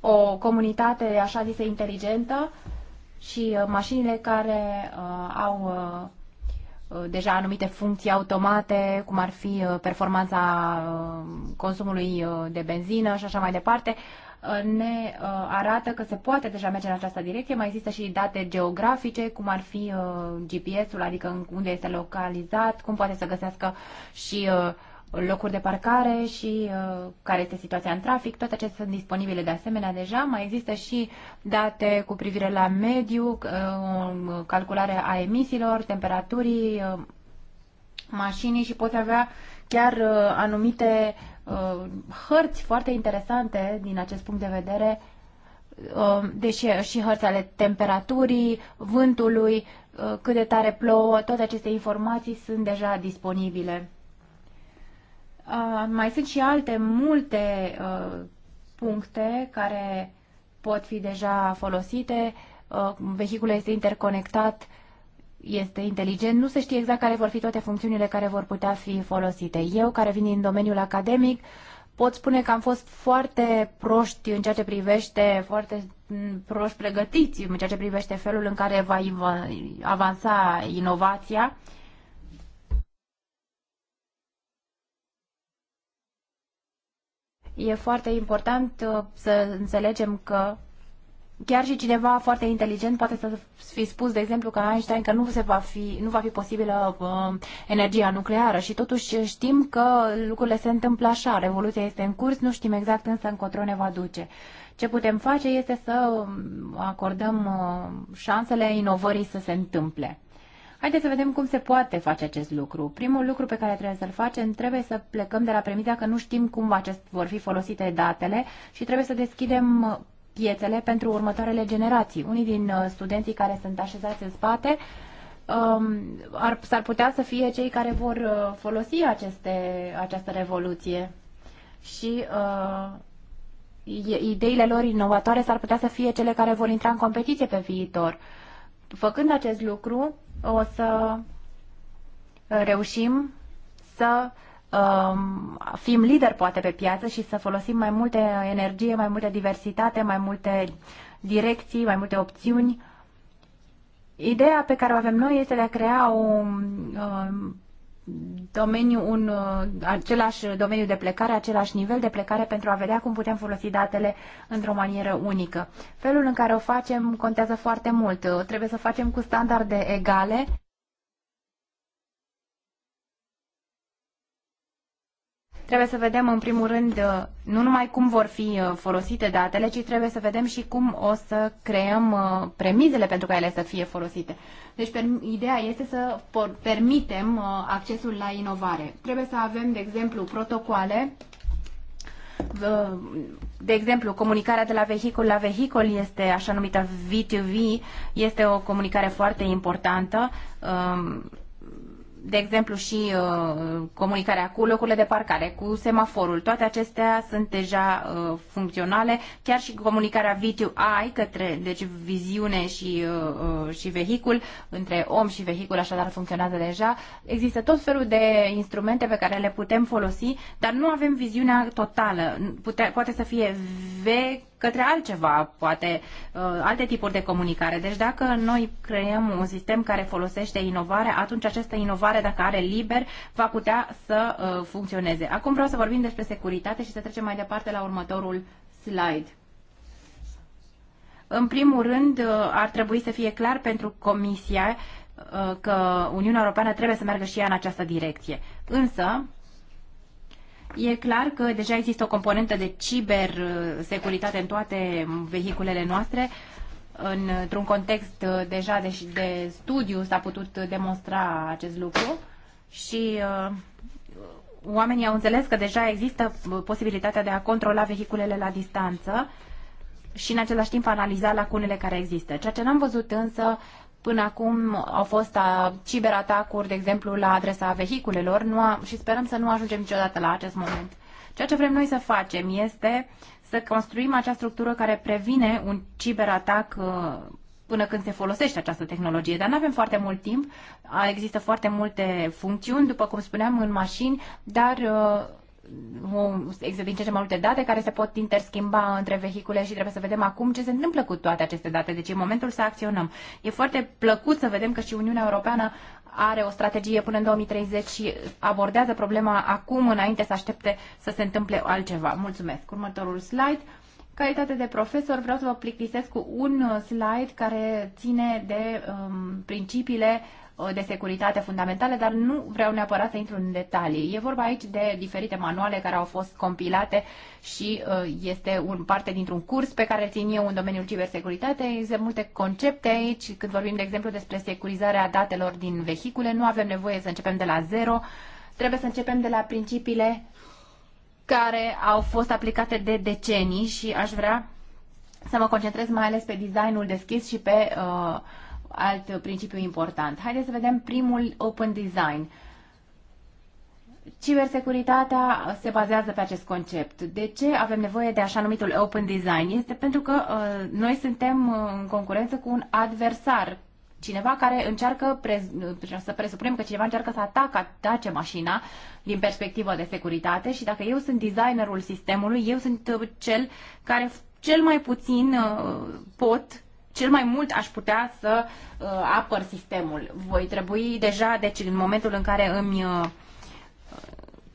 o comunitate așa zisă inteligentă și uh, mașinile care uh, au deja anumite funcții automate, cum ar fi performanța consumului de benzină și așa mai departe, ne uh, arată că se poate deja merge în această direcție. Mai există și date geografice, cum ar fi uh, GPS-ul, adică unde este localizat, cum poate să găsească și uh, locuri de parcare și uh, care este situația în trafic. Toate acestea sunt disponibile de asemenea deja. Mai există și date cu privire la mediu, uh, calculare a emisiilor, temperaturii uh, mașinii și poți avea chiar uh, anumite uh, hărți foarte interesante din acest punct de vedere, uh, deși și hărți ale temperaturii, vântului, uh, cât de tare plouă, toate aceste informații sunt deja disponibile. Uh, mai sunt și alte multe uh, puncte care pot fi deja folosite. Uh, vehiculul este interconectat este inteligent, nu se știe exact care vor fi toate funcțiunile care vor putea fi folosite. Eu, care vin din domeniul academic, pot spune că am fost foarte proști în ceea ce privește, foarte proști pregătiți în ceea ce privește felul în care va avansa inovația. E foarte important uh, să înțelegem că chiar și cineva foarte inteligent poate să fi spus, de exemplu, că Einstein că nu, se va, fi, nu va fi posibilă uh, energia nucleară și totuși știm că lucrurile se întâmplă așa, revoluția este în curs, nu știm exact însă încotro ne va duce. Ce putem face este să uh, acordăm uh, șansele inovării să se întâmple. Haideți să vedem cum se poate face acest lucru. Primul lucru pe care trebuie să-l facem, trebuie să plecăm de la premisa că nu știm cum acest, vor fi folosite datele și trebuie să deschidem uh, piețele pentru următoarele generații. Unii din uh, studenții care sunt așezați în spate um, ar, s-ar putea să fie cei care vor uh, folosi aceste, această revoluție și uh, ideile lor inovatoare s-ar putea să fie cele care vor intra în competiție pe viitor. Făcând acest lucru, o să reușim să uh, Um, fim lideri poate pe piață și să folosim mai multe energie, mai multă diversitate, mai multe direcții, mai multe opțiuni. Ideea pe care o avem noi este de a crea un um, domeniu, un uh, același domeniu de plecare, același nivel de plecare pentru a vedea cum putem folosi datele într-o manieră unică. Felul în care o facem contează foarte mult. Trebuie să facem cu standarde egale. Trebuie să vedem, în primul rând, uh, nu numai cum vor fi uh, folosite datele, ci trebuie să vedem și cum o să creăm uh, premizele pentru ca ele să fie folosite. Deci, ideea este să permitem accesul la inovare. Trebuie să avem, de exemplu, protocoale de exemplu, comunicarea de la vehicul la vehicul este așa numită V2V, este o comunicare foarte importantă um, de exemplu, și uh, comunicarea cu locurile de parcare, cu semaforul, toate acestea sunt deja uh, funcționale, chiar și comunicarea V2I, către, deci viziune și, uh, și vehicul, între om și vehicul, așadar funcționează deja. Există tot felul de instrumente pe care le putem folosi, dar nu avem viziunea totală. Pute, poate să fie v către altceva, poate uh, alte tipuri de comunicare. Deci dacă noi creăm un sistem care folosește inovare, atunci această inovare, dacă are liber, va putea să uh, funcționeze. Acum vreau să vorbim despre securitate și să trecem mai departe la următorul slide. În primul rând, uh, ar trebui să fie clar pentru Comisia că Uniunea Europeană trebuie să meargă și ea în această direcție. Însă, E clar că deja există o componentă de cibersecuritate uh, în toate vehiculele noastre. Într-un context uh, deja de, de studiu s-a putut demonstra acest lucru și uh, oamenii au înțeles că deja există uh, posibilitatea de a controla vehiculele la distanță și în același timp analiza lacunele care există. Ceea ce n-am văzut însă Până acum au fost a, ciberatacuri, de exemplu, la adresa vehiculelor nu a, și sperăm să nu ajungem niciodată la acest moment. Ceea ce vrem noi să facem este să construim acea structură care previne un ciberatac uh, până când se folosește această tehnologie, dar nu avem foarte mult timp, există foarte multe funcțiuni, după cum spuneam, în mașini, dar uh, există din ce ce mai multe date care se pot interschimba între vehicule și trebuie să vedem acum ce se întâmplă cu toate aceste date. Deci e momentul să acționăm. E foarte plăcut să vedem că și Uniunea Europeană are o strategie până în 2030 și abordează problema acum înainte să aștepte să se întâmple altceva. Mulțumesc. Următorul slide. Calitate de profesor, vreau să vă plictisesc cu un slide care ține de um, principiile de securitate fundamentale, dar nu vreau neapărat să intru în detalii. E vorba aici de diferite manuale care au fost compilate și ă, este un parte dintr-un curs pe care țin eu în domeniul cibersecuritate. Există multe concepte aici. Când vorbim, de exemplu, despre securizarea datelor din vehicule, nu avem nevoie să începem de la zero. Trebuie să începem de la principiile care au fost aplicate de decenii și aș vrea să mă concentrez mai ales pe designul deschis și pe uh, alt principiu important. Haideți să vedem primul open design. Cibersecuritatea se bazează pe acest concept. De ce avem nevoie de așa numitul open design? Este pentru că uh, noi suntem uh, în concurență cu un adversar, cineva care încearcă, pre, uh, să presupunem că cineva încearcă să atacă, atace mașina din perspectivă de securitate și dacă eu sunt designerul sistemului, eu sunt uh, cel care cel mai puțin pot cel mai mult aș putea să uh, apăr sistemul. Voi trebui deja, deci în momentul în care îmi uh,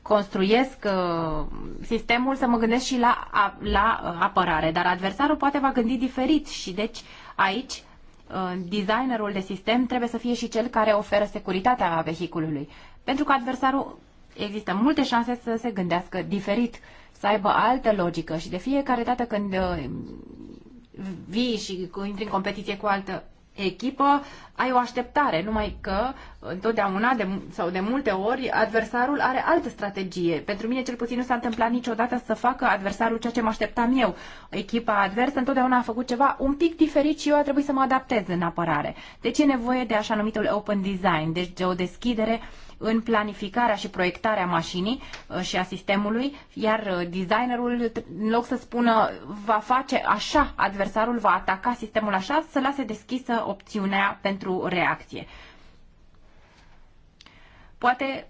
construiesc uh, sistemul, să mă gândesc și la, a, la uh, apărare. Dar adversarul poate va gândi diferit și deci aici uh, designerul de sistem trebuie să fie și cel care oferă securitatea vehiculului. Pentru că adversarul există multe șanse să se gândească diferit, să aibă altă logică și de fiecare dată când uh, vii și intri în competiție cu altă echipă, ai o așteptare, numai că uh, întotdeauna de, sau de multe ori adversarul are altă strategie. Pentru mine cel puțin nu s-a întâmplat niciodată să facă adversarul ceea ce mă așteptam eu. Echipa adversă întotdeauna a făcut ceva un pic diferit și eu a trebuit să mă adaptez în apărare. Deci e nevoie de așa numitul open design, deci de o deschidere uh, în planificarea și proiectarea mașinii uh, și a sistemului, iar uh, designerul, în loc să spună va face așa, adversarul va ataca sistemul așa, să lase deschisă opțiunea pentru reacție. Poate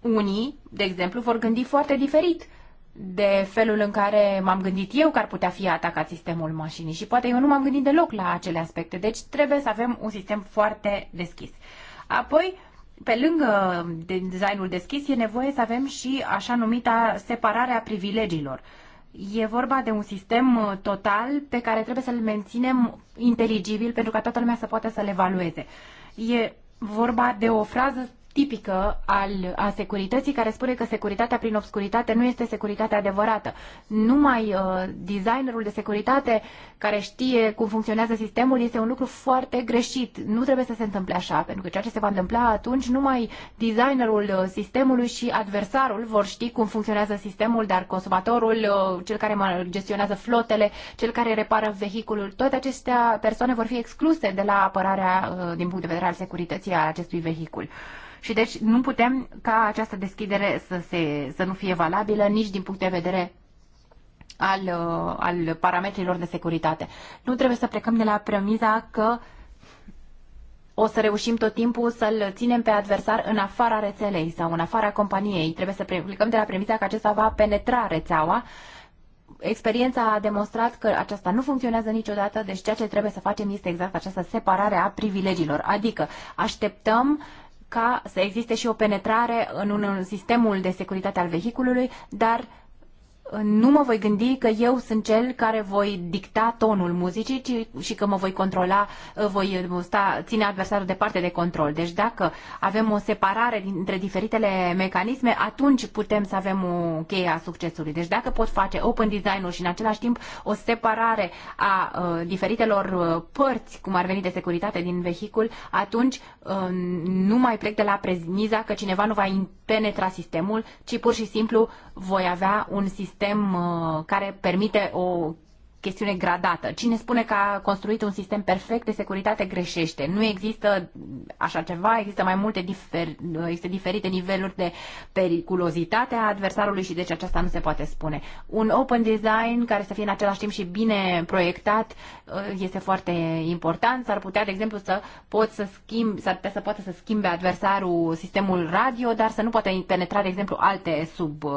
unii, de exemplu, vor gândi foarte diferit de felul în care m-am gândit eu că ar putea fi atacat sistemul mașinii și poate eu nu m-am gândit deloc la acele aspecte. Deci trebuie să avem un sistem foarte deschis. Apoi, pe lângă designul deschis, e nevoie să avem și așa numita separare a privilegiilor. E vorba de un sistem uh, total pe care trebuie să-l menținem inteligibil pentru ca toată lumea să poată să-l evalueze. E vorba de o frază tipică al, a securității care spune că securitatea prin obscuritate nu este securitatea adevărată. Numai uh, designerul de securitate care știe cum funcționează sistemul este un lucru foarte greșit. Nu trebuie să se întâmple așa, pentru că ceea ce se va întâmpla atunci numai designerul uh, sistemului și adversarul vor ști cum funcționează sistemul, dar consumatorul, uh, cel care gestionează flotele, cel care repară vehiculul, toate acestea persoane vor fi excluse de la apărarea uh, din punct de vedere al securității a acestui vehicul. Uh, și deci nu putem ca această deschidere să, se, să nu fie valabilă nici din punct de vedere al, uh, al parametrilor de securitate. Nu trebuie să plecăm de la premiza că o să reușim tot timpul să-l ținem pe adversar în afara rețelei sau în afara companiei. Trebuie să plecăm de la premiza că acesta va penetra rețeaua. Experiența a demonstrat că aceasta nu funcționează niciodată, deci ceea ce trebuie să facem este exact această separare a privilegiilor. Adică așteptăm uh, ca să existe și o penetrare în, un, în sistemul de securitate al vehiculului, dar nu mă voi gândi că eu sunt cel care voi dicta tonul muzicii ci, și că mă voi controla, uh, voi uh, sta, ține adversarul departe de control. Deci dacă avem o separare dintre diferitele mecanisme, atunci putem să avem o cheie a succesului. Deci dacă pot face open design-ul și în același timp o separare a uh, diferitelor uh, părți, cum ar veni de securitate din vehicul, atunci uh, nu mai plec de la premiza că cineva nu va penetra sistemul, ci pur și simplu voi avea un sistem sistem uh, care permite o chestiune gradată. Cine spune că a construit un sistem perfect de securitate greșește. Nu există așa ceva, există mai multe difer- există diferite niveluri de periculozitate a adversarului și deci aceasta nu se poate spune. Un open design care să fie în același timp și bine proiectat uh, este foarte important. S-ar putea, de exemplu, să poți să schimb, s-ar putea să poată să schimbe adversarul sistemul radio, dar să nu poată penetra, de exemplu, alte sub uh,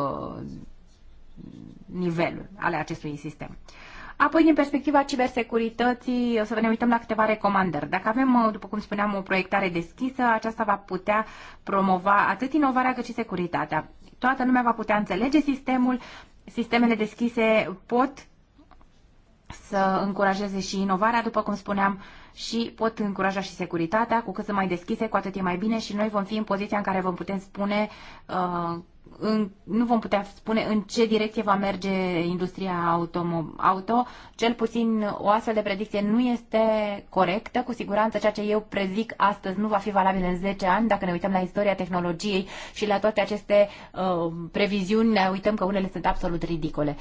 nivelul ale acestui sistem. Apoi, din perspectiva cibersecurității, o să ne uităm la câteva recomandări. Dacă avem, uh, după cum spuneam, o proiectare deschisă, aceasta va putea promova atât inovarea cât și securitatea. Toată lumea va putea înțelege sistemul, sistemele deschise pot să încurajeze și inovarea, după cum spuneam, și pot încuraja și securitatea. Cu cât sunt mai deschise, cu atât e mai bine și noi vom fi în poziția în care vom putem spune uh, în, nu vom putea spune în ce direcție va merge industria auto, auto. Cel puțin o astfel de predicție nu este corectă. Cu siguranță ceea ce eu prezic astăzi nu va fi valabil în 10 ani. Dacă ne uităm la istoria tehnologiei și la toate aceste uh, previziuni, ne uităm că unele sunt absolut ridicole.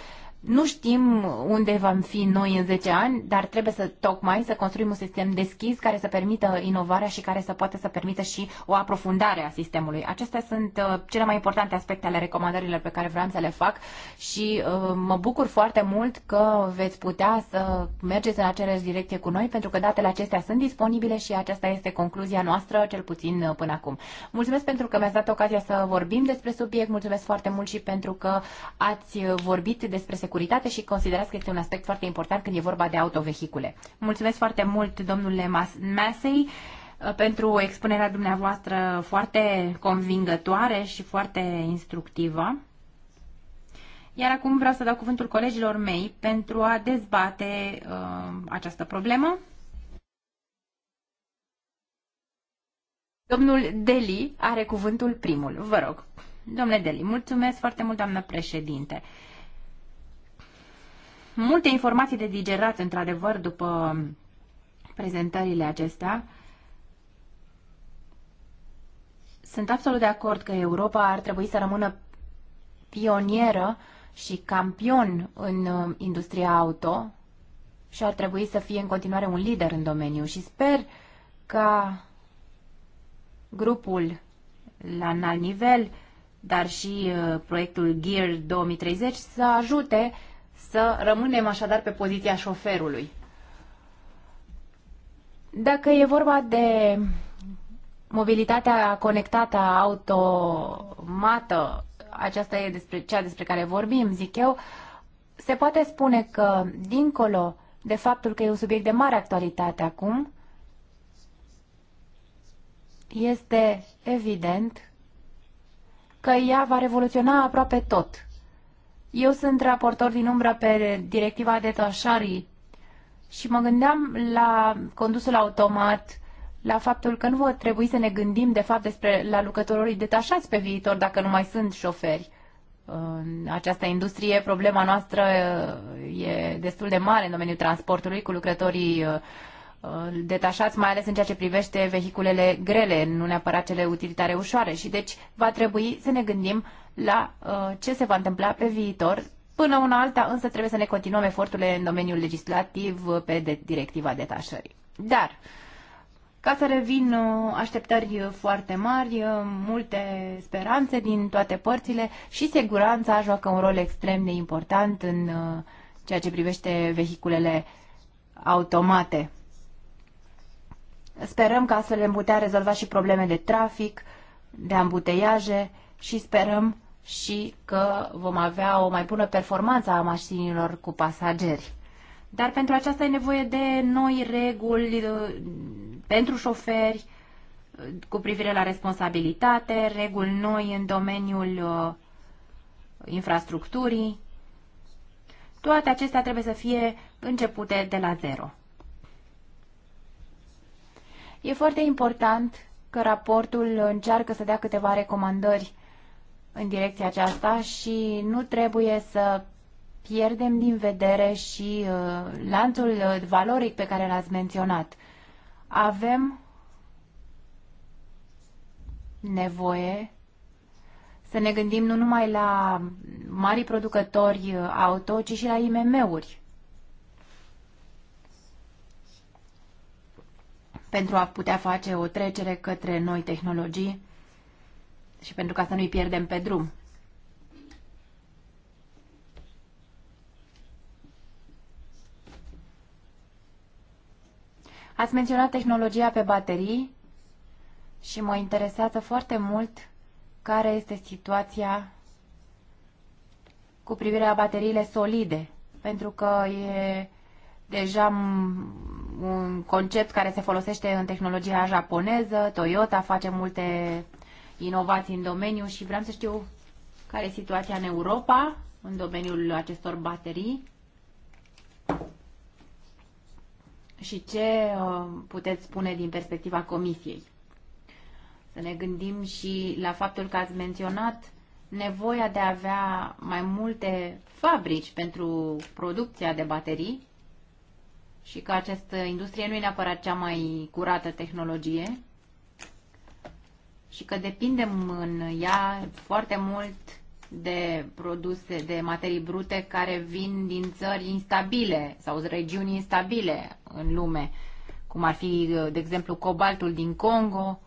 Nu știm unde vom fi noi în 10 ani, dar trebuie să tocmai să construim un sistem deschis care să permită inovarea și care să poată să permită și o aprofundare a sistemului. Acestea sunt uh, cele mai importante aspecte ale recomandărilor pe care vreau să le fac și uh, mă bucur foarte mult că veți putea să mergeți în aceeași direcție cu noi, pentru că datele acestea sunt disponibile și aceasta este concluzia noastră, cel puțin uh, până acum. Mulțumesc pentru că mi-ați dat ocazia să vorbim despre subiect, mulțumesc foarte mult și pentru că ați uh, vorbit despre securitate și considerați că este un aspect foarte important când e vorba de autovehicule. Mulțumesc foarte mult, domnule Masei, uh, pentru expunerea dumneavoastră foarte convingătoare și foarte instructivă. Iar acum vreau să dau cuvântul colegilor mei pentru a dezbate uh, această problemă. Domnul Deli are cuvântul primul. Vă rog. Domnule Deli, mulțumesc foarte mult, doamnă președinte. Uh, multe informații de digerat, într-adevăr, după prezentările acestea. Sunt absolut de acord că Europa ar trebui să rămână pionieră și campion în uh, industria auto și ar trebui să fie în continuare un lider în domeniu și sper ca grupul la înalt nivel, dar și uh, proiectul Gear 2030 să ajute să rămânem așadar pe poziția șoferului. Dacă e vorba de mobilitatea conectată automată, aceasta e despre cea despre care vorbim, zic eu, se poate spune că, dincolo de faptul că e un subiect de mare actualitate acum, este evident că ea va revoluționa aproape tot eu sunt raportor din umbra pe directiva de detașării și mă gândeam la condusul automat, la faptul că nu vor trebui să ne gândim de fapt despre la lucrătorii detașați pe viitor dacă nu mai sunt șoferi. În această industrie, problema noastră uh, e destul de mare în domeniul transportului cu lucrătorii uh, uh, detașați, mai ales în ceea ce privește vehiculele grele, nu neapărat cele utilitare ușoare. Și deci va trebui să ne gândim la uh, ce se va întâmpla pe viitor. Până una alta, însă, trebuie să ne continuăm eforturile în domeniul legislativ uh, pe de directiva detașării. Dar, ca să revin, uh, așteptări foarte mari, multe speranțe din toate părțile și siguranța joacă un rol extrem de important în ceea ce privește vehiculele automate. Sperăm că astfel le putea rezolva și probleme de trafic, de ambuteiaje și sperăm și că vom avea o mai bună performanță a mașinilor cu pasageri. Dar pentru aceasta e nevoie de noi reguli uh, pentru șoferi uh, cu privire la responsabilitate, reguli noi în domeniul uh, infrastructurii. Toate acestea trebuie să fie începute de la zero. E foarte important că raportul încearcă să dea câteva recomandări în direcția aceasta și nu trebuie să pierdem din vedere și uh, lanțul uh, valoric pe care l-ați menționat. Avem nevoie să ne gândim nu numai la mari producători uh, auto, ci și la IMM-uri. Pentru a putea face o trecere către noi tehnologii, și pentru ca să nu-i pierdem pe drum. Ați menționat tehnologia pe baterii și mă interesează foarte mult care este situația cu privire la bateriile solide, pentru că e deja un concept care se folosește în tehnologia japoneză, Toyota face multe inovații în domeniu și vreau să știu care e situația în Europa în domeniul acestor baterii și ce uh, puteți spune din perspectiva Comisiei. Să ne gândim și la faptul că ați menționat nevoia de a avea mai multe fabrici pentru producția de baterii și că această industrie nu e neapărat cea mai curată tehnologie și că depindem în ea foarte mult de produse, de materii brute care vin din țări instabile sau regiuni instabile în lume, cum ar fi, de exemplu, cobaltul din Congo.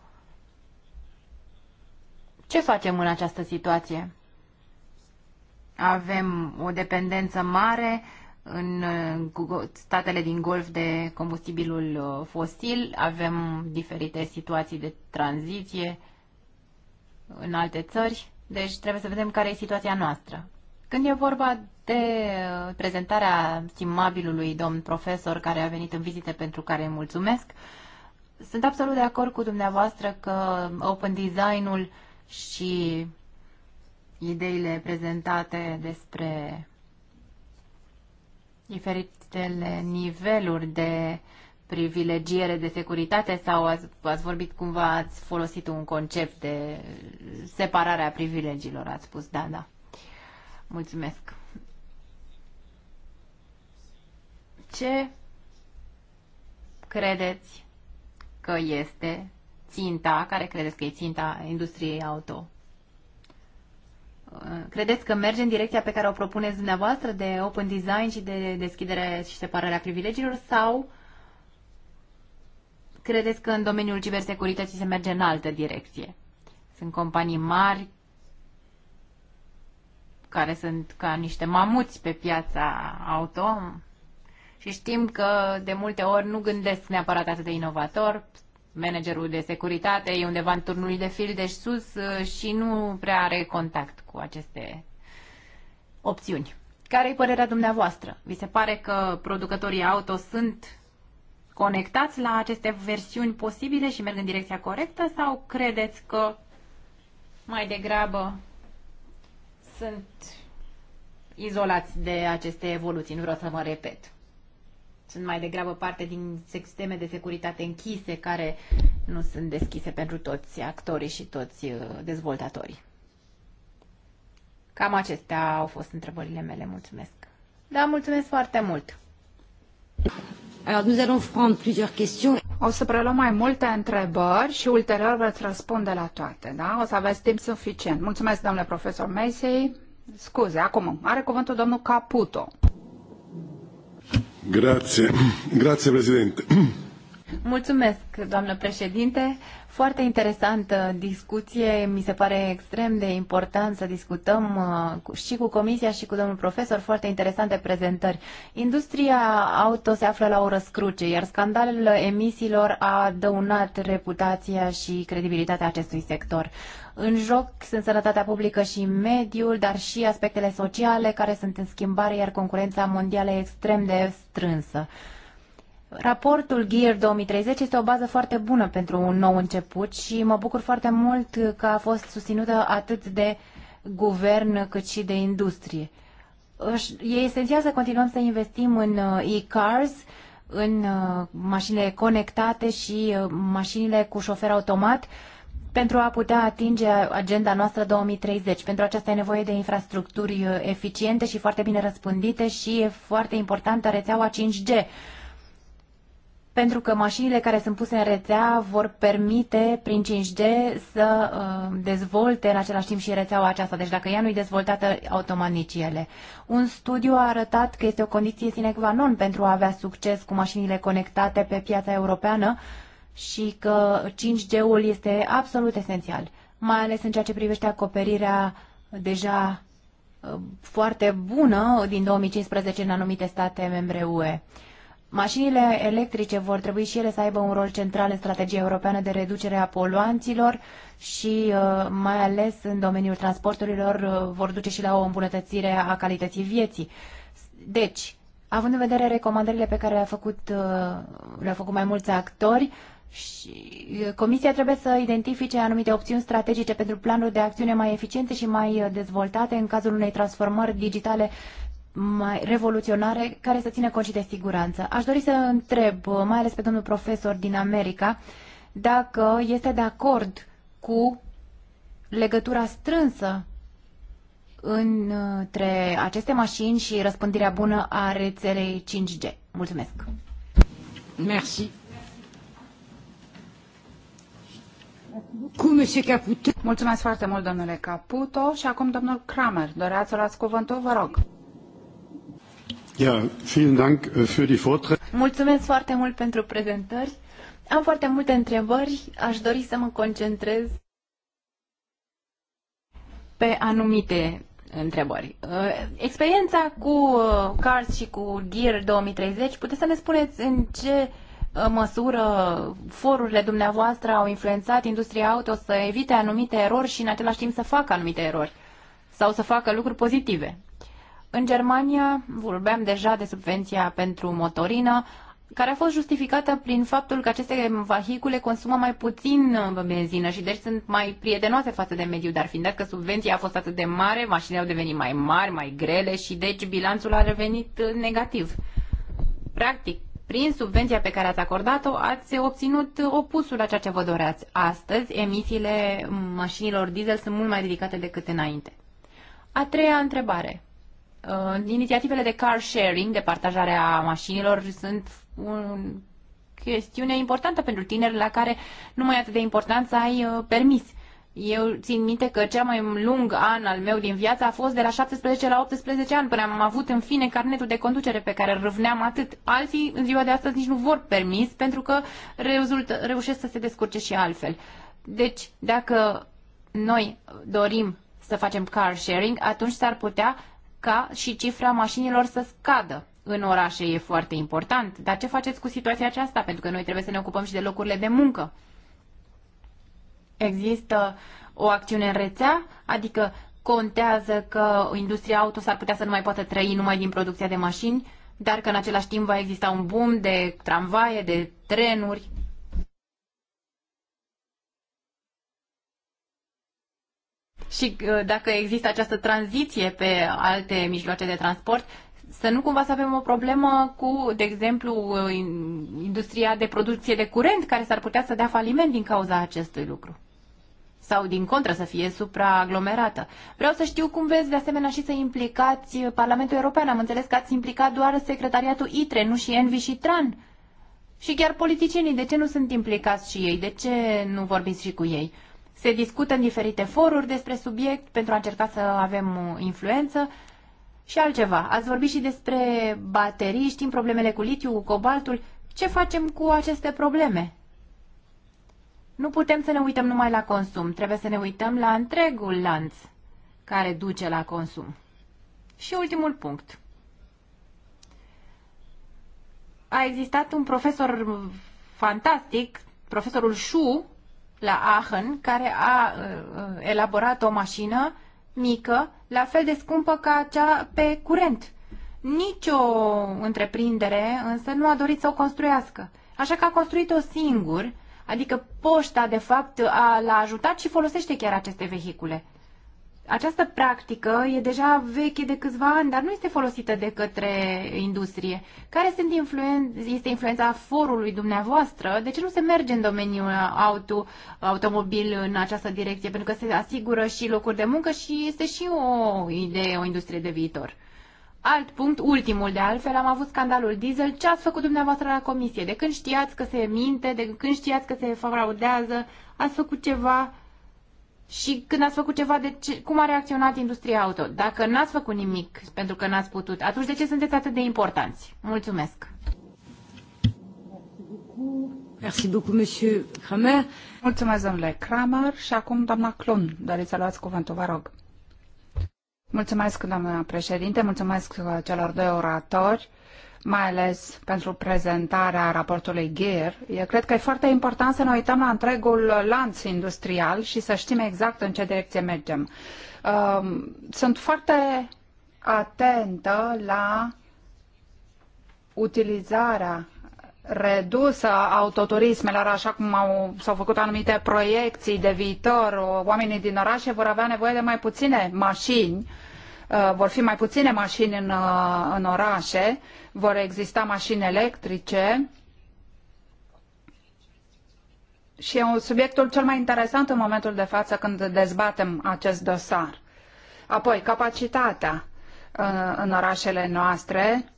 Ce facem în această situație? Avem o dependență mare în statele din Golf de combustibilul uh, fosil, avem diferite situații de tranziție, în alte țări, deci trebuie să vedem care e situația noastră. Când e vorba de uh, prezentarea stimabilului domn profesor care a venit în vizite pentru care îi mulțumesc, sunt absolut de acord cu dumneavoastră că open design-ul și ideile prezentate despre diferitele niveluri de uh, privilegiere de securitate sau ați, ați vorbit cumva, ați folosit un concept de separare a privilegiilor, ați spus, da, da. Mulțumesc. Ce credeți că este ținta, care credeți că e ținta industriei auto? Credeți că merge în direcția pe care o propuneți dumneavoastră de open design și de deschidere și separarea privilegiilor sau credeți că în domeniul cibersecurității se merge în altă direcție? Sunt companii mari care sunt ca niște mamuți pe piața auto și știm că de multe ori nu gândesc neapărat atât de inovator. Managerul de securitate e undeva în turnul de fil de sus uh, și nu prea are contact cu aceste opțiuni. Care e părerea dumneavoastră? Vi se pare că producătorii auto sunt conectați la aceste versiuni posibile și merg în direcția corectă sau credeți că mai degrabă sunt izolați de aceste evoluții? Nu vreau să mă repet. Sunt mai degrabă parte din sisteme de securitate închise care nu sunt deschise pentru toți actorii și toți uh, dezvoltatorii. Cam acestea au fost întrebările mele. Mulțumesc! Da, mulțumesc foarte mult! Alors, O să preluăm mai multe întrebări și ulterior veți răspunde la toate, da? O să aveți timp suficient. Mulțumesc, domnule profesor Mesei. Scuze, acum are cuvântul domnul Caputo. Grazie, grazie președinte. Mulțumesc, doamnă președinte. Foarte interesantă discuție. Mi se pare extrem de important să discutăm uh, și cu comisia și cu domnul profesor. Foarte interesante prezentări. Industria auto se află la o răscruce, iar scandalul emisiilor a dăunat reputația și credibilitatea acestui sector. În joc sunt sănătatea publică și mediul, dar și aspectele sociale care sunt în schimbare, iar concurența mondială e extrem de strânsă. Raportul Gear 2030 este o bază foarte bună pentru un nou început și mă bucur foarte mult că a fost susținută atât de guvern cât și de industrie. E esențial să continuăm să investim în uh, e-cars, în uh, mașinile conectate și uh, mașinile cu șofer automat pentru a putea atinge agenda noastră 2030. Pentru aceasta e nevoie de infrastructuri eficiente și foarte bine răspândite și e foarte importantă rețeaua 5G pentru că mașinile care sunt puse în rețea vor permite prin 5G să uh, dezvolte în același timp și rețeaua aceasta. Deci dacă ea nu i dezvoltată, automat nici ele. Un studiu a arătat că este o condiție sine qua non pentru a avea succes cu mașinile conectate pe piața europeană și că 5G-ul este absolut esențial, mai ales în ceea ce privește acoperirea deja uh, foarte bună din 2015 în anumite state membre UE. Mașinile electrice vor trebui și ele să aibă un rol central în strategia europeană de reducere a poluanților și uh, mai ales în domeniul transporturilor uh, vor duce și la o îmbunătățire a calității vieții. Deci, având în vedere recomandările pe care le-a făcut, uh, le făcut mai mulți actori, și Comisia trebuie să identifice anumite opțiuni strategice pentru planuri de acțiune mai eficiente și mai dezvoltate în cazul unei transformări digitale mai revoluționare care să țină cont și de siguranță. Aș dori să întreb, mai ales pe domnul profesor din America, dacă este de acord cu legătura strânsă între aceste mașini și răspândirea bună a rețelei 5G. Mulțumesc! Merci. Mulțumesc foarte mult, domnule Caputo. Și acum, domnul Kramer, doreați să luați cuvântul? Vă rog. Ja, vielen Dank äh, für die Vorträge. Mulțumesc foarte mult pentru prezentări. Am foarte multe întrebări. Aș dori să mă concentrez pe anumite întrebări. Ă, experiența cu ă, CARS și cu GEAR 2030, puteți să ne spuneți în ce ă, măsură forurile dumneavoastră au influențat industria auto să evite anumite erori și în același timp să facă anumite erori sau să facă lucruri pozitive? În Germania vorbeam deja de subvenția pentru motorină, care a fost justificată prin faptul că aceste vehicule consumă mai puțin uh, benzină și deci sunt mai prietenoase față de mediu, dar fiind dat că subvenția a fost atât de mare, mașinile au devenit mai mari, mai grele și deci bilanțul a revenit uh, negativ. Practic, prin subvenția pe care ați acordat-o, ați obținut uh, opusul la ceea ce vă doreați. Astăzi, emisiile mașinilor diesel sunt mult mai ridicate decât înainte. A treia întrebare. Uh, inițiativele de car sharing, de partajare a mașinilor, sunt o chestiune importantă pentru tineri la care nu mai e atât de important să ai uh, permis. Eu țin minte că cel mai lung an al meu din viață a fost de la 17 la 18 ani, până am avut în fine carnetul de conducere pe care râvneam atât. Alții în ziua de astăzi nici nu vor permis pentru că rezultă, reușesc să se descurce și altfel. Deci, dacă noi dorim să facem car sharing, atunci s-ar putea ca și cifra mașinilor să scadă în orașe e foarte important. Dar ce faceți cu situația aceasta? Pentru că noi trebuie să ne ocupăm și de locurile de muncă. Există o acțiune în rețea, adică contează că industria auto s-ar putea să nu mai poată trăi numai din producția de mașini, dar că în același timp va exista un boom de tramvaie, de trenuri și uh, dacă există această tranziție pe alte mijloace de transport, să nu cumva să avem o problemă cu, de exemplu, uh, industria de producție de curent care s-ar putea să dea faliment din cauza acestui lucru. Sau, din contră, să fie supraaglomerată. Vreau să știu cum vezi de asemenea, și să implicați Parlamentul European. Am înțeles că ați implicat doar secretariatul ITRE, nu și ENVI și TRAN. Și chiar politicienii, de ce nu sunt implicați și ei? De ce nu vorbiți și cu ei? se discută în diferite foruri despre subiect pentru a încerca să avem uh, influență. Și altceva, ați vorbit și despre baterii, știm problemele cu litiu, cu cobaltul. Ce facem cu aceste probleme? Nu putem să ne uităm numai la consum, trebuie să ne uităm la întregul lanț care duce la consum. Și ultimul punct. A existat un profesor fantastic, profesorul Shu, la Aachen, care a uh, uh, elaborat o mașină mică, la fel de scumpă ca cea pe curent. Nicio întreprindere însă nu a dorit să o construiască, așa că a construit-o singur, adică poșta de fapt a, l-a ajutat și folosește chiar aceste vehicule. Această practică e deja veche de câțiva ani, dar nu este folosită de către industrie. Care sunt influen- este influența forului dumneavoastră? De ce nu se merge în domeniul auto, automobil în această direcție? Pentru că se asigură și locuri de muncă și este și o idee, o industrie de viitor. Alt punct, ultimul de altfel, am avut scandalul diesel. Ce ați făcut dumneavoastră la comisie? De când știați că se minte, de când știați că se fraudează, ați făcut ceva și când ați făcut ceva, de ce, cum a reacționat industria auto? Dacă n-ați făcut nimic pentru că n-ați putut, atunci de ce sunteți atât de importanți? Mulțumesc! Merci beaucoup, monsieur Kramer. Mulțumesc, domnule Kramer. Și acum, doamna Clon, doriți să luați cuvântul, vă rog. Mulțumesc, doamna președinte, mulțumesc celor doi oratori mai ales pentru prezentarea raportului GIR. Eu cred că e foarte important să ne uităm la întregul lanț industrial și să știm exact în ce direcție mergem. Um, sunt foarte atentă la utilizarea redusă autoturismelor, așa cum au, s-au făcut anumite proiecții de viitor. Oamenii din orașe vor avea nevoie de mai puține mașini Uh, vor fi mai puține mașini în, uh, în orașe, vor exista mașini electrice, și e subiectul cel mai interesant în momentul de față când dezbatem acest dosar. Apoi, capacitatea uh, în orașele noastre,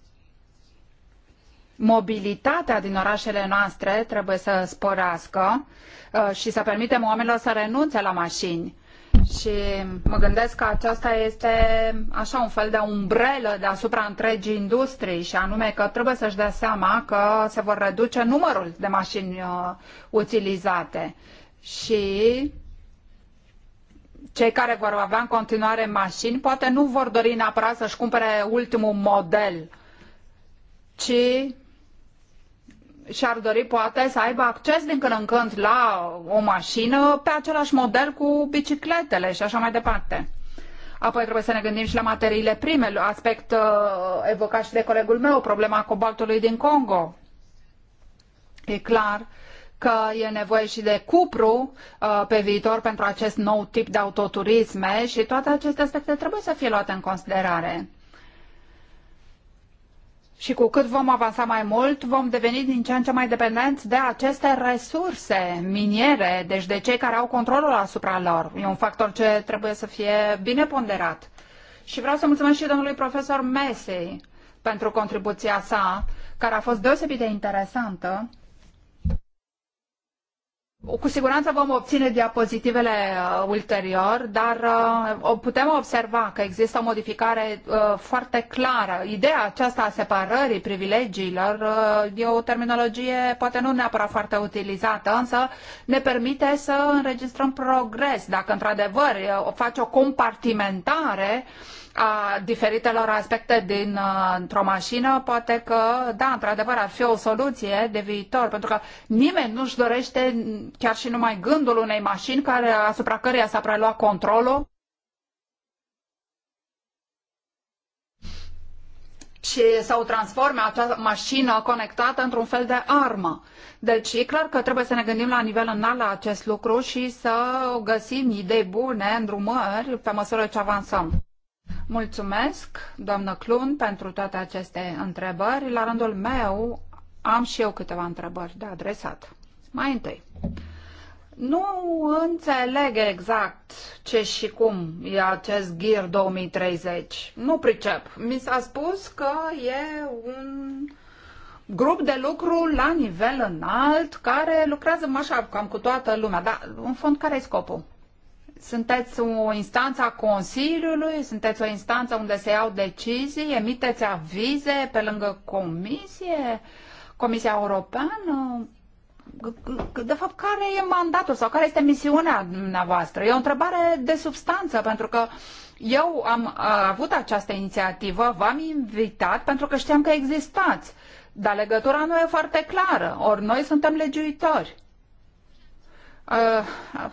mobilitatea din orașele noastre trebuie să sporească și să permitem oamenilor să renunțe la mașini și mă gândesc că aceasta este așa un fel de umbrelă deasupra întregii industrii și anume că trebuie să-și dea seama că se vor reduce numărul de mașini uh, utilizate. Și cei care vor avea în continuare mașini poate nu vor dori neapărat să-și cumpere ultimul model, ci și-ar dori poate să aibă acces din când în când la o mașină pe același model cu bicicletele și așa mai departe. Apoi trebuie să ne gândim și la materiile prime, aspect uh, evocat și de colegul meu, problema cobaltului din Congo. E clar că e nevoie și de cupru uh, pe viitor pentru acest nou tip de autoturisme și toate aceste aspecte trebuie să fie luate în considerare. Și cu cât vom avansa mai mult, vom deveni din ce în ce mai dependenți de aceste resurse miniere, deci de cei care au controlul asupra lor. E un factor ce trebuie să fie bine ponderat. Și vreau să mulțumesc și domnului profesor Mesei pentru contribuția sa, care a fost deosebit de interesantă cu siguranță vom obține diapozitivele uh, ulterior, dar uh, putem observa că există o modificare uh, foarte clară. Ideea aceasta a separării privilegiilor e o terminologie poate nu neapărat foarte utilizată, însă ne permite să înregistrăm progres. Dacă într-adevăr faci o compartimentare, a diferitelor aspecte dintr-o mașină, poate că, da, într-adevăr, ar fi o soluție de viitor, pentru că nimeni nu-și dorește chiar și numai gândul unei mașini care, asupra căreia s-a preluat controlul. și sau transforme acea mașină conectată într-un fel de armă. Deci e clar că trebuie să ne gândim la nivel înalt la acest lucru și să găsim idei bune, îndrumări pe măsură ce avansăm. Mulțumesc, doamnă Clun, pentru toate aceste întrebări. La rândul meu am și eu câteva întrebări de adresat. Mai întâi, nu înțeleg exact ce și cum e acest GIR 2030. Nu pricep. Mi s-a spus că e un grup de lucru la nivel înalt care lucrează așa cam cu toată lumea. Dar, în fond, care e scopul? sunteți o instanță a Consiliului, sunteți o instanță unde se iau decizii, emiteți avize pe lângă Comisie, Comisia Europeană? De fapt, care e mandatul sau care este misiunea dumneavoastră? E o întrebare de substanță, pentru că eu am avut această inițiativă, v-am invitat pentru că știam că existați, dar legătura nu e foarte clară, ori noi suntem legiuitori. Uh,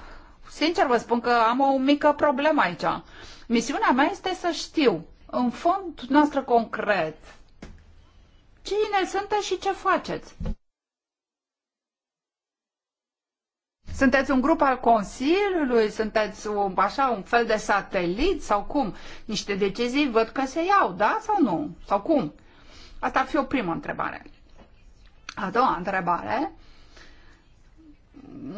Sincer vă spun că am o mică problemă aici. Misiunea mea este să știu, în fond noastră concret, cine sunteți și ce faceți. Sunteți un grup al Consiliului? Sunteți un, așa un fel de satelit sau cum? Niște decizii văd că se iau, da sau nu? Sau cum? Asta ar fi o primă întrebare. A doua întrebare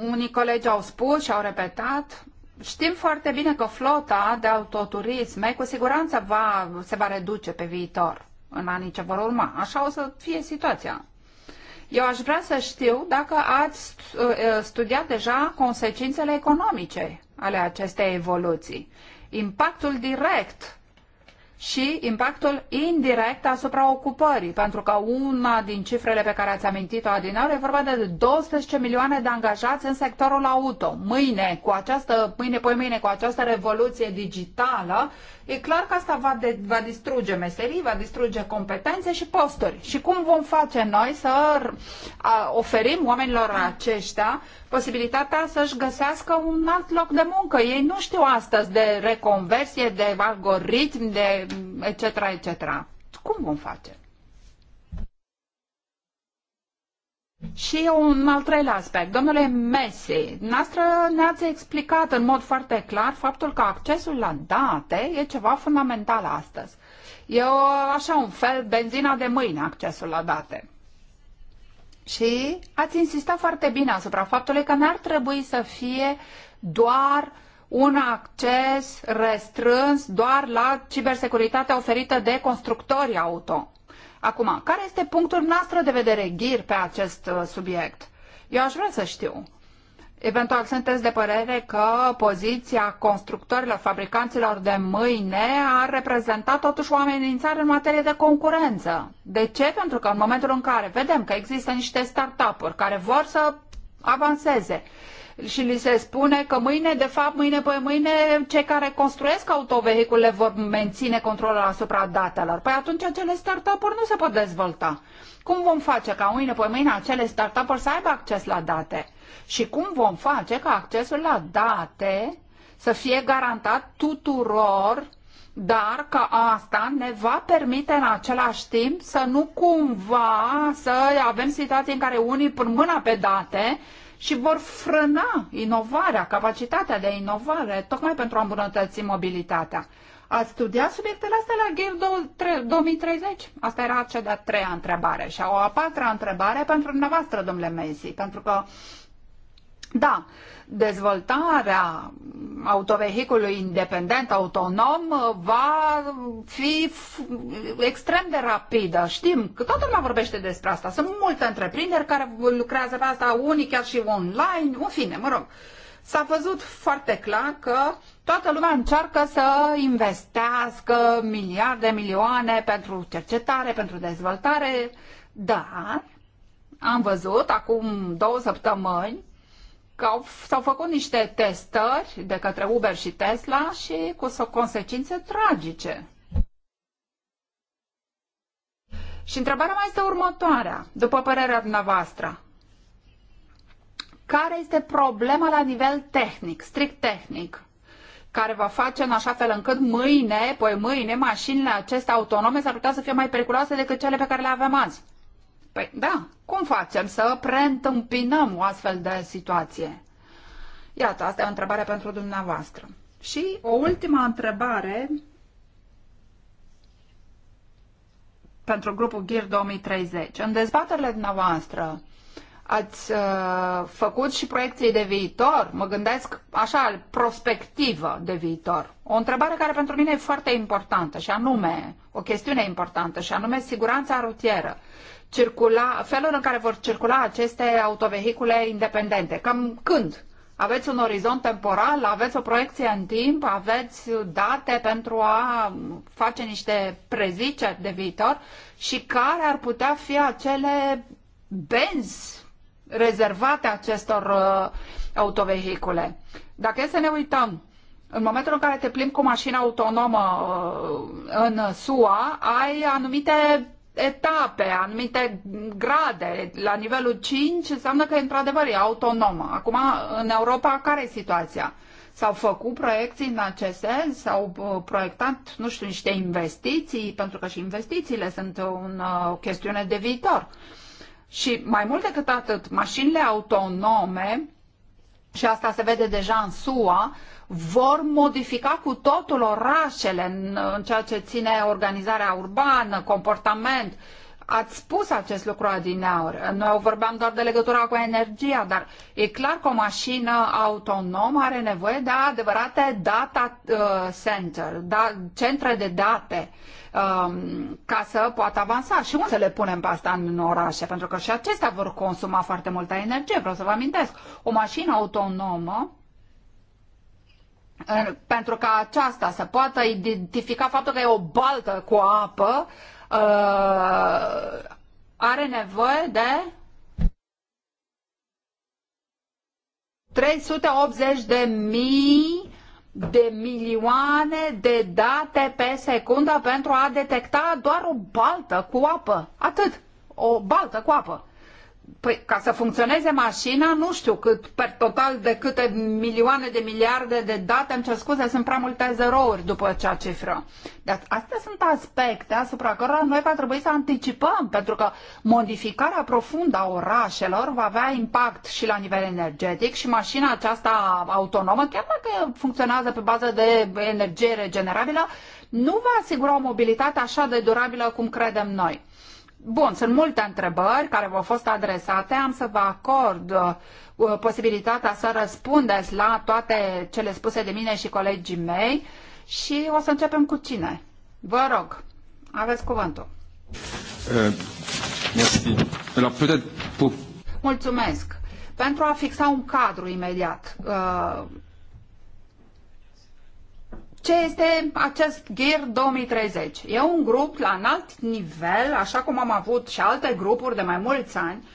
unii colegi au spus și au repetat, știm foarte bine că flota de autoturisme cu siguranță va, se va reduce pe viitor, în anii ce vor urma. Așa o să fie situația. Eu aș vrea să știu dacă ați ă, ă, studiat deja consecințele economice ale acestei evoluții, impactul direct și impactul indirect asupra ocupării, pentru că una din cifrele pe care ați amintit-o adineaur e vorba de 12 milioane de angajați în sectorul auto. Mâine, cu această, mâine, poi mâine, cu această revoluție digitală, E clar că asta va, de, va distruge meserii, va distruge competențe și posturi. Și cum vom face noi să oferim oamenilor aceștia posibilitatea să-și găsească un alt loc de muncă? Ei nu știu astăzi de reconversie, de algoritm, de etc. etc. Cum vom face? Și un al treilea aspect. Domnule Messi, noastră ne-ați explicat în mod foarte clar faptul că accesul la date e ceva fundamental astăzi. E o, așa un fel benzina de mâine accesul la date. Și ați insistat foarte bine asupra faptului că n-ar trebui să fie doar un acces restrâns doar la cibersecuritatea oferită de constructorii auto. Acum, care este punctul noastră de vedere, Ghir, pe acest uh, subiect? Eu aș vrea să știu. Eventual sunteți de părere că poziția constructorilor, fabricanților de mâine ar reprezenta totuși o amenințare în materie de concurență. De ce? Pentru că în momentul în care vedem că există niște start-up-uri care vor să avanseze și li se spune că mâine, de fapt, mâine, pe păi mâine, cei care construiesc autovehicule vor menține controlul asupra datelor. Păi atunci acele startup-uri nu se pot dezvolta. Cum vom face ca mâine, pe păi mâine, acele startup-uri să aibă acces la date? Și cum vom face ca accesul la date să fie garantat tuturor dar că asta ne va permite în același timp să nu cumva să avem situații în care unii pun mâna pe date și vor frâna inovarea, capacitatea de inovare, tocmai pentru a îmbunătăți mobilitatea. Ați studiat subiectele astea la GAIR 2030? Asta era cea de-a treia întrebare. Și a, o a patra întrebare pentru dumneavoastră, domnule Mezi, pentru că, da, uh, dezvoltarea autovehicului independent, autonom, va fi extrem de rapidă. Știm că toată lumea vorbește despre asta. Sunt multe întreprinderi care lucrează pe asta, unii chiar și online, în fine, mă rog. S-a văzut foarte clar că toată lumea încearcă să investească miliarde, milioane pentru cercetare, pentru dezvoltare, dar am văzut acum două săptămâni că au, s-au făcut niște testări de către Uber și Tesla și cu consecințe tragice. Și întrebarea mai este următoarea, după părerea dumneavoastră. Care este problema la nivel tehnic, strict tehnic, care va face în așa fel încât mâine, poi mâine, mașinile acestea autonome s-ar putea să fie mai periculoase decât cele pe care le avem azi? Păi da, cum facem să preîntâmpinăm o astfel de situație? Iată, asta e o întrebare pentru dumneavoastră. Și o ultima întrebare pentru grupul GIR 2030. În dezbaterile dumneavoastră ați uh, făcut și proiecții de viitor? Mă gândesc așa, prospectivă de viitor. O întrebare care pentru mine e foarte importantă și anume, o chestiune importantă și anume siguranța rutieră circula, felul în care vor circula aceste autovehicule independente. Cam când? Aveți un orizont temporal, aveți o proiecție în timp, aveți date pentru a face niște preziceri de viitor și care ar putea fi acele benzi rezervate acestor uh, autovehicule. Dacă e să ne uităm, în momentul în care te plimbi cu mașina autonomă uh, în SUA, ai anumite etape, anumite grade la nivelul 5, înseamnă că într-adevăr e autonomă. Acum, în Europa, care e situația? S-au făcut proiecții în acest sens, s-au uh, proiectat, nu știu, niște investiții, pentru că și investițiile sunt uh, o chestiune de viitor. Și mai mult decât atât, mașinile autonome și asta se vede deja în SUA, vor modifica cu totul orașele în, în ceea ce ține organizarea urbană, comportament. Ați spus acest lucru adineauri. Noi vorbeam doar de legătura cu energia, dar e clar că o mașină autonomă are nevoie de adevărate data uh, center, da, centre de date. Uh, Um, ca să poată avansa. Și unde să le punem pe asta în orașe? Pentru că și acestea vor consuma foarte multă energie. Vreau să vă amintesc. O mașină autonomă pentru ca aceasta să poată identifica faptul că e o baltă cu apă, uh, are nevoie de 380 de mii de milioane de date pe secundă pentru a detecta doar o baltă cu apă. Atât. O baltă cu apă. Păi, ca să funcționeze mașina, nu știu cât, per total, de câte milioane de miliarde de date, îmi cer scuze, sunt prea multe zerouri după acea cifră. Dar astea sunt aspecte asupra cărora noi va trebui să anticipăm, pentru că modificarea profundă a orașelor va avea impact și la nivel energetic și mașina aceasta autonomă, chiar dacă funcționează pe bază de energie regenerabilă, nu va asigura o mobilitate așa de durabilă cum credem noi. Bun, sunt multe întrebări care v-au fost adresate. Am să vă acord uh, posibilitatea să răspundeți la toate cele spuse de mine și colegii mei și o să începem cu cine. Vă rog, aveți cuvântul. Uh, Mulțumesc. Pentru a fixa un cadru imediat, uh, ce este acest GIR 2030? E un grup la înalt nivel, așa cum am avut și alte grupuri de mai mulți ani.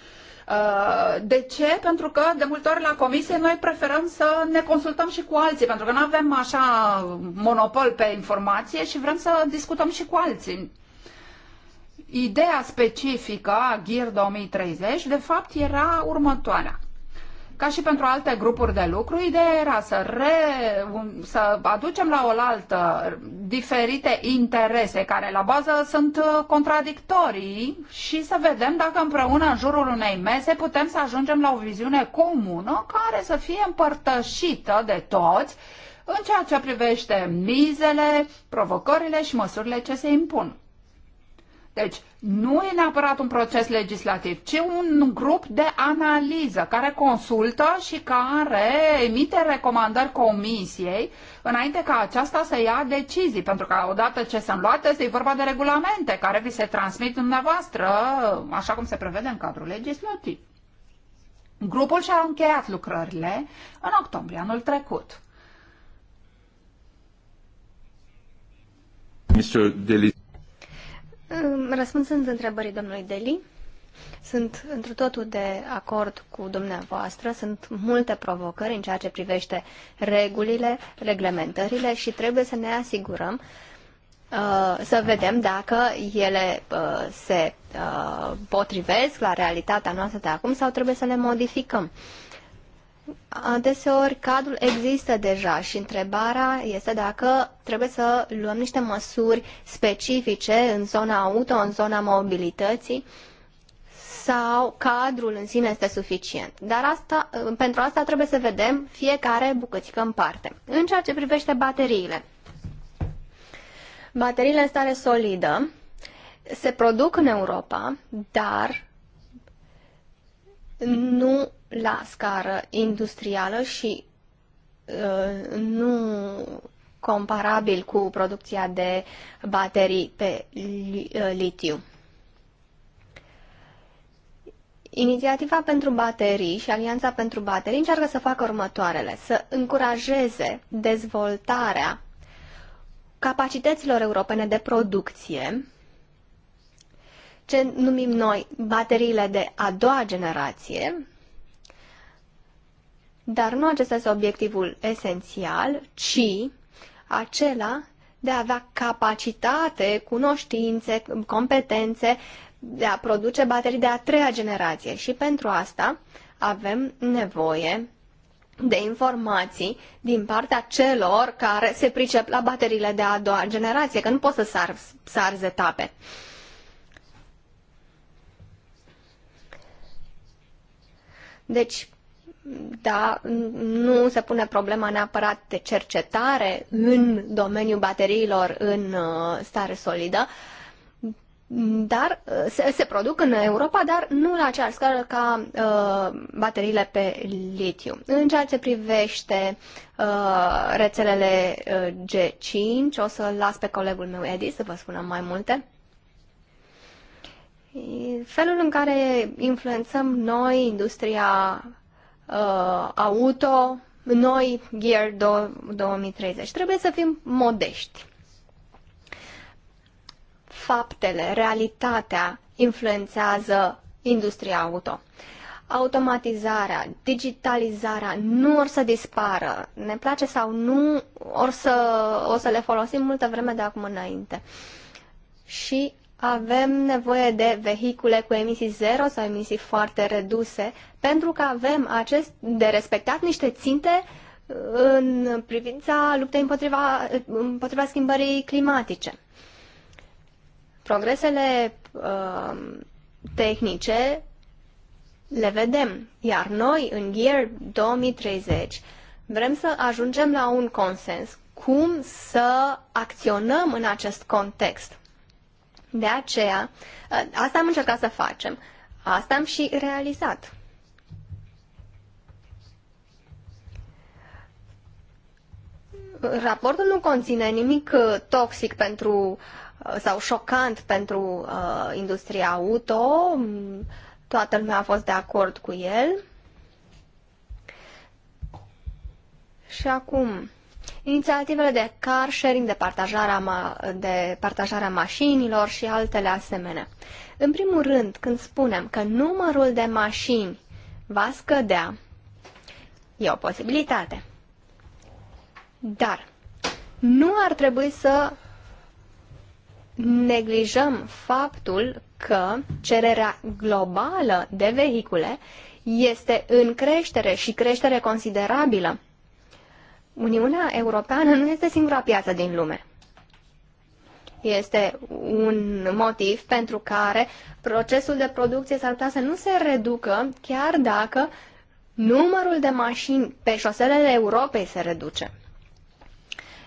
Uh, de ce? Pentru că de multe ori la comisie noi preferăm să ne consultăm și cu alții, pentru că nu avem așa monopol pe informație și vrem să discutăm și cu alții. Ideea specifică a GIR 2030, de fapt, era următoarea ca și pentru alte grupuri de lucru, ideea era să, re, um, să aducem la oaltă diferite interese care la bază sunt uh, contradictorii și să vedem dacă împreună în jurul unei mese putem să ajungem la o viziune comună care să fie împărtășită de toți în ceea ce privește mizele, provocările și măsurile ce se impun. Deci, nu e neapărat un proces legislativ, ci un grup de analiză care consultă și care emite recomandări comisiei înainte ca aceasta să ia decizii. Pentru că odată ce sunt luate, este vorba de regulamente care vi se transmit dumneavoastră, așa cum se prevede în cadrul legislativ. Grupul și-a încheiat lucrările în octombrie anul trecut. Mr. Delis. Răspunsând întrebării domnului Deli, sunt într totul de acord cu dumneavoastră, sunt multe provocări în ceea ce privește regulile, reglementările și trebuie să ne asigurăm uh, să vedem dacă ele uh, se uh, potrivesc la realitatea noastră de acum sau trebuie să le modificăm. Adeseori cadrul există deja și întrebarea este dacă trebuie să luăm niște măsuri specifice în zona auto, în zona mobilității sau cadrul în sine este suficient. Dar asta, pentru asta trebuie să vedem fiecare bucățică în parte. În ceea ce privește bateriile, bateriile în stare solidă se produc în Europa, dar nu la scară industrială și uh, nu comparabil cu producția de baterii pe uh, litiu. Inițiativa pentru baterii și Alianța pentru baterii încearcă să facă următoarele, să încurajeze dezvoltarea capacităților europene de producție ce numim noi bateriile de a doua generație, dar nu acesta este obiectivul esențial, ci acela de a avea capacitate, cunoștințe, competențe de a produce baterii de a treia generație. Și pentru asta avem nevoie de informații din partea celor care se pricep la bateriile de a doua generație, că nu poți să sar, sarzi etape. Uh, Deci, da, nu se pune problema neapărat de cercetare în domeniul bateriilor în uh, stare solidă, dar uh, se, se produc în Europa, dar nu la aceeași scară ca uh, bateriile pe litiu. În ceea ce privește uh, rețelele uh, G5, o să las pe colegul meu Edi să vă spună mai multe. Felul în care influențăm noi industria uh, auto, noi Gear 2030. Trebuie să fim modești. Faptele, realitatea influențează industria auto. Automatizarea, digitalizarea nu or să dispară, ne place sau nu, or să, o să le folosim multă vreme de acum înainte. Și avem nevoie de vehicule cu emisii zero sau emisii foarte reduse, pentru că avem acest, de respectat niște ținte uh, în privința luptei împotriva, împotriva schimbării climatice. Progresele uh, tehnice le vedem, iar noi, în Gear 2030, vrem să ajungem la un consens cum să acționăm în acest context de aceea, ă, asta am încercat să facem. Asta am și realizat. Raportul nu conține nimic ă, toxic pentru ă, sau șocant pentru uh, industria auto. Toată lumea a fost de acord cu el. Și acum, inițiativele de car sharing, de partajarea, ma- de partajarea mașinilor și altele asemenea. În primul rând, când spunem că numărul de mașini va scădea, e o posibilitate. Dar nu ar trebui să neglijăm faptul că cererea globală de vehicule este în creștere și creștere considerabilă. Uniunea Europeană nu este singura piață din lume. Este un motiv pentru care procesul de producție s-ar putea să nu se reducă, chiar dacă numărul de mașini pe șoselele Europei se reduce.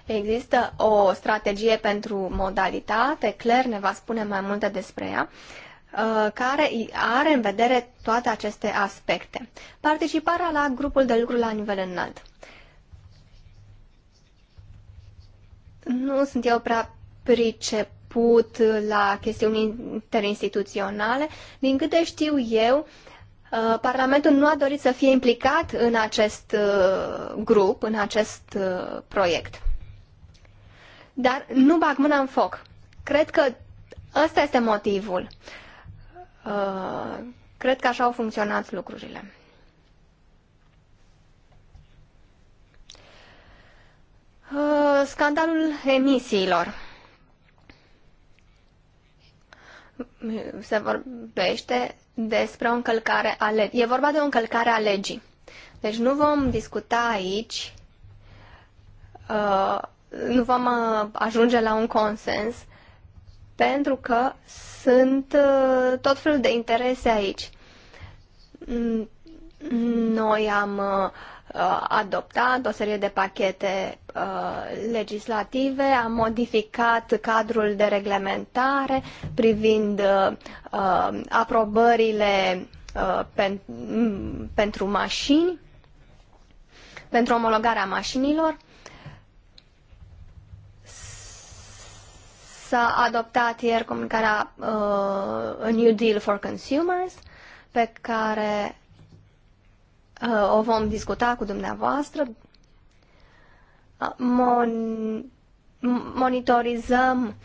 Există o strategie pentru modalitate, Claire ne va spune mai multe despre ea, uh, care are în vedere toate aceste aspecte. Participarea la grupul de lucru la nivel înalt. Nu sunt eu prea priceput la chestiuni interinstituționale. Din câte știu eu, uh, Parlamentul nu a dorit să fie implicat în acest uh, grup, în acest uh, proiect. Dar nu bag mâna în foc. Cred că ăsta este motivul. Cred că așa au funcționat lucrurile. Uh, scandalul emisiilor. Se vorbește despre o încălcare a legii. E vorba de o încălcare a legii. Deci nu vom discuta aici, uh, nu vom uh, ajunge la un consens, pentru că sunt tot felul de interese aici. Mm, noi am uh, Uh, adopta o serie de pachete uh, legislative, a modificat cadrul de reglementare privind uh, aprobările pentru mașini, pentru omologarea mașinilor. S-a adoptat ieri comunicarea uh, A New Deal for Consumers, pe care Uh, o vom discuta cu dumneavoastră. Uh, mon- monitorizăm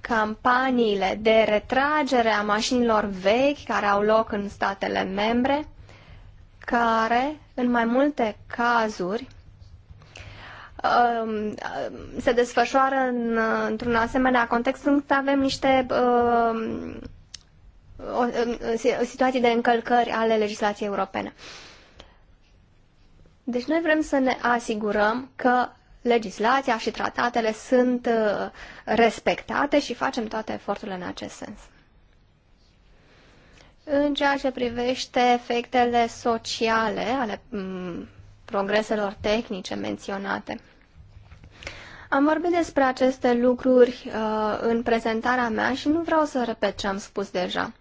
campaniile de retragere a mașinilor vechi care au loc în statele membre, care, în mai multe cazuri, um, se desfășoară în, într-un asemenea context când avem niște uh, o, o situații de încălcări ale legislației europene. Deci noi vrem să ne asigurăm că legislația și tratatele sunt uh, respectate și facem toate eforturile în acest sens. În ceea ce privește efectele sociale ale mm, progreselor tehnice menționate, am vorbit despre aceste lucruri uh, în prezentarea mea și nu vreau să repet ce am spus deja.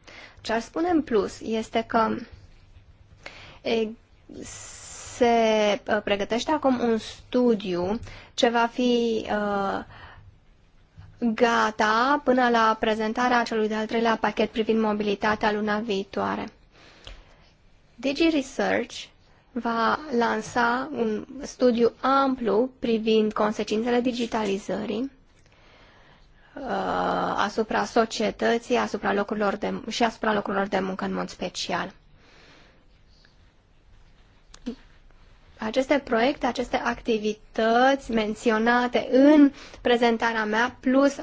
Ce ar spune în plus este că se uh, pregătește acum un studiu ce va fi uh, gata până la prezentarea celui de-al treilea pachet privind mobilitatea luna viitoare. Digi Research va lansa un studiu amplu privind consecințele digitalizării Uh, asupra societății asupra locurilor de, și asupra locurilor de muncă în mod special. Aceste proiecte, aceste activități menționate în prezentarea mea, plus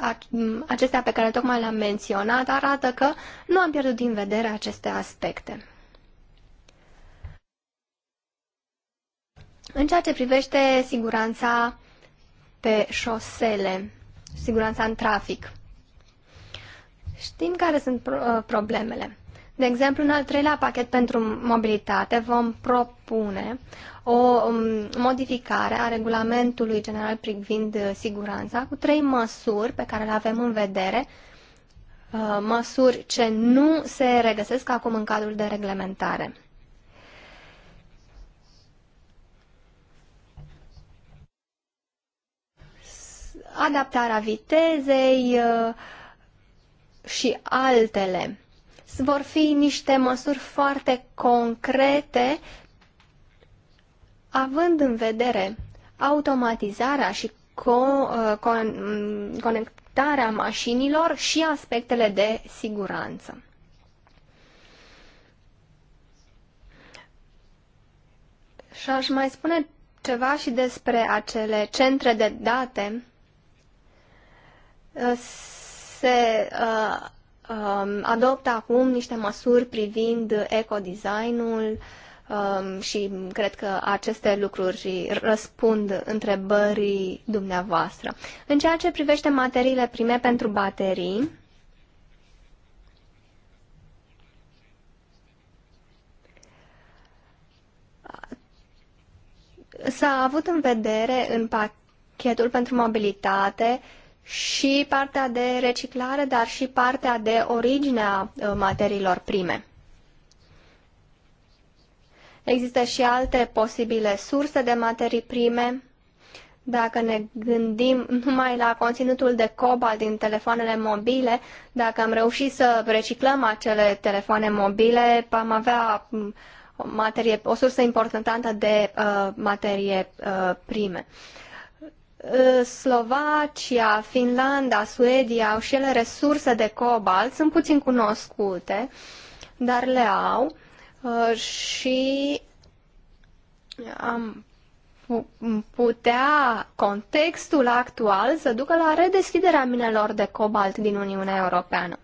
acestea pe care tocmai le-am menționat, arată că nu am pierdut din vedere aceste aspecte. În ceea ce privește siguranța pe șosele, siguranța în trafic. Știm care sunt uh, problemele. De exemplu, în al treilea pachet pentru mobilitate vom propune o um, modificare a regulamentului general privind uh, siguranța cu trei măsuri pe care le avem în vedere, uh, măsuri ce nu se regăsesc acum în cadrul de reglementare. adaptarea vitezei uh, și altele. Vor fi niște măsuri foarte concrete, având în vedere automatizarea și co- uh, con- mm, conectarea mașinilor și aspectele de siguranță. Și aș mai spune ceva și despre acele centre de date se uh, um, adoptă acum niște măsuri privind ecodesignul um, și cred că aceste lucruri răspund întrebării dumneavoastră. În ceea ce privește materiile prime pentru baterii, s-a avut în vedere în pachetul pentru mobilitate uh, și partea de reciclare, dar și partea de originea uh, materiilor prime. Există și alte posibile surse de materii prime. Dacă ne gândim numai la conținutul de cobalt din telefoanele mobile, dacă am reușit să reciclăm acele telefoane mobile, am avea mm, o, materie, o sursă importantă de uh, materie uh, prime. Uh, Ă, Slovacia, Finlanda, Suedia au și ele resurse de cobalt, sunt puțin cunoscute, dar le au ă, și am putea contextul actual să ducă la redeschiderea minelor de cobalt din Uniunea Europeană.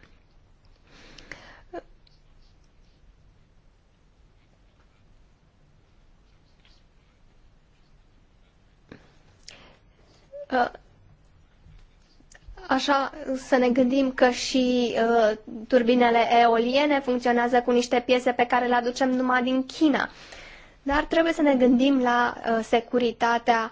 Uh, așa să ne gândim că și uh, turbinele eoliene funcționează cu niște piese pe care le aducem numai din China. Dar trebuie să ne gândim la uh, securitatea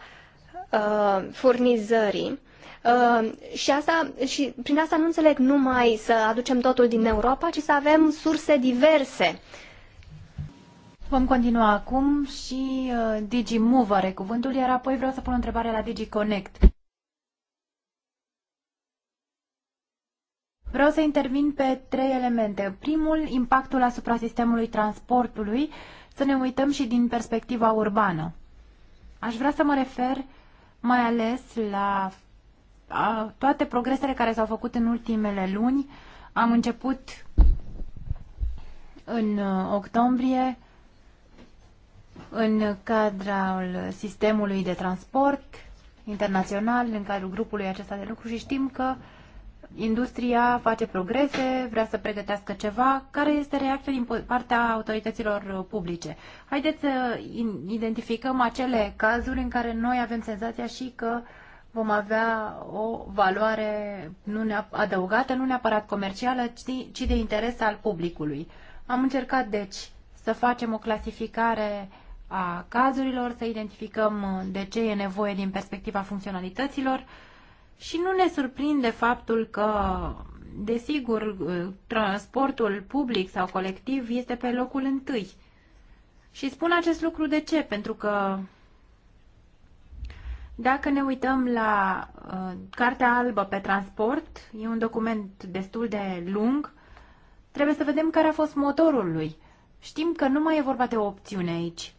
uh, furnizării. Uh, și, asta, și prin asta nu înțeleg numai să aducem totul din Europa, ci să avem surse diverse uh, Vom continua acum și uh, DigiMove are cuvântul, iar apoi vreau să pun o întrebare la DigiConnect. Vreau să intervin pe trei elemente. Primul, impactul asupra sistemului transportului, să ne uităm și din perspectiva urbană. Aș vrea să mă refer mai ales la a, toate progresele care s-au făcut în ultimele luni. Am început în uh, octombrie în cadrul sistemului de transport internațional, în cadrul grupului acesta de lucru și știm că industria face progrese, vrea să pregătească ceva. Care este reacția din partea autorităților publice? Haideți să identificăm acele cazuri în care noi avem senzația și că vom avea o valoare nu adăugată, nu neapărat comercială, ci de interes al publicului. Am încercat, deci, să facem o clasificare uh, a cazurilor, să identificăm uh, de ce e nevoie din perspectiva funcționalităților și nu ne surprinde faptul că, desigur, uh, transportul public sau colectiv este pe locul întâi. Și spun acest lucru de ce? Pentru că dacă ne uităm la uh, Cartea Albă pe transport, e un document destul de lung, trebuie să vedem care a fost motorul lui. Știm că nu mai e vorba de o opțiune aici.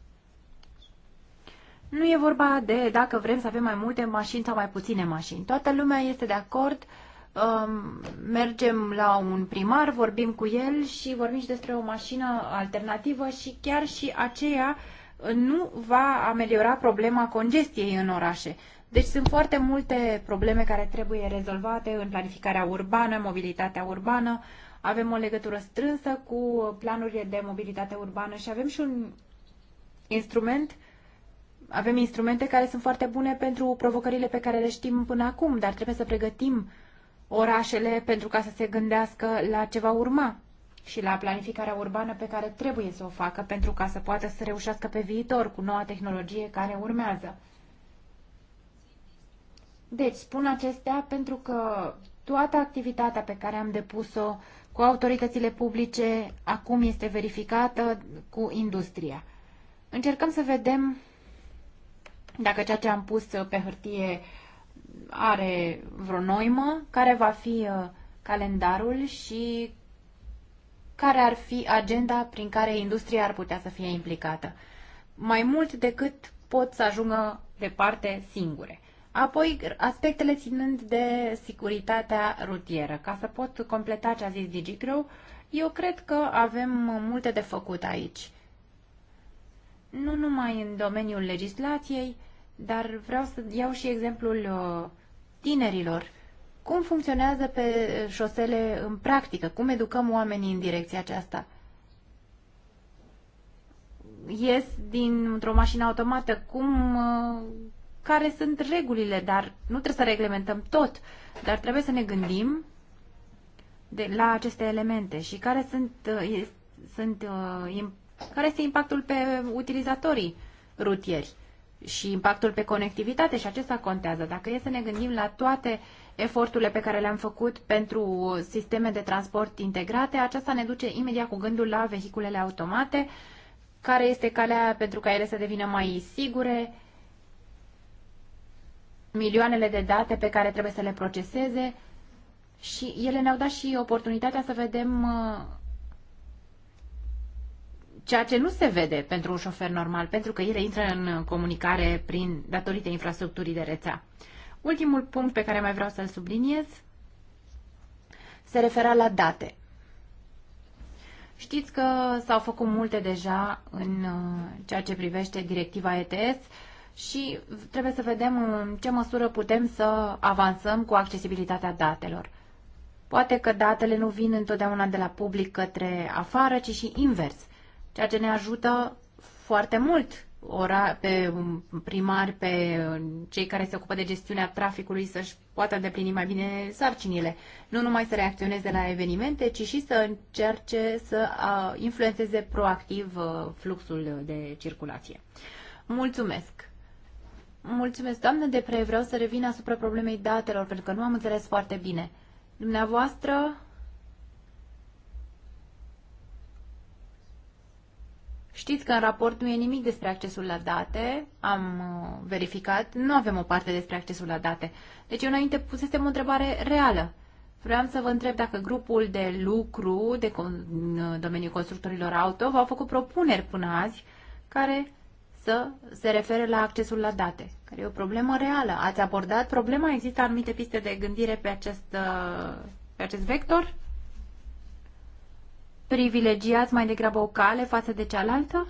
Nu e vorba de dacă vrem să avem mai multe mașini sau mai puține mașini. Toată lumea este de acord, um, mergem la un primar, vorbim cu el și vorbim și despre o mașină alternativă și chiar și aceea nu va ameliora problema congestiei în orașe. Deci sunt foarte multe probleme care trebuie rezolvate în planificarea urbană, mobilitatea urbană. Avem o legătură strânsă cu planurile de mobilitate urbană și avem și un instrument uh, avem instrumente care sunt foarte bune pentru provocările pe care le știm până acum, dar trebuie să pregătim orașele pentru ca să se gândească la ce va urma și la planificarea urbană pe care trebuie să o facă pentru ca să poată să reușească pe viitor cu noua tehnologie care urmează. Deci, spun acestea pentru că toată activitatea pe care am depus-o cu autoritățile publice acum este verificată cu industria. Încercăm să vedem dacă ceea ce am pus pe hârtie are vreo noimă, care va fi uh, calendarul și care ar fi agenda prin care industria ar putea să fie implicată. Mai mult decât pot să ajungă departe singure. Apoi, aspectele ținând de securitatea rutieră. Ca să pot completa ce a zis DigiGrow, eu cred că avem multe de făcut aici. Nu numai în domeniul legislației, dar vreau să iau și exemplul uh, tinerilor. Cum funcționează pe șosele în practică? Cum educăm oamenii în direcția aceasta? Ies dintr-o mașină automată, cum, uh, care sunt regulile, dar nu trebuie să reglementăm tot, dar trebuie să ne gândim de, la aceste elemente și care sunt, uh, sunt, care este impactul pe utilizatorii rutieri și impactul pe conectivitate și acesta contează. Dacă e să ne gândim la toate eforturile pe care le-am făcut pentru sisteme de transport integrate, aceasta ne duce imediat cu gândul la vehiculele automate, care este calea pentru ca ele să devină mai sigure, milioanele de date pe care trebuie să le proceseze și ele ne-au dat și oportunitatea să vedem uh, ceea ce nu se vede pentru un șofer normal, pentru că ele intră în comunicare prin datorită infrastructurii de rețea. Ultimul punct pe care mai vreau să-l subliniez se refera la date. Știți că s-au făcut multe deja în uh, ceea ce privește directiva ETS și trebuie să vedem în ce măsură putem să avansăm cu accesibilitatea datelor. Poate că datele nu vin întotdeauna de la public către afară, ci și invers ceea ce ne ajută foarte mult ora, pe primari, pe cei care se ocupă de gestiunea traficului să-și poată deplini mai bine sarcinile. Nu numai să reacționeze la evenimente, ci și să încerce să influențeze proactiv fluxul de circulație. Mulțumesc! Mulțumesc, doamnă Depre, vreau să revin asupra problemei datelor, pentru că nu am înțeles foarte bine. Dumneavoastră Știți că în raport nu e nimic despre accesul la date, am uh, verificat, nu avem o parte despre accesul la date. Deci eu înainte pusesem o întrebare reală. Vreau să vă întreb dacă grupul de lucru de în domeniul constructorilor auto v-au făcut propuneri până azi care să se refere la accesul la date, care e o problemă reală. Ați abordat problema? Există anumite piste de gândire pe acest, uh, pe acest vector? privilegiați mai degrabă o cale față de cealaltă?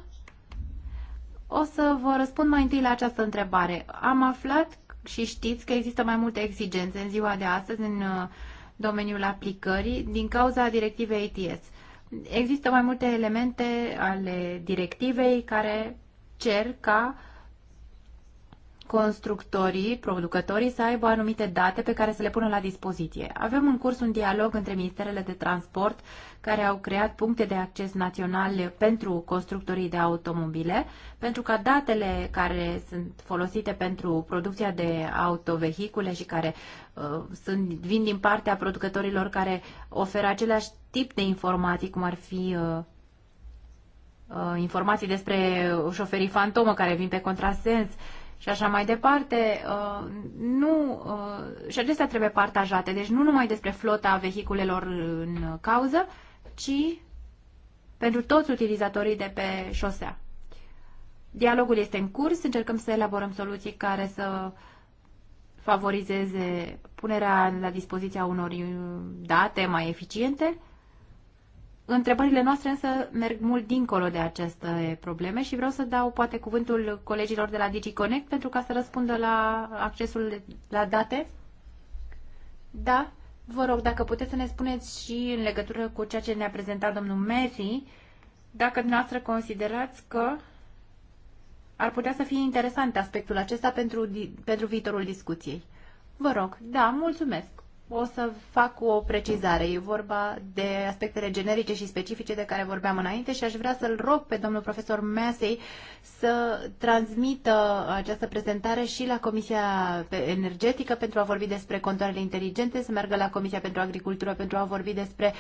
O să vă răspund mai întâi la această întrebare. Am aflat și știți că există mai multe exigențe în ziua de astăzi în uh, domeniul aplicării din cauza directivei ATS. Există mai multe elemente ale directivei care cer ca uh, constructorii, producătorii să aibă anumite date pe care să le pună la dispoziție. Avem în curs un dialog între ministerele de transport care au creat puncte de acces naționale pentru constructorii de automobile, pentru ca datele care sunt folosite pentru producția de autovehicule și care uh, sunt, vin din partea producătorilor care oferă același tip de informații, cum ar fi uh, uh informații despre șoferii fantomă care vin pe contrasens, și așa mai departe, uh, nu, uh, și acestea trebuie partajate. Deci nu numai despre flota vehiculelor în cauză, ci pentru toți utilizatorii de pe șosea. Dialogul este în curs, încercăm să elaborăm soluții care să favorizeze punerea la dispoziția unor date mai eficiente Întrebările noastre însă merg mult dincolo de aceste probleme și vreau să dau poate cuvântul colegilor de la DigiConnect pentru ca să răspundă la accesul la date. Da, vă rog, dacă puteți să ne spuneți și în legătură cu ceea ce ne-a prezentat domnul Mary, dacă dumneavoastră considerați că ar putea să fie interesant aspectul acesta pentru, pentru viitorul discuției. Vă rog, da, mulțumesc o să fac o precizare. E vorba de aspectele generice și specifice de care vorbeam înainte și aș vrea să-l rog pe domnul profesor Masei să transmită această prezentare și la Comisia Energetică pentru a vorbi despre contoarele inteligente, să meargă la Comisia pentru Agricultură pentru a vorbi despre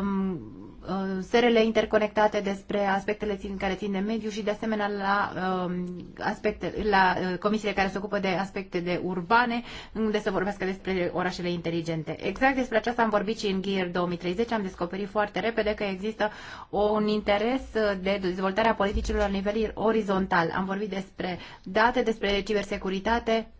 um, uh, serele interconectate, despre aspectele țin, care țin de mediu și de asemenea la, um, aspecte, la uh, comisiile care se ocupă de aspecte de urbane, unde să vorbească despre orașele inteligente inteligente. Exact despre aceasta am vorbit și în Gear 2030. Am descoperit foarte repede că există un interes de dezvoltarea politicilor la nivel orizontal. Am vorbit despre date, despre cibersecuritate,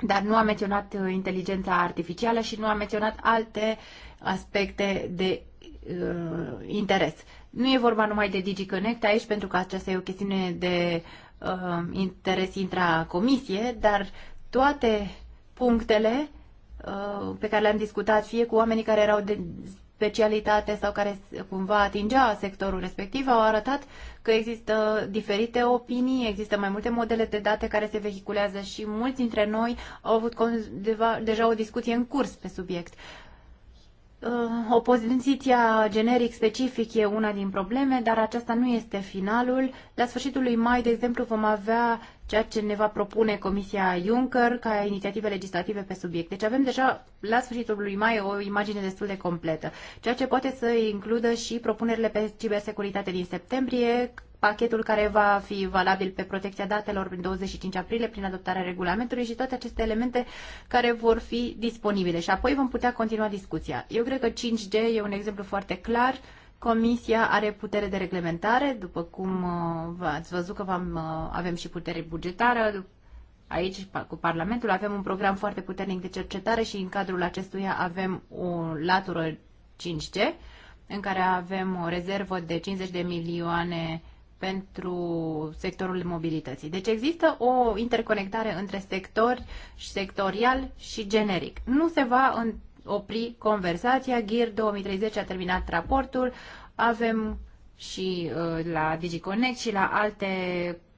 dar nu am menționat uh, inteligența artificială și nu am menționat alte aspecte de uh, interes. Nu e vorba numai de DigiConnect aici, pentru că aceasta e o chestiune de uh, interes intra-comisie, dar toate punctele Uh, pe care le-am discutat fie cu oamenii care erau de specialitate sau care cumva atingea sectorul respectiv, au arătat că există diferite opinii, există mai multe modele de date care se vehiculează și mulți dintre noi au avut deja o discuție în curs pe subiect. Uh, opoziția generic specific e una din probleme, dar aceasta nu este finalul. La sfârșitul lui mai, de exemplu, vom avea ceea ce ne va propune Comisia Juncker ca inițiative legislative pe subiect. Deci avem deja la sfârșitul lui mai o imagine destul de completă, ceea ce poate să includă și propunerile pe cibersecuritate din septembrie, pachetul care va fi valabil pe protecția datelor prin 25 aprilie, prin adoptarea regulamentului și toate aceste elemente care vor fi disponibile. Și apoi vom putea continua discuția. Eu cred că 5G e un exemplu foarte clar Comisia are putere de reglementare, după cum uh, ați văzut că uh, avem și putere bugetară. Aici, cu Parlamentul, avem un program foarte puternic de cercetare și în cadrul acestuia avem o latură 5G, în care avem o rezervă de 50 de milioane pentru sectorul mobilității. Deci există o interconectare între sector, sectorial și generic. Nu se va opri conversația. GIR 2030 a terminat raportul. Avem și uh, la DigiConnect și la alte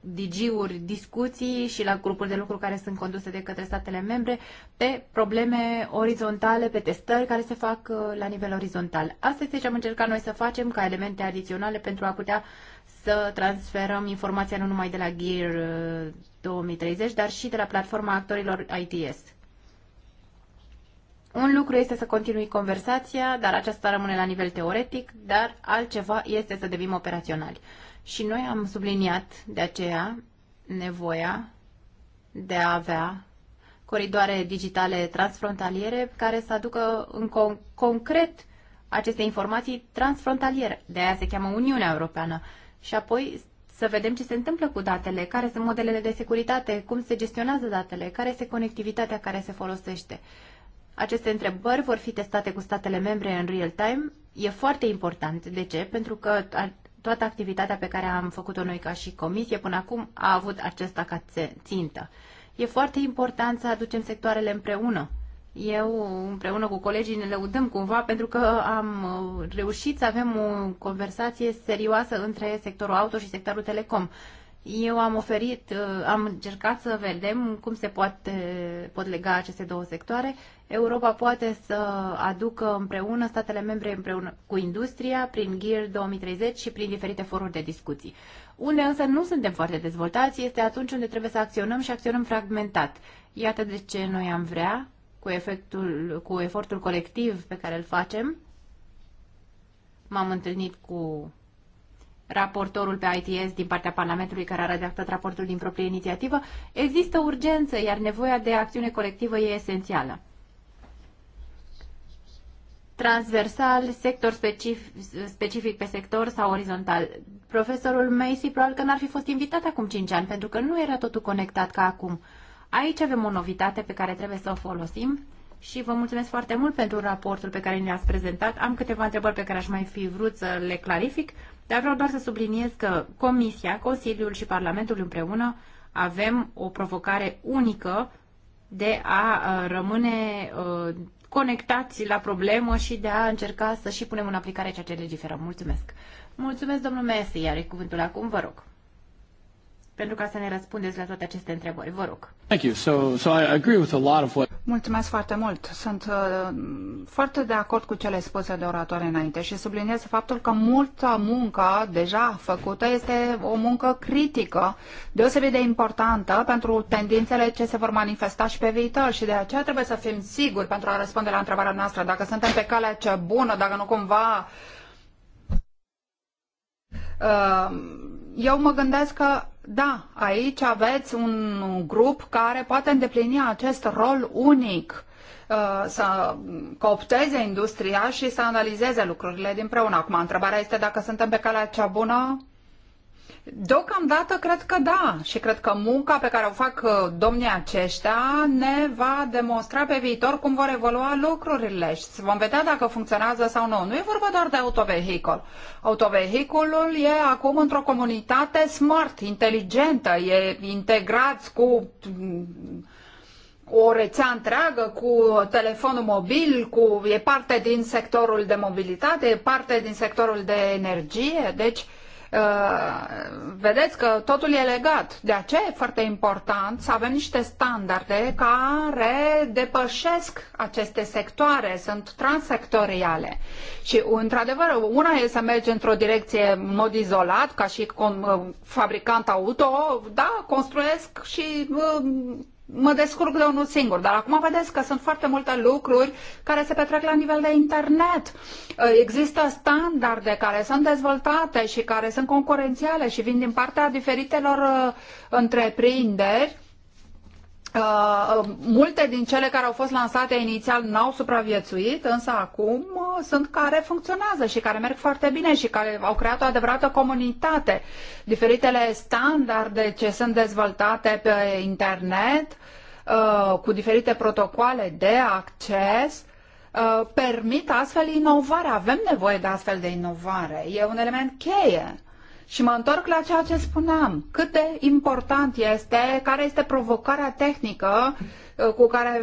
digiuri discuții și la grupuri de lucru care sunt conduse de către statele membre pe probleme orizontale, pe testări care se fac uh, la nivel orizontal. Asta este deci, ce am încercat noi să facem ca elemente adiționale pentru a putea să transferăm informația nu numai de la Gear 2030, uh, dar și de la platforma actorilor ITS. Un lucru este să continui conversația, dar aceasta rămâne la nivel teoretic, dar altceva este să devenim operaționali. Și noi am subliniat de aceea nevoia de a avea coridoare digitale transfrontaliere care să aducă în con- concret aceste informații transfrontaliere. De aia se cheamă Uniunea Europeană. Și apoi să vedem ce se întâmplă cu datele, care sunt modelele de securitate, cum se gestionează datele, care este conectivitatea care se folosește. Aceste întrebări vor fi testate cu statele membre în real time. E foarte important. De ce? Pentru că toată activitatea pe care am făcut-o noi ca și comisie până acum a avut acesta ca țintă. E foarte important să aducem sectoarele împreună. Eu, împreună cu colegii, ne lăudăm cumva pentru că am uh, reușit să avem o conversație serioasă între sectorul auto și sectorul telecom. Eu am oferit, uh, am încercat să vedem cum se poate pot lega aceste două sectoare. Europa poate să aducă împreună statele membre împreună cu industria, prin GEAR 2030 și prin diferite foruri de discuții. Unde însă nu suntem foarte dezvoltați este atunci unde trebuie să acționăm și acționăm fragmentat. Iată de ce noi am vrea, cu, efectul, cu efortul colectiv pe care îl facem, m-am întâlnit cu raportorul pe ITS din partea Parlamentului care a redactat raportul din proprie inițiativă, există urgență, iar nevoia de acțiune colectivă e esențială transversal, sector specific, specific pe sector sau orizontal. Profesorul Macy probabil că n-ar fi fost invitat acum 5 ani, pentru că nu era totul conectat ca acum. Aici avem o novitate pe care trebuie să o folosim și vă mulțumesc foarte mult pentru raportul pe care ne-ați prezentat. Am câteva întrebări pe care aș mai fi vrut să le clarific, dar vreau doar să subliniez că Comisia, Consiliul și Parlamentul împreună avem o provocare unică de a uh, rămâne uh, conectați la problemă și de a încerca să și punem în aplicare ceea ce legiferăm. Mulțumesc! Mulțumesc, domnul Messi, iar cuvântul acum, vă rog pentru ca să ne răspundeți la toate aceste întrebări. Vă rog. Thank you. So, so I agree with a lot of what... Mulțumesc foarte mult. Sunt uh, foarte de acord cu cele spuse de oratoare înainte și subliniez faptul că multă muncă deja făcută este o muncă critică, deosebit de importantă pentru tendințele ce se vor manifesta și pe viitor și de aceea trebuie să fim siguri pentru a răspunde la întrebarea noastră dacă suntem pe calea cea bună, dacă nu cumva uh, eu mă gândesc că da, aici aveți un grup care poate îndeplini acest rol unic uh, să coopteze industria și să analizeze lucrurile din preună. Acum, întrebarea este dacă suntem pe calea cea bună Deocamdată cred că da și cred că munca pe care o fac uh, domnii aceștia ne va demonstra pe viitor cum vor evolua lucrurile și vom vedea dacă funcționează sau nu. Nu e vorba doar de autovehicul. Autovehiculul e acum într-o comunitate smart, inteligentă, e integrat cu mm, o rețea întreagă cu telefonul mobil, cu, e parte din sectorul de mobilitate, e parte din sectorul de energie, deci uh, Uh, vedeți că totul e legat. De aceea e foarte important să avem niște standarde care depășesc aceste sectoare, sunt transsectoriale. Și, într-adevăr, una e să mergi într-o direcție în mod izolat, ca și uh, fabricant auto, da, construiesc și uh, mă descurc de unul singur, dar acum vedeți că sunt foarte multe lucruri care se petrec la nivel de internet. Uh, există standarde care sunt dezvoltate și care sunt concurențiale și vin din partea diferitelor uh, întreprinderi. Uh, uh, multe din cele care au fost lansate inițial n-au supraviețuit, însă acum uh, sunt care funcționează și care merg foarte bine și care au creat o adevărată comunitate. Diferitele standarde ce sunt dezvoltate pe internet Uh, cu diferite protocoale de acces uh, permit astfel inovare. Avem nevoie de astfel de inovare. E un element cheie. Și mă întorc la ceea ce spuneam. Cât de important este, care este provocarea tehnică uh, cu care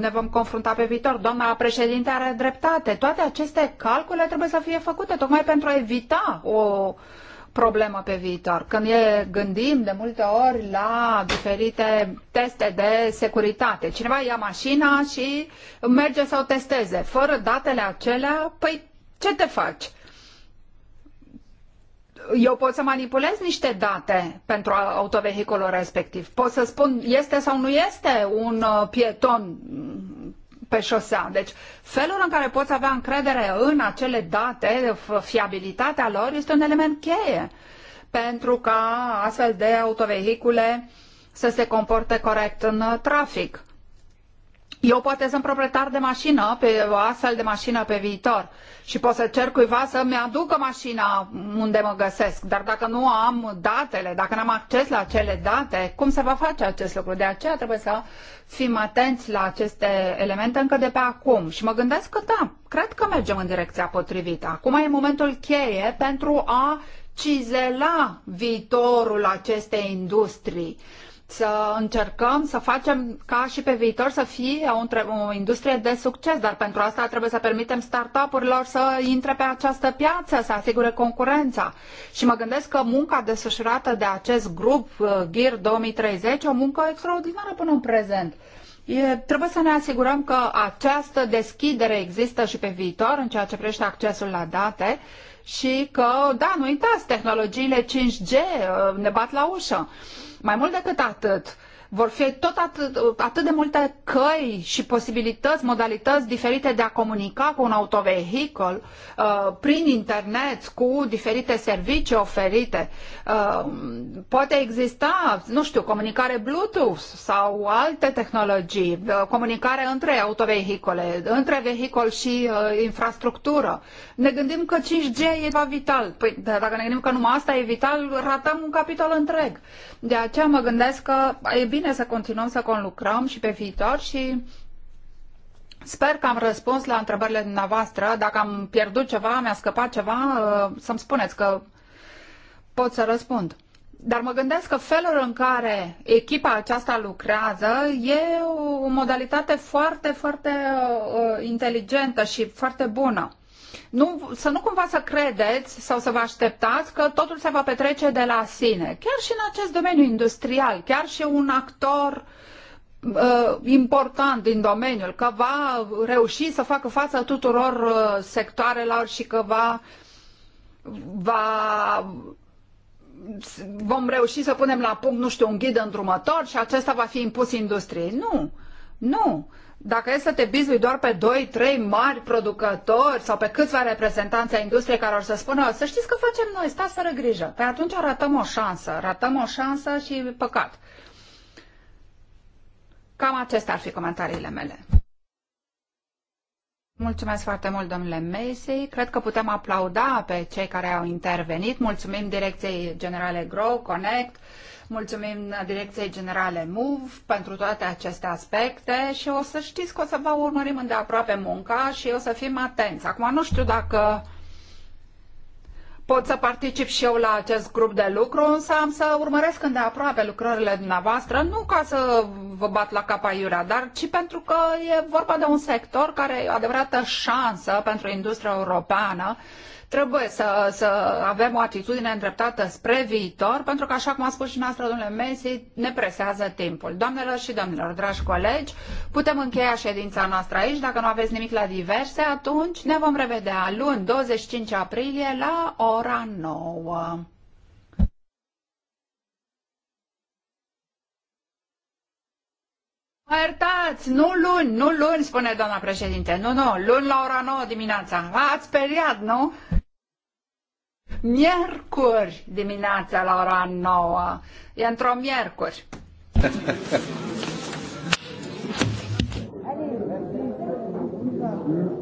ne vom confrunta pe viitor. Doamna președinte are dreptate. Toate aceste calcule trebuie să fie făcute tocmai pentru a evita o, problemă pe viitor. Când e, gândim de multe ori la diferite teste de securitate, cineva ia mașina și merge să o testeze. Fără datele acelea, păi ce te faci? eu pot să manipulez niște date pentru autovehiculul respectiv. Pot să spun este sau nu este un uh, pieton pe șosea. Deci, felul în care poți avea încredere în acele date, fiabilitatea lor, este un element cheie pentru ca astfel de autovehicule să se comporte corect în trafic. Eu poate sunt proprietar de mașină, pe o astfel de mașină pe viitor și pot să cer cuiva să-mi aducă mașina unde mă găsesc, dar dacă nu am datele, dacă nu am acces la acele date, cum se va face acest lucru? De aceea trebuie să fim atenți la aceste elemente încă de pe acum și mă gândesc că da, cred că mergem în direcția potrivită. Acum e momentul cheie pentru a cizela viitorul acestei industrii să încercăm să facem ca și pe viitor să fie o, o industrie de succes, dar pentru asta trebuie să permitem startup-urilor să intre pe această piață, să asigure concurența. Și mă gândesc că munca desfășurată de acest grup uh, GIR 2030, o muncă extraordinară până în prezent. E, trebuie să ne asigurăm că această deschidere există și pe viitor în ceea ce privește accesul la date și că, da, nu uitați, tehnologiile 5G uh, ne bat la ușă. Mai mult decât atât, vor fi tot atât, atât de multe căi și posibilități, modalități diferite de a comunica cu un autovehicol uh, prin internet, cu diferite servicii oferite. Uh, poate exista, nu știu, comunicare Bluetooth sau alte tehnologii, uh, comunicare între autovehicole, între vehicol și uh, infrastructură. Ne gândim că 5G e ceva vital. Păi, dacă ne gândim că numai asta e vital, ratăm un capitol întreg. De aceea mă gândesc că e bine bine să continuăm să conlucrăm și pe viitor și sper că am răspuns la întrebările dumneavoastră. Dacă am pierdut ceva, mi-a scăpat ceva, uh, să-mi spuneți că pot să răspund. Dar mă gândesc că felul în care echipa aceasta lucrează e o modalitate foarte, foarte uh, inteligentă și foarte bună. Nu, să nu cumva să credeți sau să vă așteptați că totul se va petrece de la sine. Chiar și în acest domeniu industrial, chiar și un actor uh, important din domeniul, că va reuși să facă față tuturor uh, sectoarelor și că va, va vom reuși să punem la punct, nu știu, un ghid îndrumător și acesta va fi impus industriei. Nu, nu. Dacă e să te bizui doar pe doi, trei mari producători sau pe câțiva reprezentanți ai industriei care or să spună să știți că facem noi, stați fără grijă. Păi atunci ratăm o șansă, ratăm o șansă și păcat. Cam acestea ar fi comentariile mele. Mulțumesc foarte mult, domnule Macy. Cred că putem aplauda pe cei care au intervenit. Mulțumim Direcției Generale Grow Connect Mulțumim Direcției Generale MOVE pentru toate aceste aspecte și o să știți că o să vă urmărim îndeaproape munca și o să fim atenți. Acum nu știu dacă pot să particip și eu la acest grup de lucru, însă am să urmăresc îndeaproape lucrările dumneavoastră, nu ca să vă bat la capa iurea, dar ci pentru că e vorba de un sector care e o adevărată șansă pentru industria europeană Trebuie să, să avem o atitudine îndreptată spre viitor, pentru că, așa cum a spus și noastră, domnule Messi, ne presează timpul. Doamnelor și domnilor, dragi colegi, putem încheia ședința noastră aici. Dacă nu aveți nimic la diverse, atunci ne vom revedea luni, 25 aprilie, la ora 9. Mă iertați, nu luni, nu luni, spune doamna președinte. Nu, nu, luni la ora 9 dimineața. V-ați speriat, nu? Miercuri dimineața la ora 9. E într-o miercuri.